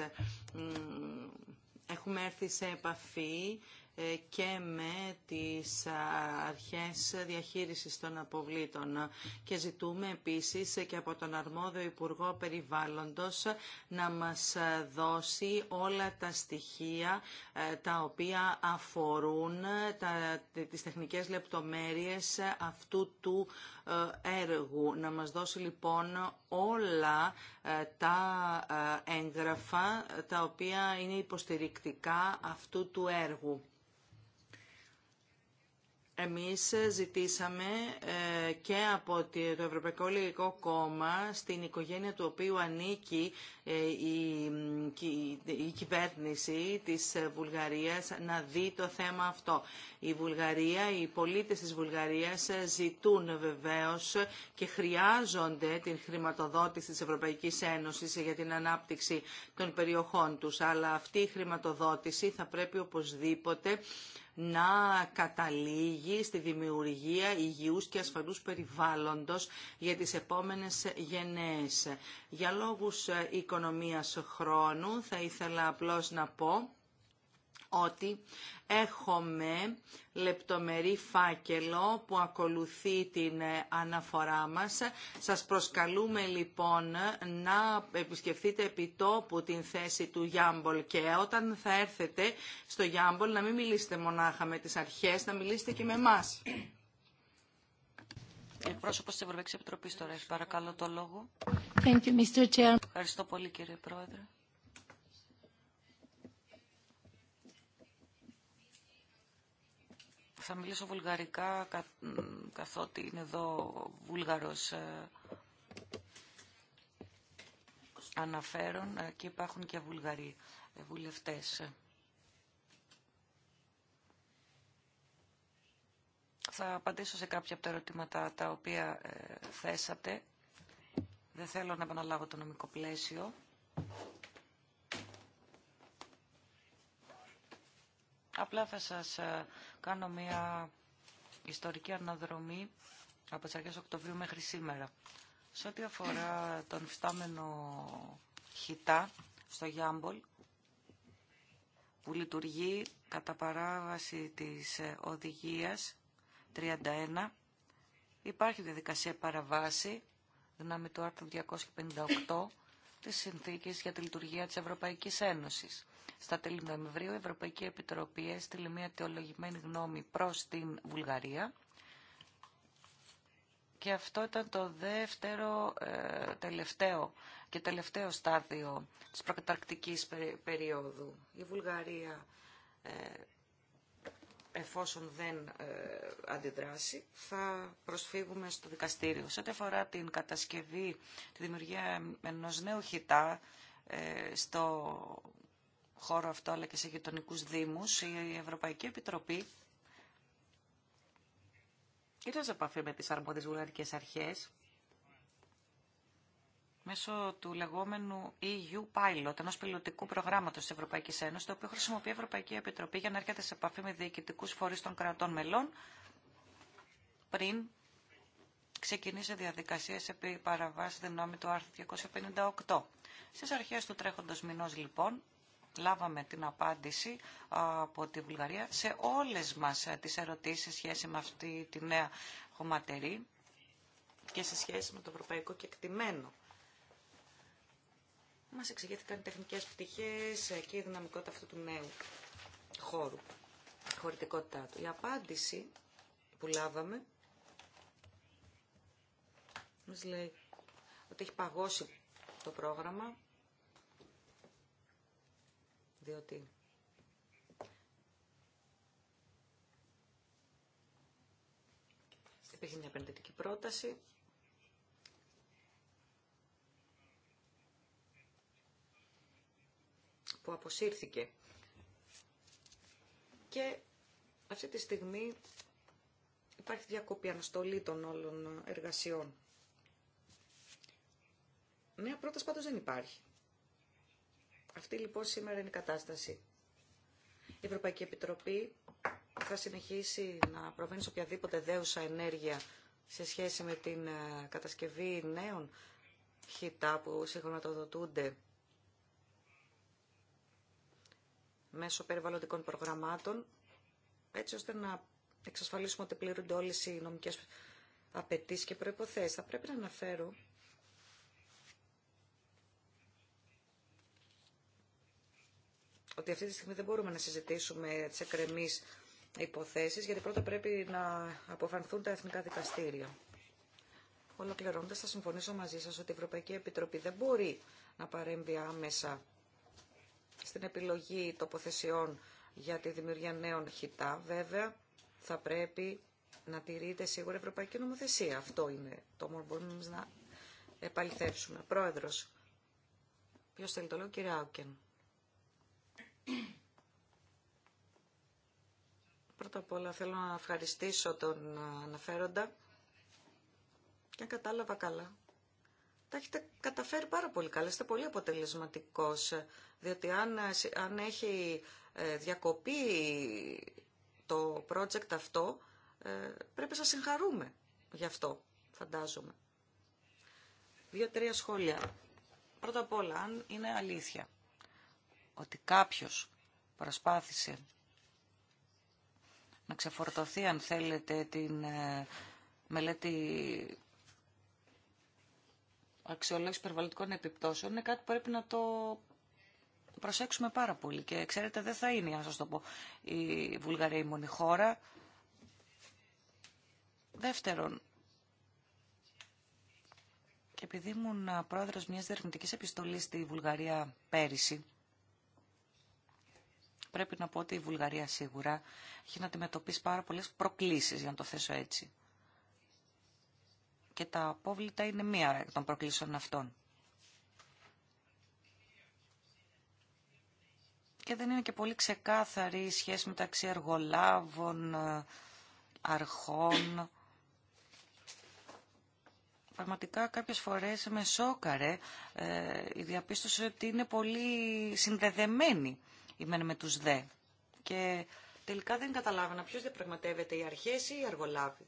Έχουμε έρθει σε επαφή ε, και με τις αρχές διαχείρισης των αποβλήτων. Και ζητούμε επίσης και από τον αρμόδιο Υπουργό Περιβάλλοντος να μας δώσει όλα τα στοιχεία ε, τα οποία αφορούν τα, τις τεχνικές λεπτομέρειες αυτού του ε, έργου. Να μας δώσει λοιπόν όλα τα έγγραφα τα οποία είναι υποστηρικτικά αυτού του έργου. Εμείς ζητήσαμε ε, και από το Ευρωπαϊκό Λογικό Κόμμα, στην οικογένεια του οποίου ανήκει ε, η κυβέρνηση της Βουλγαρίας, να δει το θέμα αυτό. Η Βουλγαρία, οι πολίτες της Βουλγαρίας ζητούν βεβαίως και χρειάζονται την χρηματοδότηση της Ευρωπαϊκής Ένωσης για την ανάπτυξη των περιοχών τους. Αλλά αυτή η χρηματοδότηση θα πρέπει οπωσδήποτε να καταλήγει στη δημιουργία υγιούς και ασφαλούς περιβάλλοντος για τις επόμενες γενναίες. Για λόγους οικονομίας χρόνου θα ήθελα απλώς να πω ότι έχουμε λεπτομερή φάκελο που ακολουθεί την ε, αναφορά μας. Σας προσκαλούμε λοιπόν να επισκεφθείτε επιτόπου την θέση του Γιάμπολ και όταν θα έρθετε στο Γιάμπολ να μην μιλήσετε μονάχα με τις αρχές, να μιλήσετε και με εμάς. Εκπρόσωπο τη Ευρωπαϊκή Επιτροπή τώρα έχει παρακαλώ το λόγο. Thank you, Mr. Ευχαριστώ πολύ κύριε Πρόεδρε. Θα μιλήσω βουλγαρικά καθότι είναι εδώ βούλγαρος ε, αναφέρον ε, και υπάρχουν και βουλγαροί ε, βουλευτές. Θα απαντήσω σε κάποια από τα ερωτήματα τα οποία θέσατε. Δεν θέλω να επαναλάβω το νομικό πλαίσιο. Απλά θα σας ε, κάνω μια ιστορική αναδρομή από τις αρχές Οκτωβρίου μέχρι σήμερα. Σε ό,τι αφορά τον φυστάμενο χιτά στο Γιάμπολ, που λειτουργεί κατά παράβαση της ε, οδηγίας 31, υπάρχει διαδικασία παραβάση, δυνάμει του άρθρου 258, της Συνθήκης για τη Λειτουργία της Ευρωπαϊκής Ένωσης. Στα τέλη Νοεμβρίου η Ευρωπαϊκή Επιτροπή έστειλε μια αιτιολογημένη γνώμη προς την Βουλγαρία και αυτό ήταν το δεύτερο ε, τελευταίο και τελευταίο στάδιο της προκαταρκτικής περίοδου. Η Βουλγαρία ε, εφόσον δεν ε, αντιδράσει, θα προσφύγουμε στο δικαστήριο. Σε ό,τι αφορά την κατασκευή, τη δημιουργία ενός νέου χιτά στο χώρο αυτό αλλά και σε γειτονικού δήμους, η Ευρωπαϊκή Επιτροπή ήρθε σε επαφή με τις αρμόδιες βουλγαρικές αρχές μέσω του λεγόμενου EU Pilot, ενός πιλωτικού προγράμματος της Ευρωπαϊκής Ένωσης, το οποίο χρησιμοποιεί η Ευρωπαϊκή Επιτροπή για να έρχεται σε επαφή με διοικητικούς φορείς των κρατών μελών πριν ξεκινήσει διαδικασίε επί παραβάση δυνάμει του άρθρου 258. Στι αρχέ του τρέχοντο μηνό λοιπόν, λάβαμε την απάντηση από τη Βουλγαρία σε όλες μας ε, τις ερωτήσεις σχέση με αυτή τη νέα χωματερή και σε σχέση με το ευρωπαϊκό κεκτημένο. Μας εξηγήθηκαν οι τεχνικές πτυχές ε, και η δυναμικότητα αυτού του νέου χώρου, η χωρητικότητά του. Η απάντηση που λάβαμε μας λέει ότι έχει παγώσει το πρόγραμμα διότι υπήρχε μια επενδυτική πρόταση που αποσύρθηκε και αυτή τη στιγμή υπάρχει διακοπή αναστολή των όλων εργασιών. Μια πρόταση πάντως δεν υπάρχει. Αυτή λοιπόν σήμερα είναι η κατάσταση. Η Ευρωπαϊκή Επιτροπή θα συνεχίσει να προβαίνει σε οποιαδήποτε δέουσα ενέργεια σε σχέση με την ε, κατασκευή νέων χιτά που συγχρονατοδοτούνται μέσω περιβαλλοντικών προγραμμάτων, έτσι ώστε να εξασφαλίσουμε ότι πληρούνται όλες οι νομικές απαιτήσεις και προϋποθέσεις. Θα πρέπει να αναφέρω ότι αυτή τη στιγμή δεν μπορούμε να συζητήσουμε τις εκκρεμείς υποθέσεις, γιατί πρώτα πρέπει να αποφανθούν τα εθνικά δικαστήρια. Ολοκληρώνοντας, θα συμφωνήσω μαζί σας ότι η Ευρωπαϊκή Επιτροπή δεν μπορεί να παρέμβει άμεσα στην επιλογή τοποθεσιών για τη δημιουργία νέων χιτά. Βέβαια, θα πρέπει να τηρείται σίγουρα η ευρωπαϊκή νομοθεσία. Αυτό είναι το μόνο που μπορούμε να επαληθεύσουμε. Πρόεδρος, ποιος θέλει το λόγο, κύριε Άουκεν. Πρώτα απ' όλα θέλω να ευχαριστήσω τον αναφέροντα και κατάλαβα καλά. Τα έχετε καταφέρει πάρα πολύ καλά, είστε πολύ αποτελεσματικός, διότι αν, αν έχει ε, διακοπεί το project αυτό, ε, πρέπει να συγχαρούμε γι' αυτό, φαντάζομαι. Δύο-τρία σχόλια. Πρώτα απ' όλα, αν είναι αλήθεια ότι κάποιος προσπάθησε να ξεφορτωθεί, αν θέλετε, την ε, μελέτη αξιολόγηση περιβαλλοντικών επιπτώσεων, είναι κάτι που πρέπει να το προσέξουμε πάρα πολύ. Και ξέρετε, δεν θα είναι, αν σας το πω, η Βουλγαρία η μόνη χώρα. Δεύτερον, και επειδή ήμουν πρόεδρος μιας διερευνητικής επιστολής στη Βουλγαρία πέρυσι, πρέπει να πω ότι η Βουλγαρία σίγουρα έχει να αντιμετωπίσει πάρα πολλές προκλήσεις, για να το θέσω έτσι. Και τα απόβλητα είναι μία των προκλήσεων αυτών. Και δεν είναι και πολύ ξεκάθαρη η σχέση μεταξύ εργολάβων, αρχών. Πραγματικά κάποιες φορές με σόκαρε ε, η διαπίστωση ότι είναι πολύ συνδεδεμένη Είμαι μένε με τους δε. Και τελικά δεν καταλάβαινα ποιος διαπραγματεύεται, οι αρχές ή οι αργολάβοι.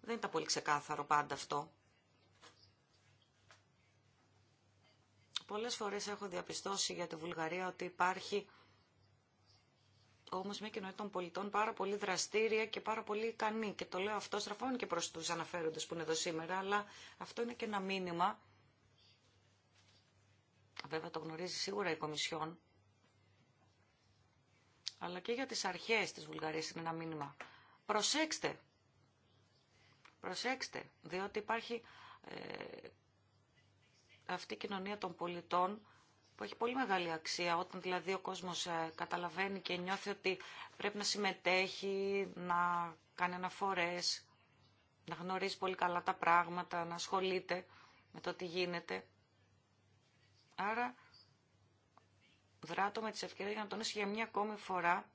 Δεν ήταν πολύ ξεκάθαρο πάντα αυτό. Πολλές φορές έχω διαπιστώσει για τη Βουλγαρία ότι υπάρχει όμως μια κοινότητα των πολιτών πάρα πολύ δραστήρια και πάρα πολύ ικανή. Και το λέω αυτό στραφών και προς τους αναφέροντες που είναι εδώ σήμερα, αλλά αυτό είναι και ένα μήνυμα. Βέβαια το γνωρίζει σίγουρα η Κομισιόν αλλά και για τις αρχές της Βουλγαρίας είναι ένα μήνυμα. Προσέξτε, προσέξτε, διότι υπάρχει ε, αυτή η κοινωνία των πολιτών που έχει πολύ μεγάλη αξία, όταν δηλαδή ο κόσμος ε, καταλαβαίνει και νιώθει ότι πρέπει να συμμετέχει, να κάνει αναφορές, να γνωρίζει πολύ καλά τα πράγματα, να ασχολείται με το τι γίνεται. Άρα Δράτω με τις ευκαιρίες για να τονίσω για μια ακόμη φορά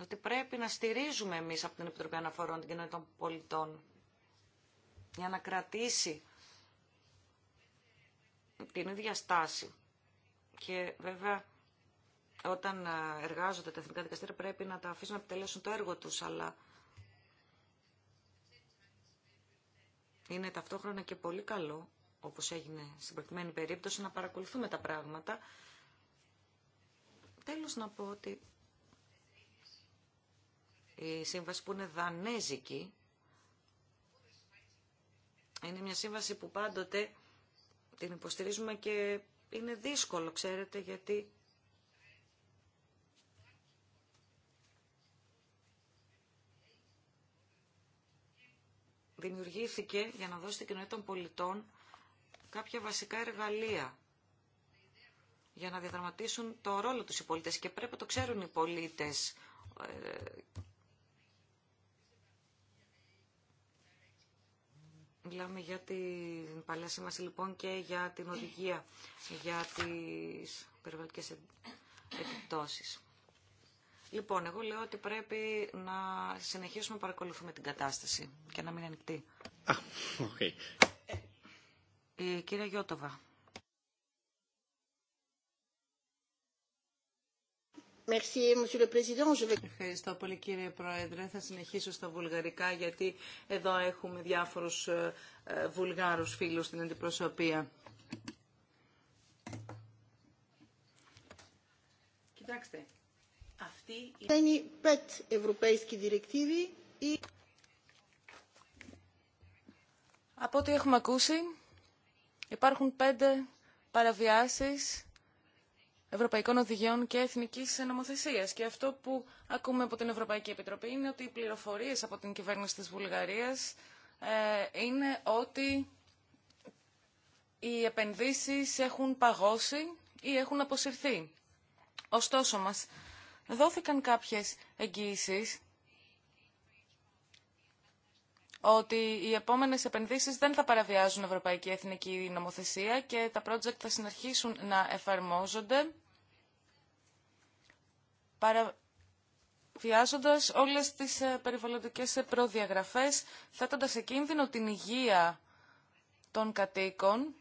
ότι πρέπει να στηρίζουμε εμείς από την Επιτροπή Αναφορών την Κοινωνία των Πολιτών για να κρατήσει την ίδια στάση. Και βέβαια όταν ε, εργάζονται τα εθνικά δικαστήρια πρέπει να τα αφήσουν να επιτελέσουν το έργο τους, αλλά είναι ταυτόχρονα και πολύ καλό όπως έγινε στην προκειμένη περίπτωση, να παρακολουθούμε τα πράγματα. Τέλος να πω ότι η σύμβαση που είναι δανέζικη είναι μια σύμβαση που πάντοτε την υποστηρίζουμε και είναι δύσκολο, ξέρετε, γιατί δημιουργήθηκε για να δώσει την κοινότητα των πολιτών κάποια βασικά εργαλεία για να διαδραματίσουν το ρόλο τους οι πολίτες και πρέπει να το ξέρουν οι πολίτες. Ε, μιλάμε για την παλιά σήμαση λοιπόν και για την οδηγία για τις περιβαλλοντικές επιπτώσεις. Λοιπόν, εγώ λέω ότι πρέπει να συνεχίσουμε να παρακολουθούμε την κατάσταση και να μην ανοιχτεί. Okay. Κύριε Γιώτοβα. Ευχαριστώ πολύ κύριε Πρόεδρε. Θα συνεχίσω στα βουλγαρικά γιατί εδώ έχουμε διάφορους ε, ε, βουλγάρους φίλους στην αντιπροσωπεία. Κοιτάξτε, αυτή είναι πέτ ευρωπαϊκή διεκτήβη. Από ό,τι έχουμε ακούσει, υπάρχουν πέντε παραβιάσεις ευρωπαϊκών οδηγιών και εθνικής νομοθεσίας. Και αυτό που ακούμε από την Ευρωπαϊκή Επιτροπή είναι ότι οι πληροφορίες από την κυβέρνηση της Βουλγαρίας ε, είναι ότι οι επενδύσεις έχουν παγώσει ή έχουν αποσυρθεί. Ωστόσο, μας δόθηκαν κάποιες εγγύησεις ότι οι επόμενες επενδύσεις δεν θα παραβιάζουν ευρωπαϊκή εθνική νομοθεσία και τα project θα συνεχίσουν να εφαρμόζονται παραβιάζοντας όλες τις ε, περιβαλλοντικές ε, προδιαγραφές, θέτοντας σε κίνδυνο την υγεία των κατοίκων.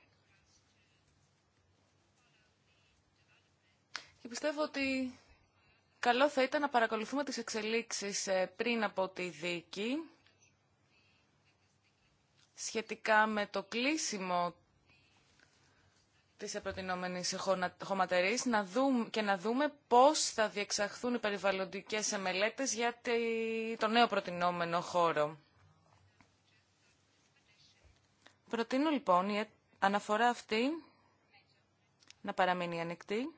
Και πιστεύω ότι καλό θα ήταν να παρακολουθούμε τις εξελίξεις ε, πριν από τη δίκη σχετικά με το κλείσιμο της επροτινόμενης χωματερής να δούμε, και να δούμε πώς θα διεξαχθούν οι περιβαλλοντικές μελέτες για το νέο προτινόμενο χώρο. Προτείνω λοιπόν η αναφορά αυτή να παραμείνει ανοιχτή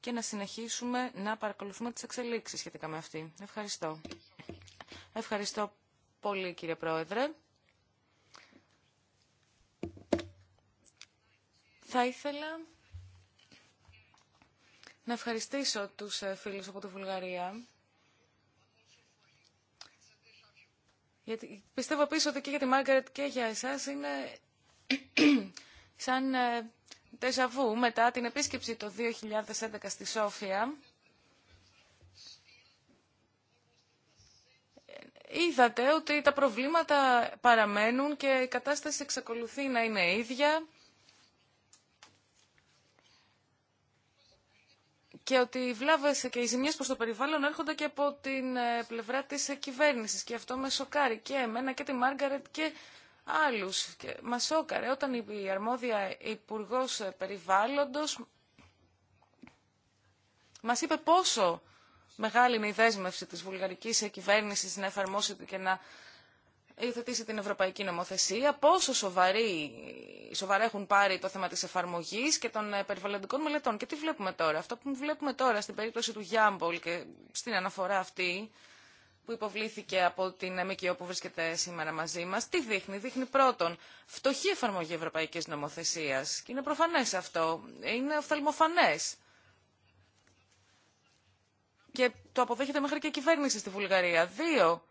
και να συνεχίσουμε να παρακολουθούμε τις εξελίξεις σχετικά με αυτή. Ευχαριστώ. Ευχαριστώ πολύ κύριε Πρόεδρε. Θα ήθελα να ευχαριστήσω τους ε, φίλους από τη Βουλγαρία. Γιατί πιστεύω επίσης ότι και για τη Μάργαρετ και για εσάς είναι (clears throat) σαν τεζαβού μετά την επίσκεψη το 2011 στη Σόφια. Είδατε ότι τα προβλήματα παραμένουν και η κατάσταση εξακολουθεί να είναι ίδια. και ότι οι βλάβες και οι ζημιέ προ το περιβάλλον έρχονται και από την ε, πλευρά της ε, κυβέρνηση και αυτό με σοκάρει και εμένα και τη Μάργαρετ και άλλους. Και μας όταν η αρμόδια υπουργό ε, Περιβάλλοντος μας είπε πόσο μεγάλη είναι η δέσμευση τη βουλγαρικής κυβέρνηση να εφαρμόσει και να υιοθετήσει την ευρωπαϊκή νομοθεσία, πόσο σοβαρή, σοβαρά έχουν πάρει το θέμα της εφαρμογής και των ε, περιβαλλοντικών μελετών. Και τι βλέπουμε τώρα. Αυτό που βλέπουμε τώρα στην περίπτωση του Γιάμπολ και στην αναφορά αυτή που υποβλήθηκε από την ΜΚΟ που βρίσκεται σήμερα μαζί μας, τι δείχνει. Δείχνει πρώτον φτωχή εφαρμογή ευρωπαϊκής νομοθεσίας. Και είναι προφανές αυτό. Είναι οφθαλμοφανές. Και το αποδέχεται μέχρι και η κυβέρνηση στη Βουλγαρία. Δύο,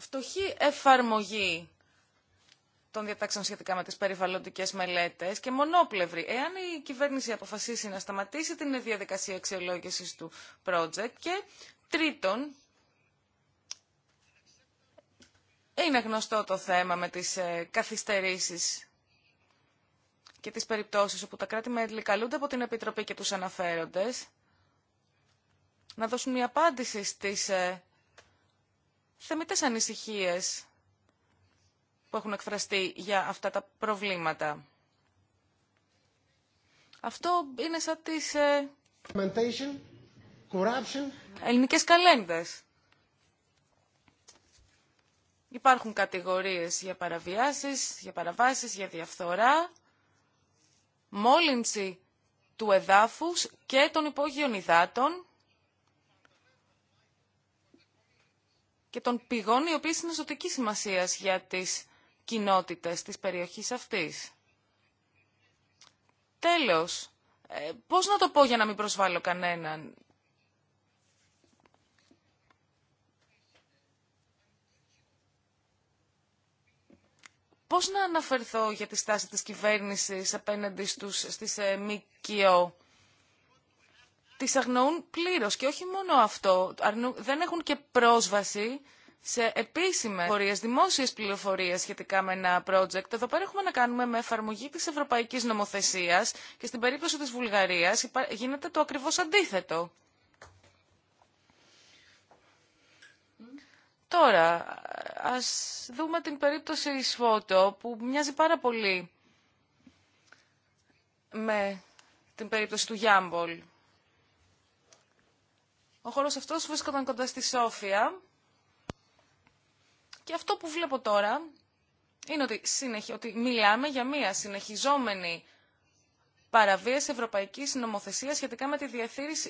φτωχή εφαρμογή των διατάξεων σχετικά με τις περιβαλλοντικές μελέτες και μονόπλευρη. Εάν η κυβέρνηση αποφασίσει να σταματήσει την διαδικασία αξιολόγησης του project και τρίτον, είναι γνωστό το θέμα με τις ε, καθυστερήσεις και τις περιπτώσεις όπου τα κράτη-μέλη καλούνται από την Επιτροπή και τους αναφέροντες να δώσουν μια απάντηση στις ε, θεμητές ανησυχίες που έχουν εκφραστεί για αυτά τα προβλήματα. Αυτό είναι σαν τις ε... ελληνικές καλένδες. Υπάρχουν κατηγορίες για παραβιάσεις, για παραβάσεις, για διαφθορά, μόλυνση του εδάφους και των υπόγειων υδάτων και των πηγών οι οποίες είναι ζωτική σημασία για τις κοινότητες της περιοχής αυτής. Τέλος, ε, πώς να το πω για να μην προσβάλλω κανέναν. Πώς να αναφερθώ για τη στάση της κυβέρνησης απέναντι στους, στις ε, ΜΚΟ τις αγνοούν πλήρως. Και όχι μόνο αυτό, δεν έχουν και πρόσβαση σε επίσημες πληροφορίες, δημόσιες πληροφορίες σχετικά με ένα project. Εδώ πέρα έχουμε να κάνουμε με εφαρμογή της ευρωπαϊκής νομοθεσίας και στην περίπτωση της Βουλγαρίας γίνεται το ακριβώς αντίθετο. Τώρα, ας δούμε την περίπτωση Σφότο, που μοιάζει πάρα πολύ με την περίπτωση του Γιάμπολ. Ο χώρος αυτός βρίσκονταν κοντά στη Σόφια και αυτό που βλέπω τώρα είναι ότι, συνεχι... ότι μιλάμε για μια συνεχιζόμενη παραβίαση ευρωπαϊκής νομοθεσίας σχετικά με τη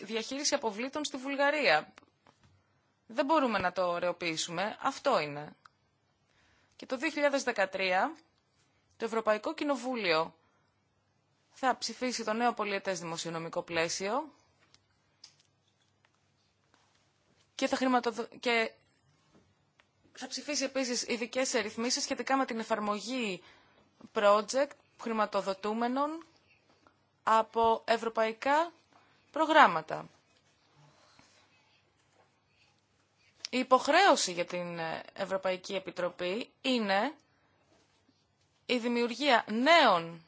διαχείριση αποβλήτων στη Βουλγαρία. Δεν μπορούμε να το ωρεοποιήσουμε. Αυτό είναι. Και το 2013 το Ευρωπαϊκό Κοινοβούλιο θα ψηφίσει το νέο πολιετές δημοσιονομικό πλαίσιο και θα, χρηματοδο... και θα ψηφίσει επίσης ειδικέ ρυθμίσεις σχετικά με την εφαρμογή project χρηματοδοτούμενων από ευρωπαϊκά προγράμματα. Η υποχρέωση για την Ευρωπαϊκή Επιτροπή είναι η δημιουργία νέων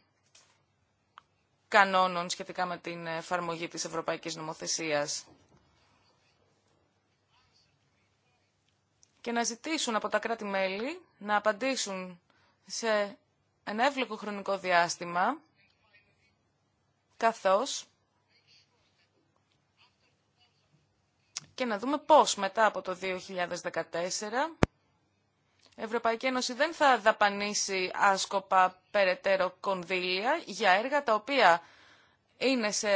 κανόνων σχετικά με την εφαρμογή της Ευρωπαϊκής Νομοθεσίας. και να ζητήσουν από τα κράτη-μέλη να απαντήσουν σε ένα εύλογο χρονικό διάστημα, καθώς και να δούμε πώς μετά από το 2014 η Ευρωπαϊκή Ένωση δεν θα δαπανίσει άσκοπα περαιτέρω κονδύλια για έργα τα οποία είναι σε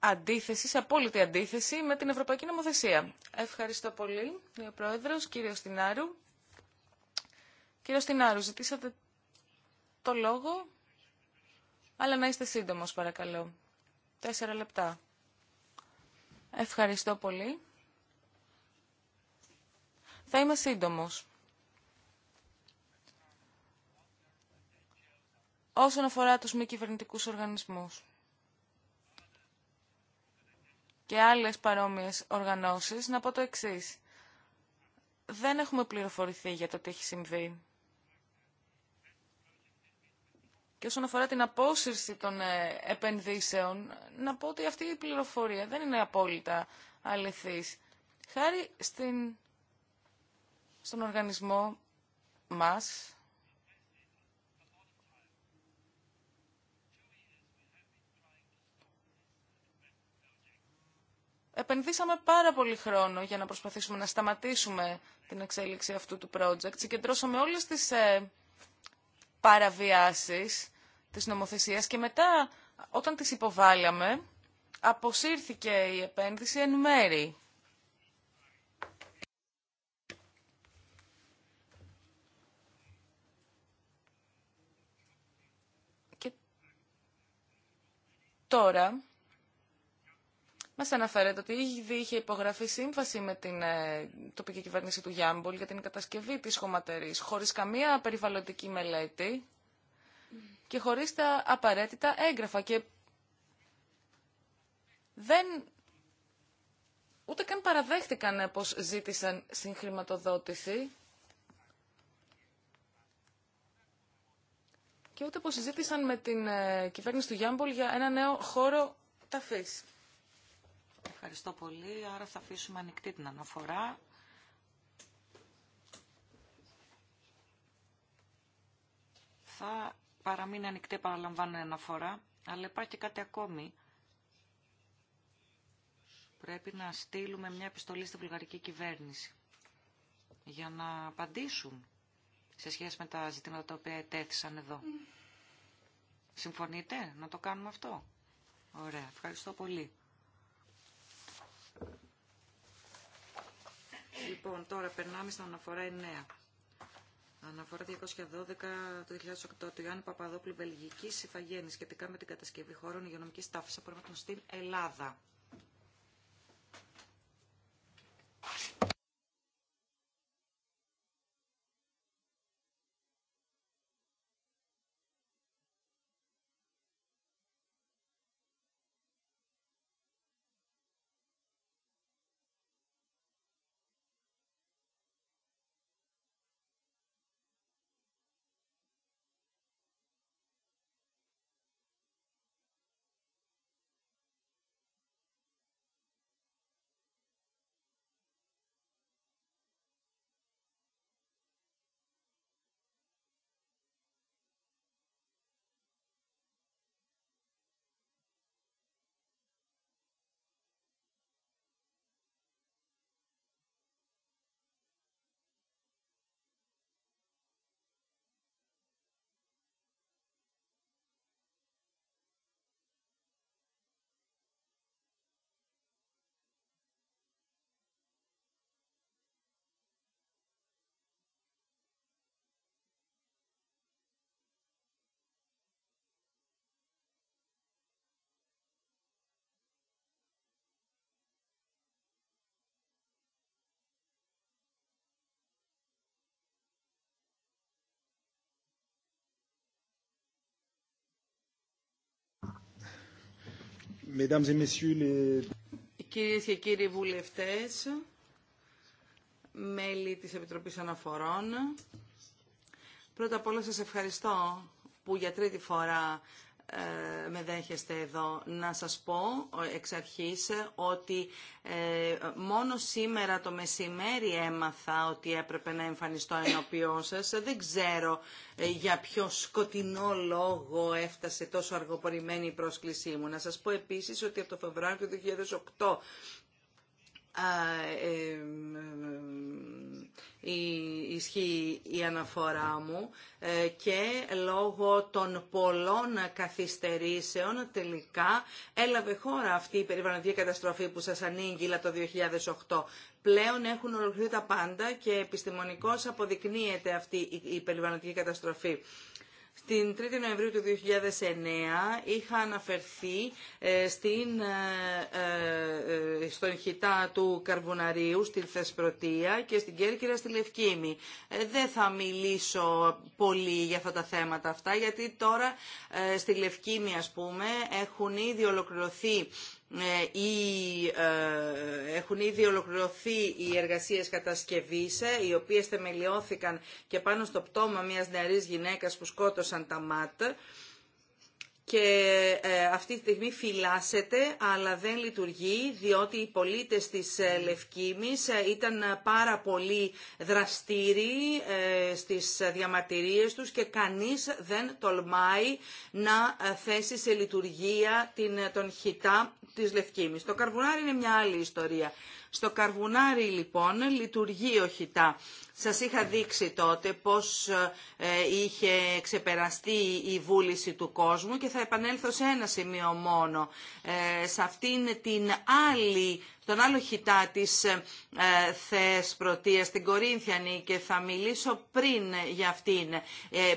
αντίθεση, σε απόλυτη αντίθεση με την Ευρωπαϊκή Νομοθεσία. Ευχαριστώ πολύ, ο Πρόεδρο, κύριο Στινάρου. Κύριο Στινάρου, ζητήσατε το λόγο, αλλά να είστε σύντομος, παρακαλώ. Τέσσερα λεπτά. Ευχαριστώ πολύ. Θα είμαι σύντομος. Όσον αφορά τους μη κυβερνητικούς οργανισμούς και άλλες παρόμοιες οργανώσεις να πω το εξής. Δεν έχουμε πληροφορηθεί για το τι έχει συμβεί. Και όσον αφορά την απόσυρση των ε, επενδύσεων, να πω ότι αυτή η πληροφορία δεν είναι απόλυτα αληθής. Χάρη στην, στον οργανισμό μας, επενδύσαμε πάρα πολύ χρόνο για να προσπαθήσουμε να σταματήσουμε την εξέλιξη αυτού του project. Συγκεντρώσαμε όλες τις ε, παραβιάσεις της νομοθεσίας και μετά όταν τις υποβάλαμε αποσύρθηκε η επένδυση εν μέρη. τώρα Μα αναφέρεται ότι ήδη είχε υπογραφεί σύμφαση με την ε, τοπική κυβέρνηση του Γιάμπολ για την κατασκευή τη χωματερή χωρίς καμία περιβαλλοντική μελέτη και χωρίς τα απαραίτητα έγγραφα. Και δεν ούτε καν παραδέχτηκαν πως ζήτησαν συγχρηματοδότηση και ούτε πως συζήτησαν με την ε, κυβέρνηση του Γιάμπολ για ένα νέο χώρο ταφής. Ευχαριστώ πολύ. Άρα θα αφήσουμε ανοιχτή την αναφορά. Θα παραμείνει ανοιχτή, παραλαμβάνω, αναφορά. Αλλά υπάρχει και κάτι ακόμη. Πρέπει να στείλουμε μια επιστολή στη βουλγαρική κυβέρνηση για να απαντήσουν σε σχέση με τα ζητήματα τα οποία ετέθησαν εδώ. Mm. Συμφωνείτε να το κάνουμε αυτό. Ωραία. Ευχαριστώ πολύ. Λοιπόν, τώρα περνάμε στην αναφορά 9. Αναφορά 212 του 2008 του Ιωάννη Παπαδόπουλου Βελγική Ιφαγέννη σχετικά με την κατασκευή χώρων υγειονομική τάφη απορριμμάτων στην Ελλάδα. Κυρίε Κυρίες και κύριοι βουλευτές, μέλη της Επιτροπής Αναφορών, πρώτα απ' όλα σας ευχαριστώ που για τρίτη φορά ε, με δέχεστε εδώ. Να σας πω εξ αρχής ότι ε, μόνο σήμερα το μεσημέρι έμαθα ότι έπρεπε να εμφανιστώ ενώπιό σας. Δεν ξέρω ε, για ποιο σκοτεινό λόγο έφτασε τόσο αργοπορημένη η πρόσκλησή μου. Να σας πω επίσης ότι από το Φεβρουάριο του 2008 ισχύει η αναφορά μου ε, και λόγω των πολλών καθυστερήσεων τελικά έλαβε χώρα αυτή η περιβαλλοντική καταστροφή που σας ανήγγειλα το 2008. Πλέον έχουν ολοκληρωθεί τα πάντα και επιστημονικώς αποδεικνύεται αυτή η περιβαλλοντική καταστροφή. Στην 3η Νοεμβρίου του 2009 είχα αναφερθεί ε, στην, ε, ε, στον χιτά του Καρβουναρίου, στην Θεσπρωτεία και στην Κέρκυρα στη Λευκήμη. δεν θα μιλήσω πολύ για αυτά τα θέματα αυτά, γιατί τώρα στη Λευκήμη, ας πούμε, έχουν ήδη ολοκληρωθεί ε, ε, έχουν ήδη ολοκληρωθεί οι εργασίες κατασκευής ε, οι οποίες θεμελιώθηκαν και πάνω στο πτώμα μιας νεαρής γυναίκας που σκότωσαν τα ΜΑΤ και αυτή τη στιγμή φυλάσσεται αλλά δεν λειτουργεί διότι οι πολίτες της Λευκήμης ήταν πάρα πολύ δραστήριοι στις διαμαρτυρίες τους και κανείς δεν τολμάει να θέσει σε λειτουργία την, τον χιτά της Λευκήμης. Το καρβουνάρι είναι μια άλλη ιστορία. Στο Καρβουνάρι λοιπόν λειτουργεί ο ΧΙΤΑ. Σας είχα δείξει τότε πώς ε, είχε ξεπεραστεί η βούληση του κόσμου και θα επανέλθω σε ένα σημείο μόνο. Σε αυτήν την άλλη, τον άλλο χιτά της ε, θες πρωτείας την Κορίνθιανη και θα μιλήσω πριν για αυτήν. Ε,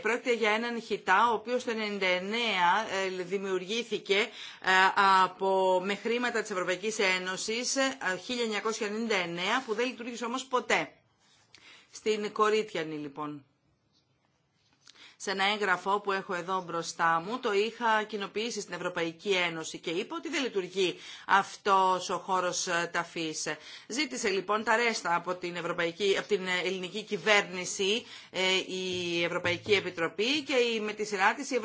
πρόκειται για έναν χιτά ο οποίος το 1999 δημιουργήθηκε από, με χρήματα της Ευρωπαϊκής Ένωσης 1999 που δεν λειτουργήσε όμως ποτέ. Στην Κορίτιανη λοιπόν σε ένα έγγραφο που έχω εδώ μπροστά μου. Το είχα κοινοποιήσει στην Ευρωπαϊκή Ένωση και είπα ότι δεν λειτουργεί αυτός ο χώρος ε, ταφής. Ζήτησε λοιπόν τα ρέστα από την, Ευρωπαϊκή, από την ελληνική κυβέρνηση ε, η Ευρωπαϊκή Επιτροπή και με τη σειρά της η,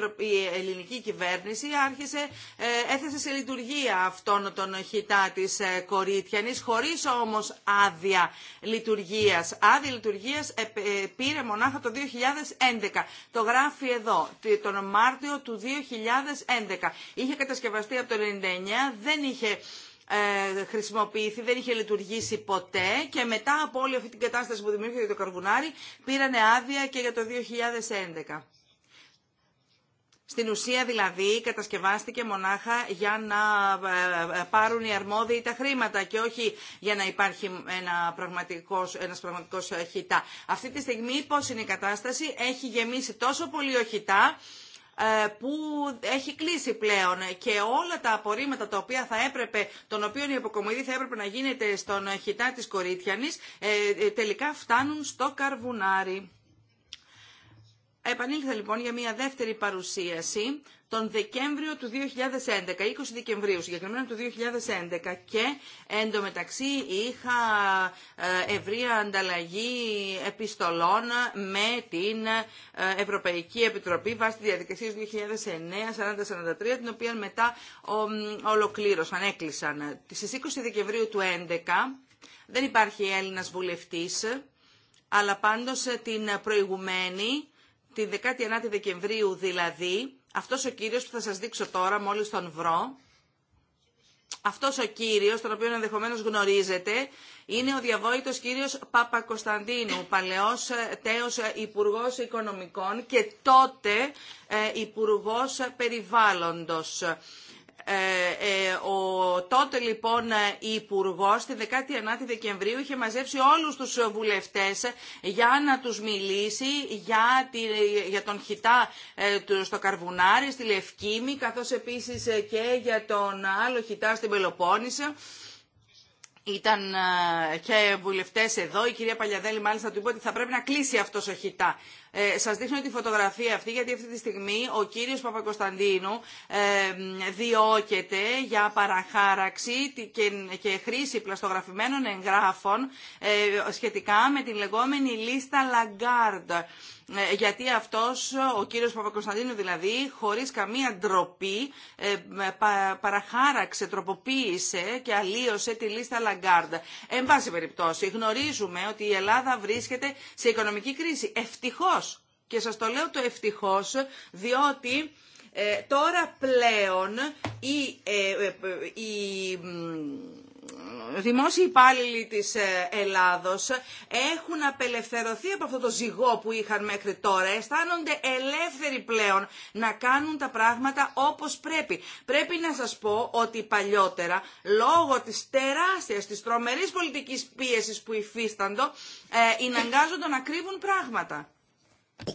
ελληνική κυβέρνηση άρχισε, ε, έθεσε σε λειτουργία αυτόν τον χιτά της Κορίτιανης χωρίς όμως άδεια λειτουργίας. Άδεια λειτουργίας πήρε μονάχα το 2011. Το γράφει εδώ, τον Μάρτιο του 2011. Είχε κατασκευαστεί από το 1999, δεν είχε ε, χρησιμοποιηθεί, δεν είχε λειτουργήσει ποτέ και μετά από όλη αυτή την κατάσταση που δημιούργησε το καρβουνάρι πήρανε άδεια και για το 2011. Στην ουσία δηλαδή κατασκευάστηκε μονάχα για να ε, ε, πάρουν οι αρμόδιοι τα χρήματα και όχι για να υπάρχει ένα πραγματικός, ένας πραγματικός ε, χιτά. Αυτή τη στιγμή πώς είναι η κατάσταση, έχει γεμίσει τόσο πολύ ο χιτά που έχει κλείσει πλέον και όλα τα απορρίμματα τα οποία θα έπρεπε, των οποίων η αποκομιδή θα έπρεπε να γίνεται στον χιτά της Κορίτιανης, τελικά φτάνουν στο καρβουνάρι. Επανήλθε, λοιπόν για μια δεύτερη παρουσίαση τον Δεκέμβριο του 2011, 20 Δεκεμβρίου συγκεκριμένα του 2011 και εντωμεταξύ είχα ε, ευρία ανταλλαγή επιστολών με την ε, Ευρωπαϊκή Επιτροπή βάσει τη διαδικασία του 2009 40-43, την οποία μετά ολοκλήρωσαν, έκλεισαν. Στις 20 Δεκεμβρίου του 2011 δεν υπάρχει Έλληνας βουλευτής αλλά πάντως την προηγουμένη την 19η Δεκεμβρίου δηλαδή, αυτός ο κύριος που θα σας δείξω τώρα μόλις τον βρω, αυτός ο κύριος, τον οποίο ενδεχομένως γνωρίζετε, είναι ο διαβόητος κύριος Κωνσταντίνου, παλαιός ε, τέος ε, Υπουργός Οικονομικών και τότε ε, Υπουργός Περιβάλλοντος. Ε, ε, ο τότε λοιπόν υπουργό τη 19η Δεκεμβρίου είχε μαζέψει όλους τους βουλευτές για να τους μιλήσει για, τη, για τον χιτά ε, στο Καρβουνάρι, στη Λευκήμη, καθώς επίσης και για τον άλλο χιτά στην Πελοπόννησο. Ήταν και βουλευτέ εδώ. Η κυρία Παλιαδέλη μάλιστα του είπε ότι θα πρέπει να κλείσει αυτό ο χιτά. Ε, σας δείχνω τη φωτογραφία αυτή γιατί αυτή τη στιγμή ο κύριος Παπακοσταντίνου ε, διώκεται για παραχάραξη και, και χρήση πλαστογραφημένων εγγράφων ε, σχετικά με την λεγόμενη λίστα Λαγκάρντ. Ε, γιατί αυτός, ο κύριος Παπακοσταντίνου δηλαδή, χωρίς καμία ντροπή, ε, παραχάραξε, τροποποίησε και αλλίωσε τη λίστα Λαγκάρντ. Εν πάση περιπτώσει, γνωρίζουμε ότι η Ελλάδα βρίσκεται σε οικονομική κρίση. Και σας το λέω το ευτυχώς, διότι ε, τώρα πλέον η, ε, ε, ε δημόσιοι υπάλληλοι της Ελλάδος έχουν απελευθερωθεί από αυτό το ζυγό που είχαν μέχρι τώρα. Αισθάνονται ελεύθεροι πλέον να κάνουν τα πράγματα όπως πρέπει. Πρέπει να σας πω ότι παλιότερα, λόγω της τεράστιας, της τρομερής πολιτικής πίεσης που υφίσταντο, ε, να κρύβουν πράγματα. Ε,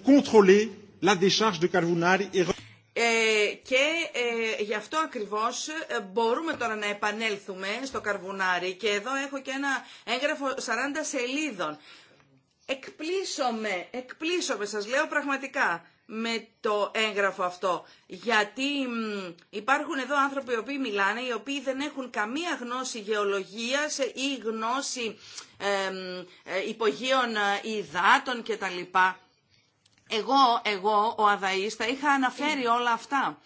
και ε, γι' αυτό ακριβώς ε, μπορούμε τώρα να επανέλθουμε στο Καρβουνάρι και εδώ έχω και ένα έγγραφο 40 σελίδων. εκπλήσω με σας λέω πραγματικά με το έγγραφο αυτό. Γιατί μ, υπάρχουν εδώ άνθρωποι οι οποίοι μιλάνε, οι οποίοι δεν έχουν καμία γνώση γεωλογίας ή γνώση ε, ε υπογείων υδάτων κτλ. Εγώ, εγώ, ο Αδαής, τα είχα αναφέρει όλα αυτά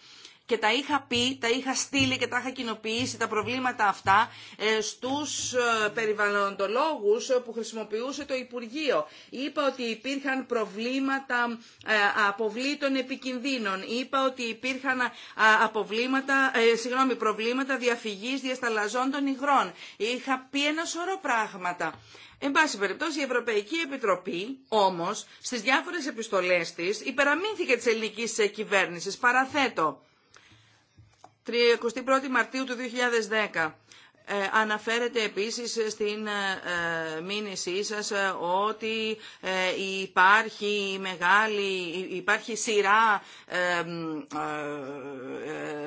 και τα είχα πει, τα είχα στείλει και τα είχα κοινοποιήσει τα προβλήματα αυτά ε, στους ε, περιβαλλοντολόγους που χρησιμοποιούσε το Υπουργείο. Είπα ότι υπήρχαν προβλήματα ε, αποβλήτων επικινδύνων. Είπα ότι υπήρχαν αποβλήματα, συγγνώμη, προβλήματα διαφυγής διασταλαζών των υγρών. Είχα πει ένα σωρό πράγματα. Εν πάση περιπτώσει, η Ευρωπαϊκή Επιτροπή όμως στις διάφορες επιστολές της υπεραμείνθηκε της ελληνικής κυβέρνησης. Παραθέτω, 31 Μαρτίου του 2010. Ε, αναφέρετε επίσης στην ε, ε μήνυσή σας ε, ότι ε, υπάρχει μεγάλη, υπάρχει σειρά,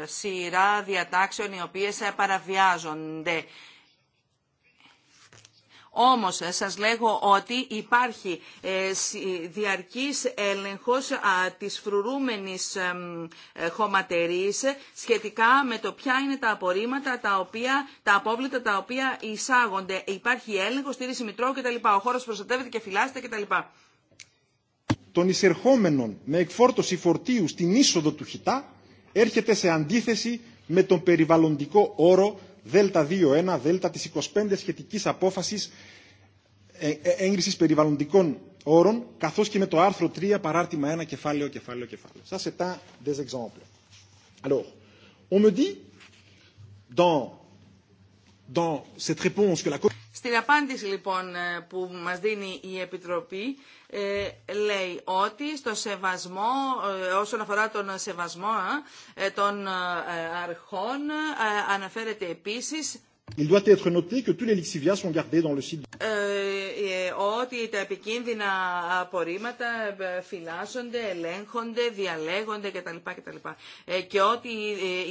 σειρά διατάξεων οι οποίες παραβιάζονται. Όμως ε, σας λέγω ότι υπάρχει ε, διαρκής έλεγχος της φρουρούμενης ε, χωματερής σχετικά με το ποια είναι τα απορρίμματα, τα, οποία, τα απόβλητα τα οποία εισάγονται. Υπάρχει έλεγχος, στήριση μητρώου κτλ. Ο χώρος προστατεύεται και φυλάσσεται κτλ. Τον εισερχόμενων με εκφόρτωση φορτίου στην είσοδο του χιτά έρχεται σε αντίθεση με τον περιβαλλοντικό όρο Δέλτα 2.1, Δέλτα της 25 σχετικής απόφασης ε, ε, έγκρισης περιβαλλοντικών όρων, καθώς και με το άρθρο 3, παράρτημα 1, κεφάλαιο, κεφάλαιο, κεφάλαιο. Ça, c'est un des exemples. Alors, on me dit, dans, dans cette réponse que la στην απάντηση λοιπόν ε, που μας δίνει η Επιτροπή ε, λέει ότι στο σεβασμό, ε, όσον αφορά τον σεβασμό των αρχών αναφέρεται επίσης Il doit être noté que tous les lixivias sont gardés dans le site. Ε, ε, ότι τα επικίνδυνα απορρίμματα ε, φυλάσσονται, ελέγχονται, διαλέγονται κτλ. κτλ. Και ότι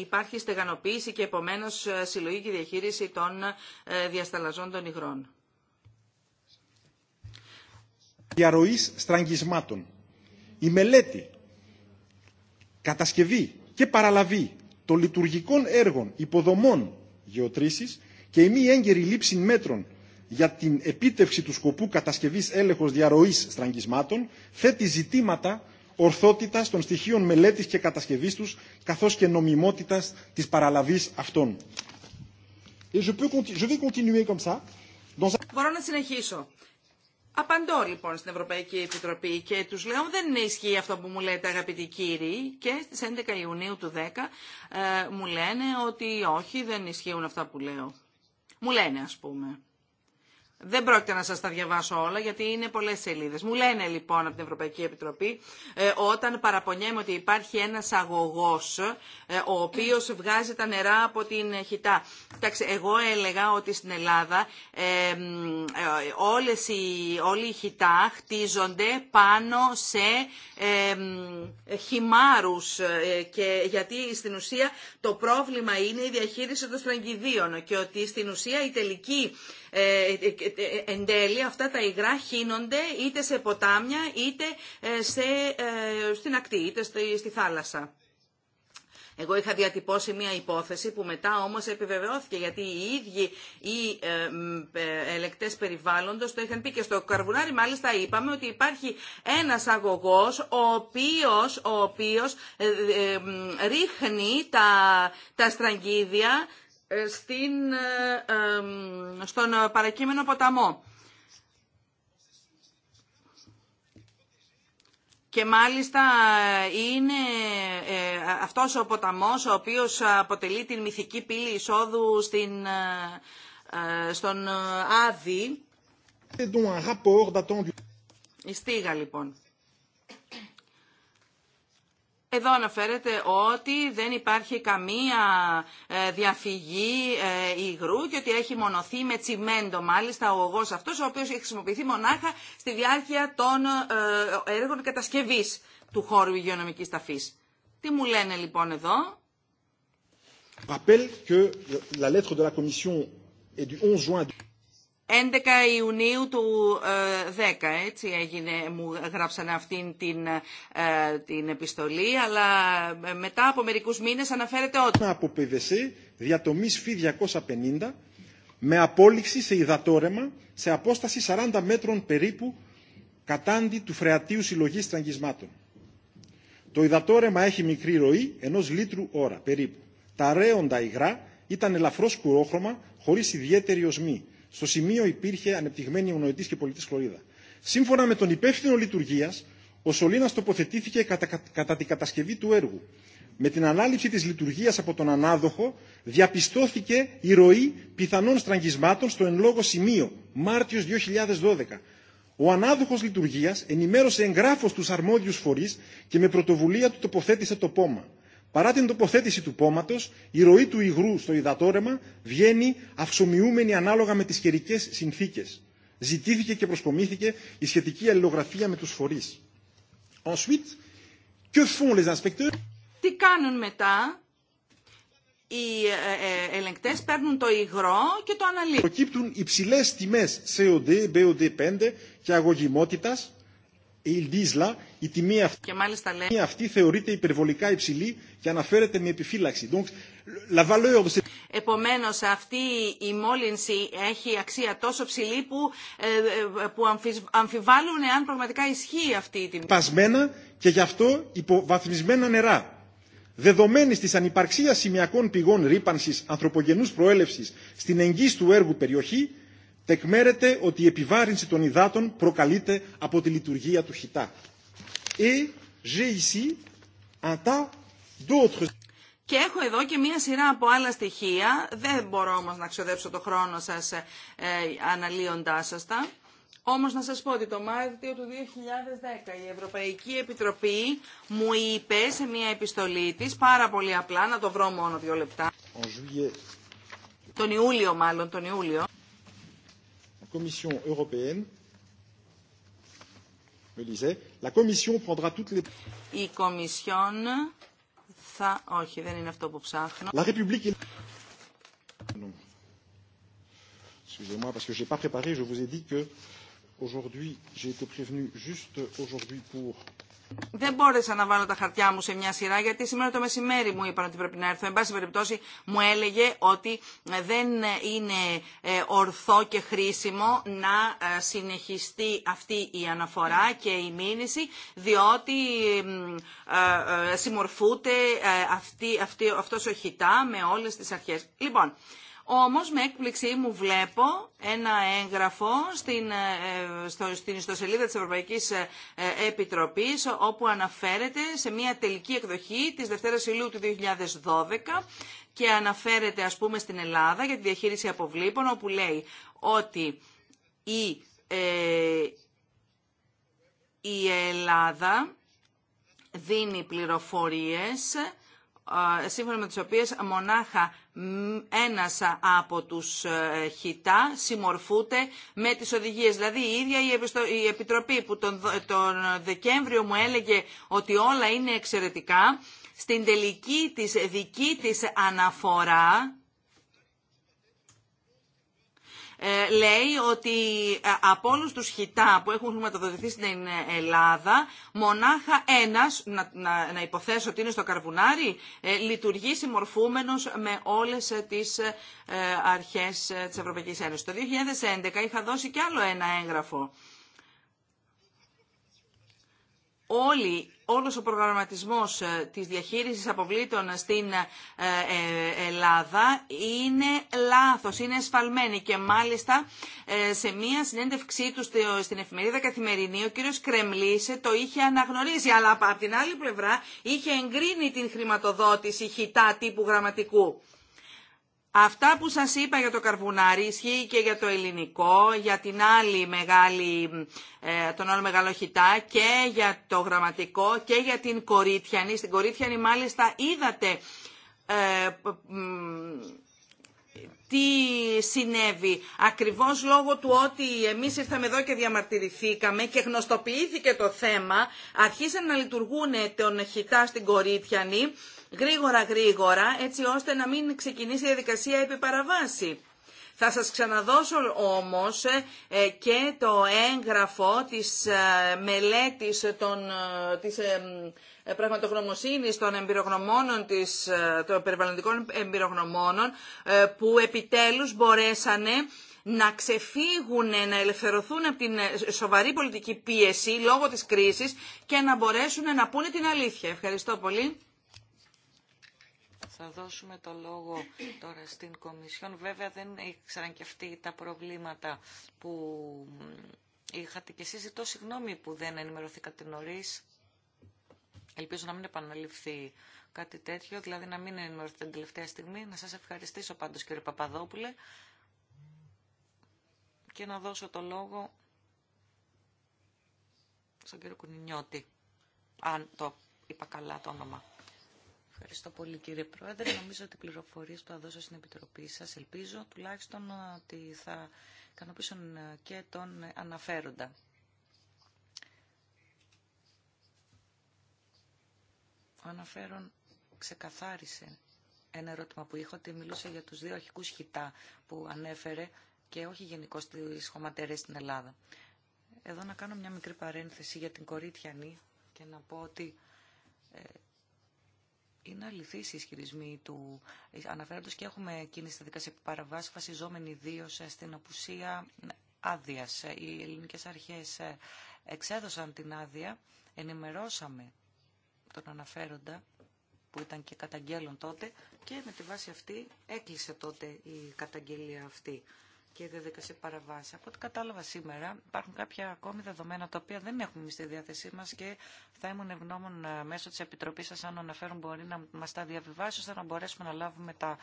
υπάρχει στεγανοποίηση και επομένως συλλογή και διαχείριση των διασταλαζών των υγρών. Διαρροής στραγγισμάτων. Η μελέτη, κατασκευή και παραλαβή των λειτουργικών έργων υποδομών γεωτρήσεις και η μη έγκαιρη λήψη μέτρων για την επίτευξη του σκοπού κατασκευής έλεγχος διαρροής στραγγισμάτων θέτει ζητήματα ορθότητας των στοιχείων μελέτης και κατασκευής τους καθώς και νομιμότητας της παραλαβής αυτών. Μπορώ να συνεχίσω. Απαντώ λοιπόν στην Ευρωπαϊκή Επιτροπή και τους λέω δεν ισχύει αυτό που μου λέτε αγαπητοί κύριοι και στις 11 Ιουνίου του 10 ε, μου λένε ότι όχι δεν ισχύουν αυτά που λέω μου λένε ας πούμε. Δεν πρόκειται να σας τα διαβάσω όλα γιατί είναι πολλές σελίδε. Μου λένε λοιπόν από την Ευρωπαϊκή Επιτροπή ε, όταν παραπονιέμαι ότι υπάρχει ένας αγωγός ε, ο οποίος βγάζει τα νερά από την χιτά. Κοιτάξτε, εγώ έλεγα ότι στην Ελλάδα ε, όλες οι, όλοι οι χιτά χτίζονται πάνω σε ε, και γιατί στην ουσία το πρόβλημα είναι η διαχείριση των στραγγιδίων και ότι στην ουσία η τελική ε, ε, ε, εν τέλει αυτά τα υγρά χύνονται είτε σε ποτάμια είτε σε, στην ακτή, είτε στη θάλασσα. Εγώ είχα διατυπώσει μια υπόθεση που μετά όμως επιβεβαιώθηκε γιατί οι ίδιοι οι ελεκτές περιβάλλοντος το είχαν πει και στο Καρβουνάρι μάλιστα είπαμε ότι υπάρχει ένας αγωγός ο οποίος, ο οποίος ρίχνει τα, τα στραγγίδια στην, ε, ε, στον παρακείμενο ποταμό. Και μάλιστα ε, είναι αυτός ο ποταμός ο οποίος αποτελεί την μυθική πύλη εισόδου στην, στον Άδη. η λοιπόν. Εδώ αναφέρεται ότι δεν υπάρχει καμία ε, διαφυγή ε, υγρού και ότι έχει μονοθεί με τσιμέντο μάλιστα ο ογός αυτός ο οποίος έχει χρησιμοποιηθεί μονάχα στη διάρκεια των ε, έργων κατασκευής του χώρου υγειονομικής ταφής. Τι μου λένε λοιπόν εδώ. Rappelle que la lettre de la Commission est 11 juin 11 Ιουνίου του 10, ε, έτσι έγινε, μου γράψανε αυτήν την, ε, την επιστολή, αλλά ε, μετά από μερικούς μήνες αναφέρεται ότι... ...από PVC διατομής ΦΥ 250 με απόλυξη σε υδατόρεμα σε απόσταση 40 μέτρων περίπου κατάντι του φρεατίου συλλογής στραγγισμάτων. Το υδατόρεμα έχει μικρή ροή ενός λίτρου ώρα περίπου. Τα ρέοντα υγρά ήταν ελαφρώς κουρόχρωμα χωρίς ιδιαίτερη οσμή. Στο σημείο υπήρχε ανεπτυγμένη ομονοητή και πολιτή χλωρίδα. Σύμφωνα με τον υπεύθυνο λειτουργία, ο σωλήνα τοποθετήθηκε κατά, κατά την κατασκευή του έργου. Με την ανάληψη τη λειτουργία από τον ανάδοχο, διαπιστώθηκε η ροή πιθανών στραγγισμάτων στο εν λόγω σημείο, Μάρτιο 2012. Ο ανάδοχο λειτουργία ενημέρωσε εγγράφο του αρμόδιου φορεί και με πρωτοβουλία του τοποθέτησε το πόμα. Παρά την τοποθέτηση του πόματο, η ροή του υγρού στο υδατόρεμα βγαίνει αυξομοιούμενη ανάλογα με τι καιρικέ συνθήκε. Ζητήθηκε και προσκομίθηκε η σχετική αλληλογραφία με του φορεί. Ensuite, que font les Τι κάνουν μετά, οι ε, ε, ελεγκτές παίρνουν το υγρό και το αναλύουν. Προκύπτουν υψηλέ τιμέ COD, BOD5 και αγωγημότητας ε, η τιμή αυτή, και μάλιστα λέει... αυτή θεωρείται υπερβολικά υψηλή και αναφέρεται με επιφύλαξη. Donc, Επομένως αυτή η μόλυνση έχει αξία τόσο ψηλή που, ε, ε αμφιβάλλουν αν πραγματικά ισχύει αυτή η τιμή. Πασμένα και γι' αυτό υποβαθμισμένα νερά. Δεδομένη τη ανυπαρξία σημειακών πηγών ρήπανση ανθρωπογενού προέλευση στην εγγύη του έργου περιοχή, τεκμέρεται ότι η επιβάρυνση των υδάτων προκαλείται από τη λειτουργία του χιτά. και έχω εδώ και μία σειρά από άλλα στοιχεία, δεν μπορώ όμως να ξοδέψω το χρόνο σας ε, αναλύοντάς σας τα. Όμως να σας πω ότι το Μάρτιο του 2010 η Ευρωπαϊκή Επιτροπή μου είπε σε μία επιστολή της, πάρα πολύ απλά, να το βρω μόνο δύο λεπτά, τον Ιούλιο μάλλον, τον Ιούλιο, Commission européenne me disait, la Commission prendra toutes les... Η Όχι, δεν είναι αυτό που ψάχνω. La République... Non. Excusez-moi, parce que je n'ai pas préparé, je vous ai dit que aujourd'hui, j'ai été prévenu juste aujourd'hui pour δεν μπόρεσα να βάλω τα χαρτιά μου σε μια σειρά γιατί σήμερα το μεσημέρι μου είπαν ότι πρέπει να έρθω. Εν πάση περιπτώσει μου έλεγε ότι δεν είναι ε, ορθό και χρήσιμο να ε, συνεχιστεί αυτή η αναφορά και η μήνυση διότι ε, συμμορφούται αυτή, αυτή, αυτός ο χιτά με όλες τις αρχές. Λοιπόν, όμως με έκπληξή μου βλέπω ένα έγγραφο στην, ε, στο, στην ιστοσελίδα της Ευρωπαϊκής ε, Επιτροπής όπου αναφέρεται σε μια τελική εκδοχή της Δευτέρας Ιουλίου του 2012 και αναφέρεται ας πούμε στην Ελλάδα για τη διαχείριση αποβλήπων όπου λέει ότι η, ε, η Ελλάδα δίνει πληροφορίες σύμφωνα με τις οποίες μονάχα ένας από τους ε, χιτά συμμορφούται με τις οδηγίες. Δηλαδή η ίδια η Επιτροπή που τον, τον Δεκέμβριο μου έλεγε ότι όλα είναι εξαιρετικά, στην τελική της δική της αναφορά ε, λέει ότι ε, από όλου του χιτά που έχουν χρηματοδοτηθεί στην ε, Ελλάδα, μονάχα ένας, να, να, υποθέσω ότι είναι στο καρβουνάρι, λειτουργεί συμμορφούμενο με όλες τις αρχές της Ευρωπαϊκής Ένωσης. Το 2011 είχα δώσει κι άλλο ένα έγγραφο Όλοι, όλος ο προγραμματισμός ε, της διαχείρισης αποβλήτων στην ε, ε, Ελλάδα είναι λάθος, είναι εσφαλμένη και μάλιστα σε μία συνέντευξή του στην εφημερίδα Καθημερινή ο κύριος Κρεμλίσε το είχε αναγνωρίσει αλλά από την άλλη πλευρά είχε εγκρίνει την χρηματοδότηση χιτά τύπου γραμματικού. Αυτά που σας είπα για το καρβουνάρι ισχύει και για το ελληνικό, για την άλλη μεγάλη, ε, τον άλλο μεγάλο χιτά και για το γραμματικό και για την κορίτιανη. Στην κορίτιανη μάλιστα είδατε ε, τι συνέβη. Ακριβώς λόγω του ότι εμείς ήρθαμε εδώ και διαμαρτυρηθήκαμε και γνωστοποιήθηκε το θέμα, αρχίσαν να λειτουργούν τον χιτά στην κορίτιανη γρήγορα γρήγορα έτσι ώστε να μην ξεκινήσει η διαδικασία επί παραβάση. Θα σας ξαναδώσω όμως ε, ε, και το έγγραφο της ε, μελέτης των, της πραγματογνωμοσύνης των εμπειρογνωμόνων της, των περιβαλλοντικών εμπειρογνωμόνων που επιτέλους μπορέσανε να ξεφύγουν, να ελευθερωθούν από την σοβαρή πολιτική πίεση λόγω της κρίσης και να μπορέσουν να πούνε την αλήθεια. Ευχαριστώ πολύ. Θα δώσουμε το λόγο τώρα στην Κομισιόν. Βέβαια δεν ήξεραν και αυτοί τα προβλήματα που είχατε και εσείς. Ζητώ συγγνώμη που δεν ενημερωθήκατε νωρί. Ελπίζω να μην επαναληφθεί κάτι τέτοιο, δηλαδή να μην ενημερωθείτε την τελευταία στιγμή. Να σας ευχαριστήσω πάντως κύριε Παπαδόπουλε και να δώσω το λόγο στον κύριο Κουνινιώτη, αν το είπα καλά το όνομα. Ευχαριστώ πολύ κύριε Πρόεδρε. Νομίζω ότι οι πληροφορίες που θα δώσω στην Επιτροπή σας ελπίζω τουλάχιστον ότι θα ικανοποιήσουν και τον αναφέροντα. Ο αναφέρον ξεκαθάρισε ένα ερώτημα που είχα ότι μιλούσε για τους δύο αρχικούς χιτά που ανέφερε και όχι γενικώ τις χωματερές στην Ελλάδα. Εδώ να κάνω μια μικρή παρένθεση για την Κορίτιανή και να πω ότι ε, είναι αληθεί οι ισχυρισμοί του αναφέροντος και έχουμε κίνηση στα δικαστήρια σε παραβάση βασιζόμενη ιδίω στην απουσία άδεια. Οι ελληνικέ αρχέ εξέδωσαν την άδεια, ενημερώσαμε τον αναφέροντα που ήταν και καταγγέλων τότε και με τη βάση αυτή έκλεισε τότε η καταγγελία αυτή και διαδικασία παραβάση. Από ό,τι κατάλαβα σήμερα, υπάρχουν κάποια ακόμη δεδομένα τα οποία δεν έχουμε εμεί στη διάθεσή μα και θα ήμουν ευγνώμων ε, μέσω τη Επιτροπή σα, αν αναφέρουν μπορεί να μα τα διαβιβάσει, ώστε να μπορέσουμε να λάβουμε τα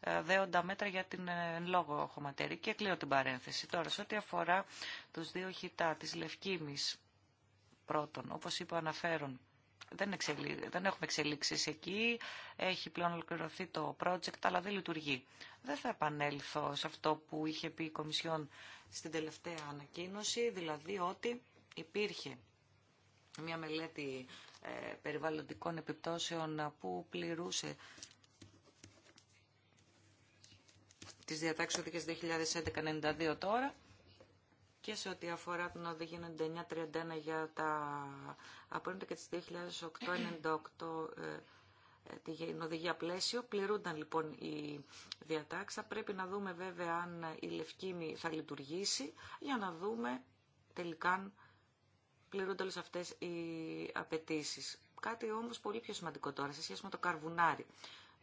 ε, δέοντα μέτρα για την ε, λόγο χωματερή. Και κλείω την παρένθεση. Τώρα, σε ό,τι αφορά του δύο χιτά τη Λευκήμη, πρώτον, όπω είπα, αναφέρουν δεν, δεν έχουμε εξελίξεις εκεί, έχει πλέον ολοκληρωθεί το project, αλλά δεν λειτουργεί. Δεν θα επανέλθω σε αυτό που είχε πει η Κομισιόν στην τελευταία ανακοίνωση, δηλαδή ότι υπήρχε μια μελέτη ε, περιβαλλοντικών επιπτώσεων που πληρούσε τις διαταξεις του οδικές 2011-92 τώρα και σε ό,τι αφορά την οδηγία 9931 για τα απόρριτα και τις 2008-98 ε, ε, την οδηγία πλαίσιο. Πληρούνταν λοιπόν η διατάξα. Πρέπει να δούμε βέβαια αν η Λευκίνη θα λειτουργήσει για να δούμε τελικά αν πληρούνται όλες αυτές οι απαιτήσει. Κάτι όμως πολύ πιο σημαντικό τώρα σε σχέση με το καρβουνάρι.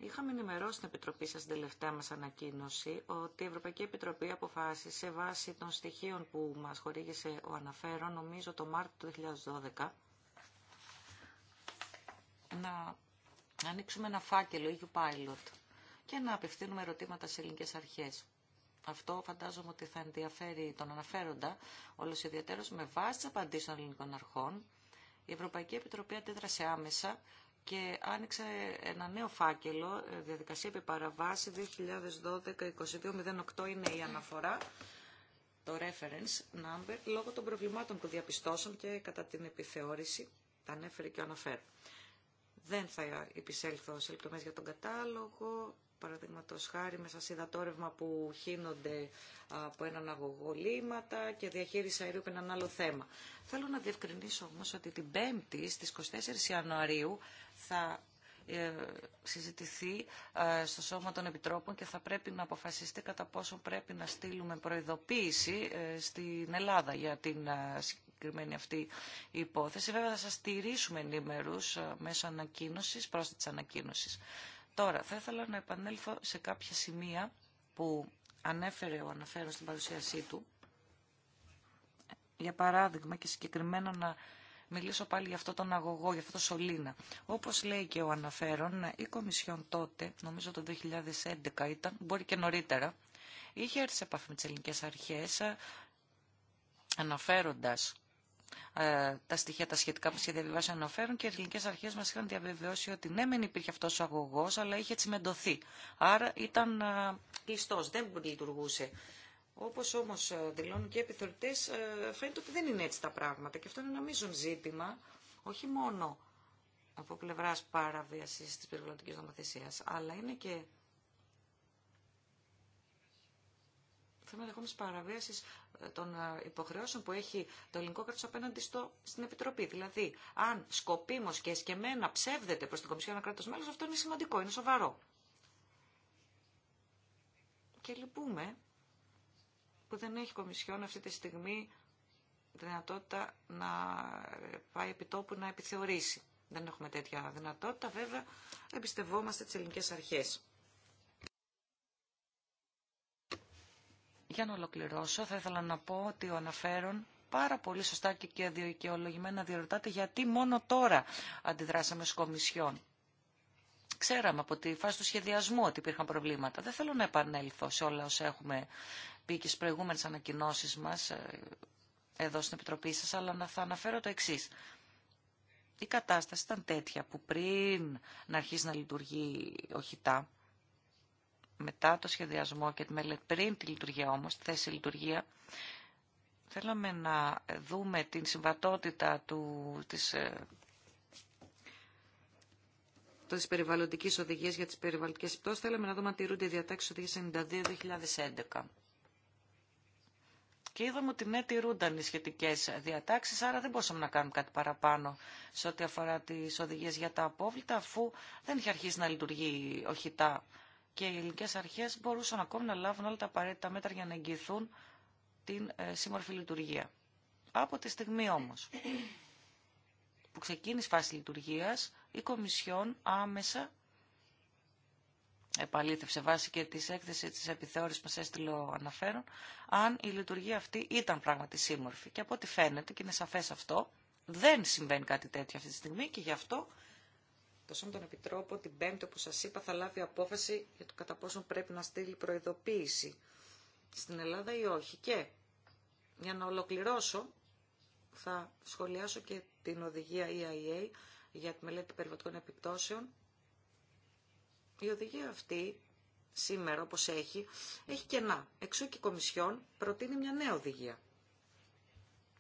Είχαμε ενημερώσει την Επιτροπή σας στην τελευταία μας ανακοίνωση ότι η Ευρωπαϊκή Επιτροπή αποφάσισε βάσει των στοιχείων που μας χορήγησε ο αναφέρον, νομίζω το Μάρτιο του 2012, να ανοίξουμε ένα φάκελο EU Pilot και να απευθύνουμε ερωτήματα σε ελληνικές αρχές. Αυτό φαντάζομαι ότι θα ενδιαφέρει τον αναφέροντα, όλο ιδιαίτερο με βάση τι απαντήσει των ελληνικών αρχών. Η Ευρωπαϊκή Επιτροπή αντέδρασε άμεσα και άνοιξε ένα νέο φάκελο, ε, διαδικασία επί παραβάση 2012-2208 είναι η αναφορά, το reference number, λόγω των προβλημάτων που διαπιστώσαν και κατά την επιθεώρηση, τα ανέφερε και ο αναφέρ. Δεν θα επισέλθω σε λεπτομέρειε για τον κατάλογο, παραδείγματο χάρη σε υδατόρευμα που χύνονται από έναν αγωγό λίματα και διαχείριση αερίου είναι έναν άλλο θέμα. Θέλω να διευκρινίσω όμω ότι την 5η στι 24 Ιανουαρίου θα ε, συζητηθεί ε, στο Σώμα των Επιτρόπων και θα πρέπει να αποφασιστεί κατά πόσο πρέπει να στείλουμε προειδοποίηση ε, στην Ελλάδα για την συγκεκριμένη αυτή υπόθεση. Βέβαια θα σας στηρίσουμε ενήμερους μέσω ανακοίνωσης, πρόσθετης ανακοίνωσης. Τώρα, θα ήθελα να επανέλθω σε κάποια σημεία που ανέφερε ο αναφέρον στην παρουσίασή του. Για παράδειγμα και συγκεκριμένα να μιλήσω πάλι για αυτό τον αγωγό, για αυτό το σωλήνα. Όπως λέει και ο αναφέρον, η Κομισιόν τότε, νομίζω το 2011 ήταν, μπορεί και νωρίτερα, είχε έρθει σε επαφή με τις ελληνικές αρχές, αναφέροντας ε, τα στοιχεία τα σχετικά με σχέδια διαβιβάσεων αναφέρουν και οι ελληνικέ αρχέ μα είχαν διαβεβαιώσει ότι ναι, δεν υπήρχε αυτό ο αγωγό, αλλά είχε τσιμεντωθεί. Άρα ήταν ε, κλειστό, δεν λειτουργούσε. Όπω όμω ε, δηλώνουν και οι επιθεωρητέ, φαίνεται ότι δεν είναι έτσι τα πράγματα. Και αυτό είναι ένα μείζον ζήτημα, όχι μόνο από πλευρά παραβίαση τη περιβαλλοντική νομοθεσία, αλλά είναι και θέμα ενδεχόμενη παραβίαση ε, των ε, υποχρεώσεων που έχει το ελληνικό κράτο απέναντι στο, στην Επιτροπή. Δηλαδή, αν σκοπίμω και εσκεμμένα ψεύδεται προ την Κομισιόν ένα κράτο μέλο, αυτό είναι σημαντικό, είναι σοβαρό. Και λυπούμε που δεν έχει Κομισιόν αυτή τη στιγμή δυνατότητα να ε, πάει επί τόπου να επιθεωρήσει. Δεν έχουμε τέτοια δυνατότητα. Βέβαια, εμπιστευόμαστε τις ελληνικές αρχές. Για να ολοκληρώσω, θα ήθελα να πω ότι ο αναφέρον πάρα πολύ σωστά και δικαιολογημένα διερωτάται γιατί μόνο τώρα αντιδράσαμε στους κομισιόν. Ξέραμε από τη φάση του σχεδιασμού ότι υπήρχαν προβλήματα. Δεν θέλω να επανέλθω σε όλα όσα έχουμε πει και στις προηγούμενες ανακοινώσεις μας ε, εδώ στην Επιτροπή σας, αλλά να θα αναφέρω το εξής. Η κατάσταση ήταν τέτοια που πριν να αρχίσει να λειτουργεί ΧΙΤΑ, μετά το σχεδιασμό και τη μελέτη πριν τη λειτουργία όμως, τη θέση λειτουργία, θέλαμε να δούμε την συμβατότητα του, της, ε, της περιβαλλοντικής οδηγίας για τις περιβαλλοντικές πτώσεις. Θέλαμε να δούμε αν τηρούνται οι διατάξεις οδηγίας 92-2011. Και είδαμε ότι ναι, τηρούνταν οι σχετικέ διατάξει, άρα δεν μπορούσαμε να κάνουμε κάτι παραπάνω σε ό,τι αφορά τι οδηγίε για τα απόβλητα, αφού δεν είχε αρχίσει να λειτουργεί οχητά και οι ελληνικέ αρχέ μπορούσαν ακόμη να λάβουν όλα τα απαραίτητα μέτρα για να εγγυηθούν την ε, σύμμορφη λειτουργία. Από τη στιγμή όμω, που ξεκίνησε η φάση λειτουργία, η Κομισιόν άμεσα επαλήθευσε βάσει και τη έκθεση τη επιθεώρηση που σας έστειλε ο αναφέρον, αν η λειτουργία αυτή ήταν πράγματι σύμμορφη. Και από ό,τι φαίνεται, και είναι σαφές αυτό, δεν συμβαίνει κάτι τέτοιο αυτή τη στιγμή και γι' αυτό το τον επιτρόπο, την Πέμπτη, όπως σας είπα, θα λάβει απόφαση για το κατά πόσον πρέπει να στείλει προειδοποίηση στην Ελλάδα ή όχι. Και για να ολοκληρώσω, θα σχολιάσω και την οδηγία EIA για τη μελέτη περιβατικών επιπτώσεων. Η οδηγία αυτή σήμερα όπως έχει, έχει κενά. Εξού και η Κομισιόν προτείνει μια νέα οδηγία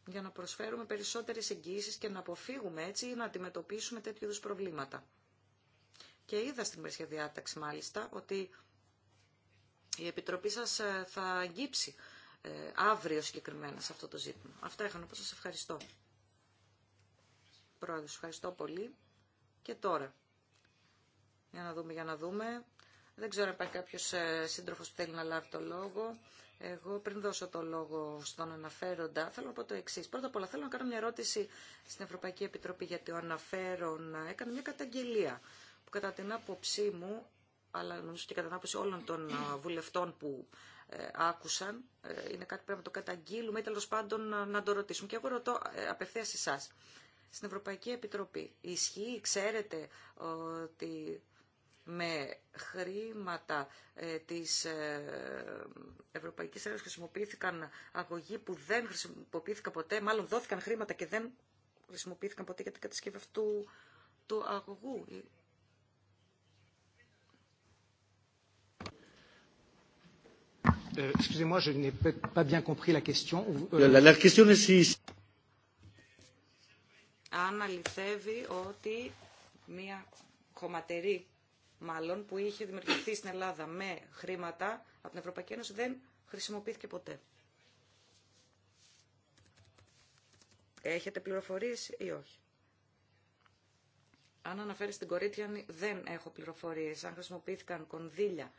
για να προσφέρουμε περισσότερες εγγύησεις και να αποφύγουμε έτσι ή να αντιμετωπίσουμε τέτοιου είδους προβλήματα. Και είδα στην μερσιά διάταξη μάλιστα ότι η Επιτροπή σας ε, θα αγγίψει ε, αύριο συγκεκριμένα σε αυτό το ζήτημα. Αυτά είχα να πω. Σας ευχαριστώ. Πρόεδρε, ευχαριστώ πολύ. Και τώρα, για να δούμε, για να δούμε. Δεν ξέρω αν υπάρχει κάποιος ε, σύντροφος που θέλει να λάβει το λόγο. Εγώ πριν δώσω το λόγο στον αναφέροντα, θέλω να πω το εξή. Πρώτα απ' όλα θέλω να κάνω μια ερώτηση στην Ευρωπαϊκή Επιτροπή, γιατί ο αναφέρον έκανε μια καταγγελία που κατά την άποψή μου, αλλά νομίζω και κατά την άποψη όλων των ε, βουλευτών που ε, άκουσαν, ε, είναι κάτι που πρέπει να το καταγγείλουμε ή τέλο πάντων να το ρωτήσουμε. Και εγώ ρωτώ απευθεία εσά. Στην Ευρωπαϊκή Επιτροπή ισχύει, ξέρετε ότι με χρήματα της Ευρωπαϊκής Ένωσης χρησιμοποιήθηκαν αγωγοί που δεν χρησιμοποιήθηκαν ποτέ, μάλλον δόθηκαν χρήματα και δεν χρησιμοποιήθηκαν ποτέ για την κατασκευή αυτού του αγωγού. Excusez-moi, Αν αληθεύει ότι μια χωματερή μάλλον, που είχε δημιουργηθεί στην Ελλάδα με χρήματα από την Ευρωπαϊκή Ένωση δεν χρησιμοποιήθηκε ποτέ. Έχετε πληροφορίες ή όχι. Αν αναφέρει στην Κορίτιανη δεν έχω πληροφορίες. Αν χρησιμοποιήθηκαν κονδύλια,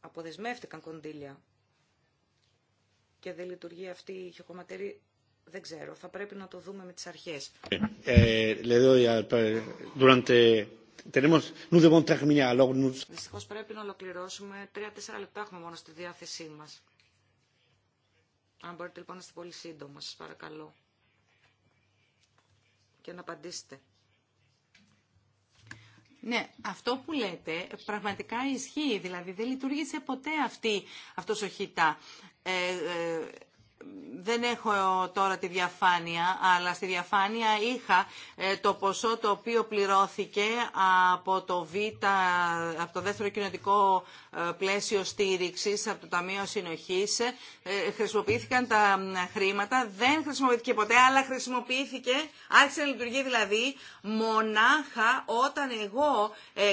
αποδεσμεύτηκαν κονδύλια και δεν λειτουργεί αυτή η χειροκομματερή, δεν ξέρω. Θα πρέπει να το δούμε με τις αρχές. Ε, Δυστυχώ πρέπει να ολοκληρώσουμε. Τρία-τέσσερα λεπτά έχουμε μόνο στη διάθεσή μας. Αν μπορείτε λοιπόν να είστε πολύ σύντομα, σας παρακαλώ. Και να απαντήσετε. Ναι, αυτό που λέτε πραγματικά ισχύει, δηλαδή δεν λειτουργήσε ποτέ αυτή, αυτός ο χιτά. Ε, ε, δεν έχω τώρα τη διαφάνεια, αλλά στη διαφάνεια είχα ε, το ποσό το οποίο πληρώθηκε από το Β, από το δεύτερο κοινοτικό ε, πλαίσιο στήριξης, από το Ταμείο Συνοχής. Ε, χρησιμοποιήθηκαν τα χρήματα, δεν χρησιμοποιήθηκε ποτέ, αλλά χρησιμοποιήθηκε, άρχισε να λειτουργεί δηλαδή, μονάχα όταν εγώ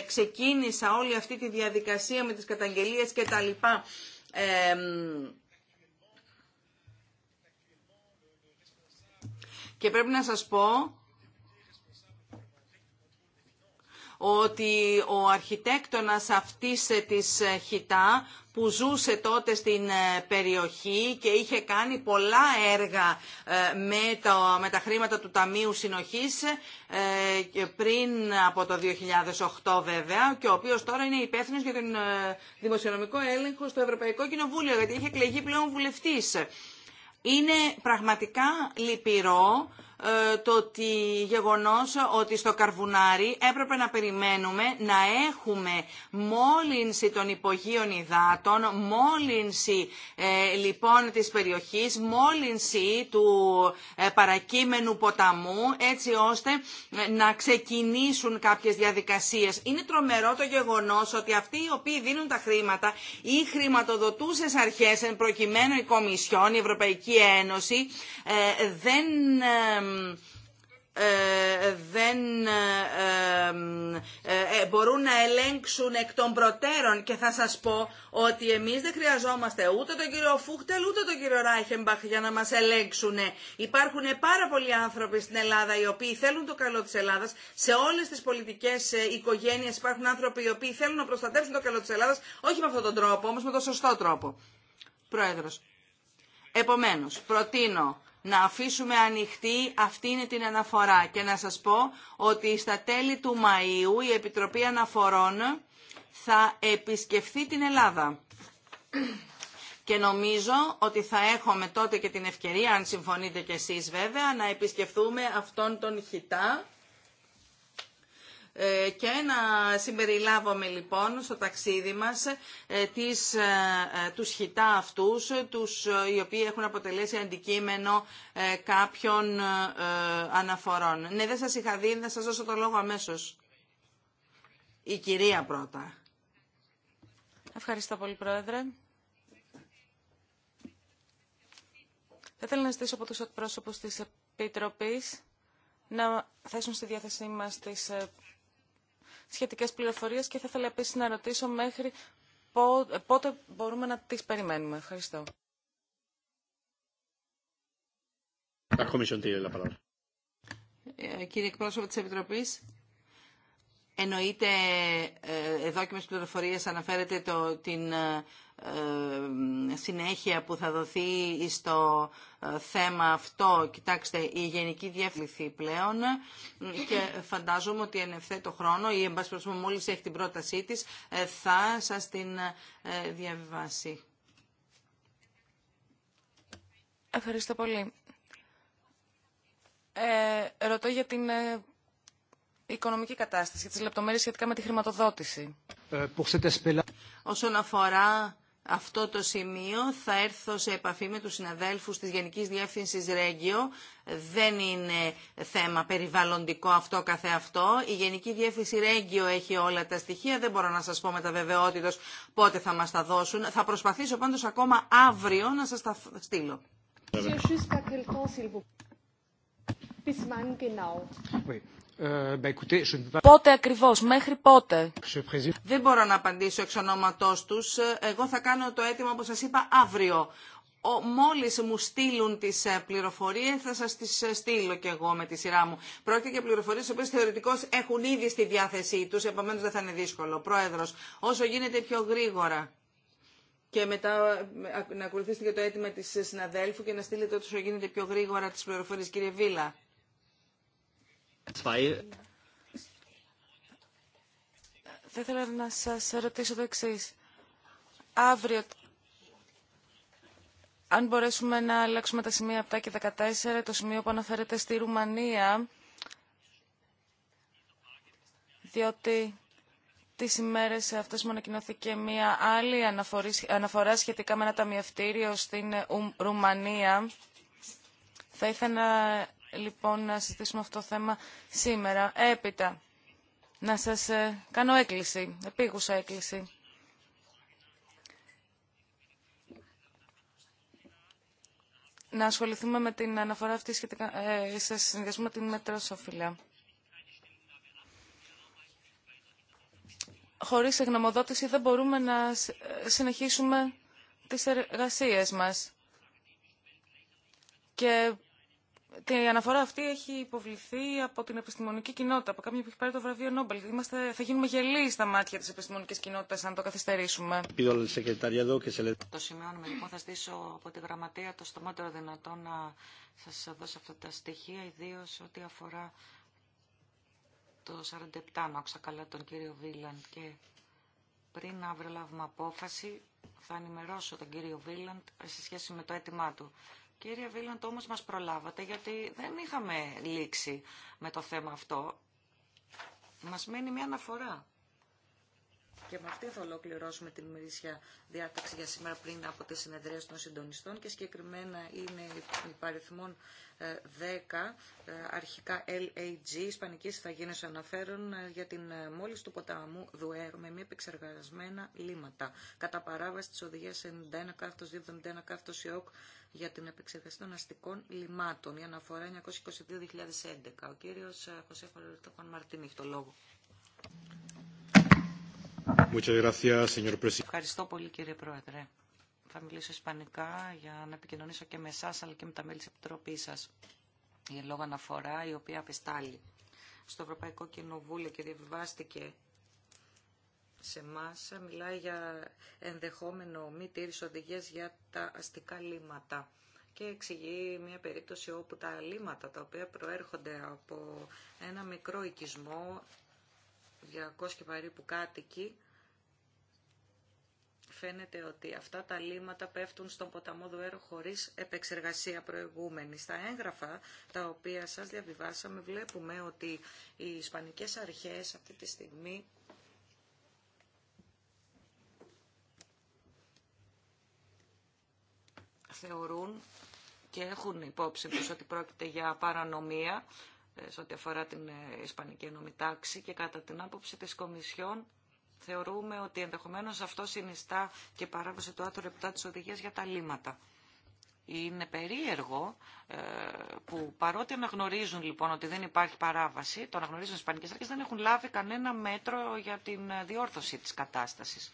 ξεκίνησα όλη αυτή τη διαδικασία με τις καταγγελίες και τα λοιπά. Και πρέπει να σας πω ότι ο αρχιτέκτονας αυτής της χιτά που ζούσε τότε στην ε, περιοχή και είχε κάνει πολλά έργα ε, με, το, τα χρήματα του Ταμείου Συνοχής ε, πριν από το 2008 βέβαια και ο οποίος τώρα είναι υπεύθυνος για τον δημοσιονομικό έλεγχο στο Ευρωπαϊκό Κοινοβούλιο γιατί είχε εκλεγεί πλέον βουλευτής. Είναι πραγματικά λυπηρό ε, το ότι γεγονός ότι στο Καρβουνάρι έπρεπε να περιμένουμε να έχουμε μόλυνση των υπογείων υδάτων, μόλυνση ε, λοιπόν της περιοχής, μόλυνση του ε, παρακείμενου ποταμού έτσι ώστε ε, να ξεκινήσουν κάποιες διαδικασίες. Είναι τρομερό το γεγονός ότι αυτοί οι οποίοι δίνουν τα χρήματα ή χρηματοδοτούσες αρχές εν προκειμένου η Κομισιόν, η Ευρωπαϊκή Ένωση δεν ε, δεν ε, ε, μπορούν να ελέγξουν εκ των προτέρων και θα σας πω ότι εμείς δεν χρειαζόμαστε ούτε τον κύριο Φούχτελ ούτε τον κύριο Ράιχεμπαχ για να μας ελέγξουν. Υπάρχουν πάρα πολλοί άνθρωποι στην Ελλάδα οι οποίοι θέλουν το καλό της Ελλάδας. Σε όλες τις πολιτικές οικογένειες υπάρχουν άνθρωποι οι οποίοι θέλουν να προστατεύσουν το καλό της Ελλάδας όχι με αυτόν τον τρόπο όμως με τον σωστό τρόπο. Πρόεδρος. Επομένως, προτείνω να αφήσουμε ανοιχτή είναι την αναφορά. Και να σας πω ότι στα τέλη του Μαΐου η Επιτροπή Αναφορών θα επισκεφθεί την Ελλάδα. Και νομίζω ότι θα έχουμε τότε και την ευκαιρία, αν συμφωνείτε κι εσείς βέβαια, να επισκεφθούμε αυτόν τον χιτά ε, και να συμπεριλάβουμε λοιπόν στο ταξίδι μας ε, τις, ε, τους χιτά αυτούς, τους, οι οποίοι έχουν αποτελέσει αντικείμενο κάποιων αναφορών. Ναι, δεν σας είχα δει, θα σας δώσω το λόγο αμέσως. Η κυρία πρώτα. Ευχαριστώ πολύ, Πρόεδρε. Θα ήθελα να ζητήσω από τους εκπρόσωπους της Επιτροπής να θέσουν στη διάθεσή μας τις σχετικές πληροφορίες και θα ήθελα επίση να ρωτήσω μέχρι πότε μπορούμε να τις περιμένουμε. Ευχαριστώ. Ε, κύριε εκπρόσωπο της Επιτροπής, εννοείται ε, δόκιμες πληροφορίες, αναφέρετε το, την ε, ε, συνέχεια που θα δοθεί στο ε, θέμα αυτό, κοιτάξτε, η Γενική Διεύθυνση πλέον και φαντάζομαι ότι εν ευθέτω χρόνο ή εν πάση μόλις έχει την πρότασή της ε, θα σας την διαβιβάσει. Ευχαριστώ πολύ. Ε, ρωτώ για την οικονομική κατάσταση, τις λεπτομέρειες σχετικά με τη χρηματοδότηση. Όσον αφορά αυτό το σημείο θα έρθω σε επαφή με τους συναδέλφους της Γενικής Διεύθυνσης Ρέγγιο. Δεν είναι θέμα περιβαλλοντικό αυτό καθεαυτό. Η Γενική Διεύθυνση Ρέγγιο έχει όλα τα στοιχεία. Δεν μπορώ να σας πω με τα βεβαιότητα πότε θα μας τα δώσουν. Θα προσπαθήσω πάντως ακόμα αύριο να σας τα στείλω. Ε, πότε ακριβώς, μέχρι πότε. Δεν μπορώ να απαντήσω εξ ονόματός τους. Εγώ θα κάνω το αίτημα όπως σας είπα αύριο. Ο, μόλις μου στείλουν τις ε, πληροφορίες θα σας τις ε, στείλω κι εγώ με τη σειρά μου. Πρόκειται για πληροφορίες τις οποίες θεωρητικώς έχουν ήδη στη διάθεσή τους, επομένως δεν θα είναι δύσκολο. Πρόεδρος, όσο γίνεται πιο γρήγορα. Και μετά να ακολουθήσετε και το αίτημα της συναδέλφου και να στείλετε όσο γίνεται πιο γρήγορα τις πληροφορίες, κύριε Βίλα. Θα ήθελα να σας ρωτήσω το εξή Αύριο, αν μπορέσουμε να αλλάξουμε τα σημεία 7 και 14, το σημείο που αναφέρεται στη Ρουμανία, διότι τις ημέρες αυτές μου ανακοινώθηκε μία άλλη αναφορά σχετικά με ένα ταμιευτήριο στην Ρουμανία. Θα ήθελα λοιπόν να συζητήσουμε αυτό το θέμα σήμερα. Έπειτα, να σας ε, κάνω έκκληση, επίγουσα έκκληση. Να ασχοληθούμε με την αναφορά αυτή σχετικά, ε, σε συνδυασμό με την μετρόσοφυλα. Χωρίς εγνωμοδότηση δεν μπορούμε να ε, συνεχίσουμε τις εργασίες μας. Και η αναφορά αυτή έχει υποβληθεί από την επιστημονική κοινότητα, από κάποιον που έχει πάρει το βραβείο Νόμπελ. Είμαστε, θα γίνουμε γελοί στα μάτια τη επιστημονική κοινότητα αν το καθυστερήσουμε. Το σημειώνουμε λοιπόν. Θα στήσω από τη γραμματεία το στομότερο δυνατό να σα δώσω αυτά τα στοιχεία, ιδίω ό,τι αφορά το 47, αν άκουσα καλά τον κύριο Βίλαντ. Και πριν αύριο λάβουμε απόφαση, θα ενημερώσω τον κύριο Βίλαντ σε σχέση με το αίτημά του Κύριε Βίλαντ, όμως μας προλάβατε, γιατί δεν είχαμε λήξει με το θέμα αυτό. Μας μένει μια αναφορά και με αυτήν θα ολοκληρώσουμε την ημερήσια διάταξη για σήμερα πριν από τις συνεδρίες των συντονιστών και συγκεκριμένα είναι η 10 ε, ε, αρχικά LAG Ισπανικής Ιθαγένειας αναφέρον ε, για την μόλις του ποταμού Δουέρου με μη επεξεργασμένα λίματα. Κατά παράβαση της οδηγίας 91 κάθετος 271 κάθετος ΙΟΚ για την επεξεργασία των αστικών λιμάτων. Η αναφορά 922-2011. Ο κύριος Χωσέφαλο Μαρτίνη έχει το λόγο. Ευχαριστώ πολύ κύριε Πρόεδρε. Θα μιλήσω ισπανικά για να επικοινωνήσω και με εσά αλλά και με τα μέλη τη Επιτροπή σα. Η λόγω αναφορά η οποία απεστάλλει στο Ευρωπαϊκό Κοινοβούλιο και διαβιβάστηκε σε εμά μιλάει για ενδεχόμενο μη τήρηση οδηγία για τα αστικά λίμματα και εξηγεί μια περίπτωση όπου τα λίμματα τα οποία προέρχονται από ένα μικρό οικισμό 200 και περίπου κάτοικοι φαίνεται ότι αυτά τα λήματα πέφτουν στον ποταμό Δουέρο χωρίς επεξεργασία προηγούμενη. Στα έγγραφα τα οποία σας διαβιβάσαμε βλέπουμε ότι οι Ισπανικές αρχές αυτή τη στιγμή θεωρούν και έχουν υπόψη τους ότι πρόκειται για παρανομία ε, σε ό,τι αφορά την ε, Ισπανική Ενωμητάξη και κατά την άποψη της Κομισιόν θεωρούμε ότι ενδεχομένως αυτό συνιστά και παράβαση του άρθρο 7 της οδηγίας για τα λύματα. Είναι περίεργο ε, που παρότι αναγνωρίζουν λοιπόν ότι δεν υπάρχει παράβαση, το αναγνωρίζουν οι Ισπανικές Αρχές, δεν έχουν λάβει κανένα μέτρο για την ε, διόρθωση της κατάστασης.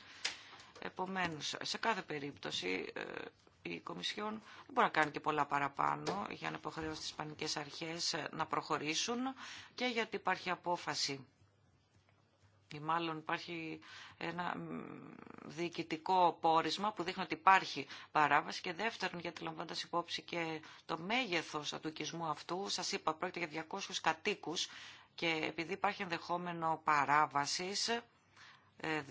Επομένως, σε κάθε περίπτωση ε, η Κομισιόν δεν μπορεί να κάνει και πολλά παραπάνω για να υποχρεώσει τις Ισπανικές Αρχές να προχωρήσουν και γιατί υπάρχει απόφαση ή μάλλον υπάρχει ένα διοικητικό πόρισμα που δείχνει ότι υπάρχει παράβαση και δεύτερον γιατί λαμβάνοντας υπόψη και το μέγεθος του οικισμού αυτού, σας είπα πρόκειται για 200 κατοίκους και επειδή υπάρχει ενδεχόμενο παράβασης ε,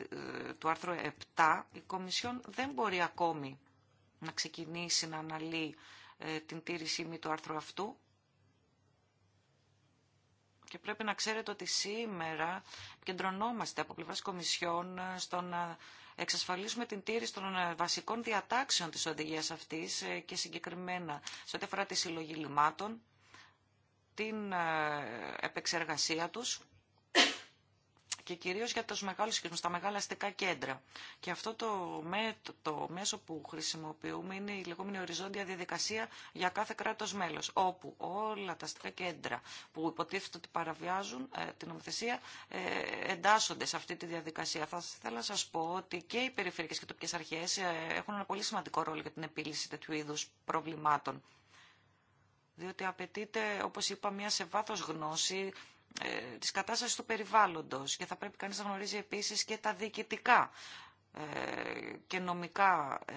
του άρθρου 7, η Κομισιόν δεν μπορεί ακόμη να ξεκινήσει να αναλύει ε, την τήρηση μη του άρθρου αυτού και πρέπει να ξέρετε ότι σήμερα κεντρωνόμαστε από πλευράς Κομισιόν ε, στο να εξασφαλίσουμε την τήρηση των ε, βασικών διατάξεων της οδηγίας αυτής ε, και συγκεκριμένα σε ό,τι αφορά τη συλλογή λιμάτων, την επεξεργασία τους και κυρίως για τους μεγάλους οικισμούς, τα μεγάλα αστικά κέντρα. Και αυτό το, με, το, μέσο που χρησιμοποιούμε είναι η λεγόμενη οριζόντια διαδικασία για κάθε κράτος μέλος, όπου όλα τα αστικά κέντρα που υποτίθεται ότι παραβιάζουν ε, την νομοθεσία ε, εντάσσονται σε αυτή τη διαδικασία. Θα ήθελα να σας πω ότι και οι περιφερειακές και τοπικές αρχές ε, έχουν ένα πολύ σημαντικό ρόλο για την επίλυση τέτοιου είδου προβλημάτων διότι απαιτείται, όπως είπα, μια σε βάθος γνώση Τη ε, της κατάστασης του περιβάλλοντος και θα πρέπει κανείς να γνωρίζει επίσης και τα διοικητικά ε, και νομικά ε,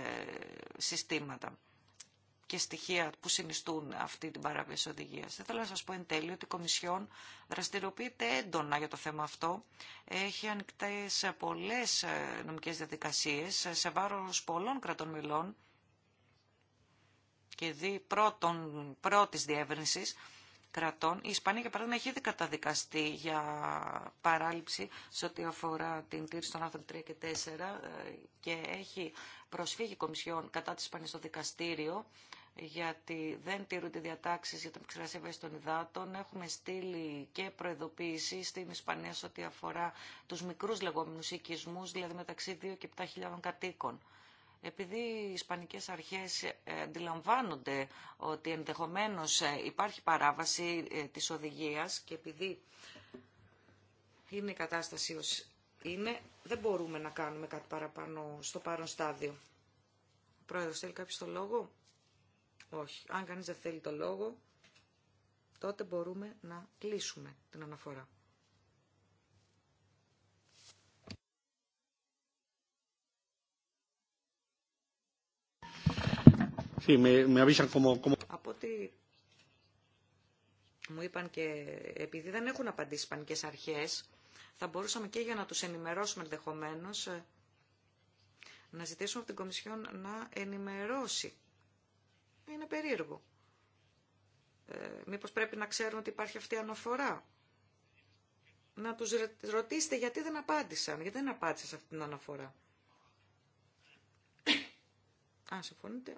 συστήματα και στοιχεία που συνιστούν αυτή την παράβιαση οδηγία. Θα Θέλω να σα πω εν τέλει ότι η Κομισιόν δραστηριοποιείται έντονα για το θέμα αυτό. Έχει ανοιχτέ πολλέ νομικέ διαδικασίε σε βάρο πολλών κρατών μελών και δι πρώτη πρώτης κρατών. Η Ισπανία, για παράδειγμα, έχει ήδη καταδικαστεί για παράληψη σε ό,τι αφορά την τήρηση των άρθρων 3 και 4 ε, και έχει προσφύγει Κομισιόν κατά τη Ισπανίας στο δικαστήριο γιατί δεν τηρούνται διατάξεις για την επεξεργασία βάσης των υδάτων. Έχουμε στείλει και προειδοποίηση στην Ισπανία σε ό,τι αφορά τους μικρούς λεγόμενους οικισμούς, δηλαδή μεταξύ 2 και 7.000 κατοίκων. Επειδή οι Ισπανικές αρχές ε, αντιλαμβάνονται ότι ενδεχομένως ε, υπάρχει παράβαση ε, της οδηγίας και επειδή είναι η κατάσταση ως είναι, δεν μπορούμε να κάνουμε κάτι παραπάνω στο παρόν στάδιο. Πρόεδρος, θέλει κάποιος το λόγο? Όχι. Αν κανείς δεν θέλει το λόγο, τότε μπορούμε να κλείσουμε την αναφορά. Από ότι μου είπαν και επειδή δεν έχουν απαντήσει οι Ισπανικές αρχές, θα μπορούσαμε και για να τους ενημερώσουμε ενδεχομένω ε, να ζητήσουμε από την Κομισιόν να ενημερώσει. Είναι περίεργο. Ε, μήπως πρέπει να ξέρουν ότι υπάρχει αυτή η αναφορά. Να τους ρωτήσετε γιατί δεν απάντησαν, γιατί δεν απάντησαν σε αυτή την αναφορά. (coughs) Αν συμφωνείτε.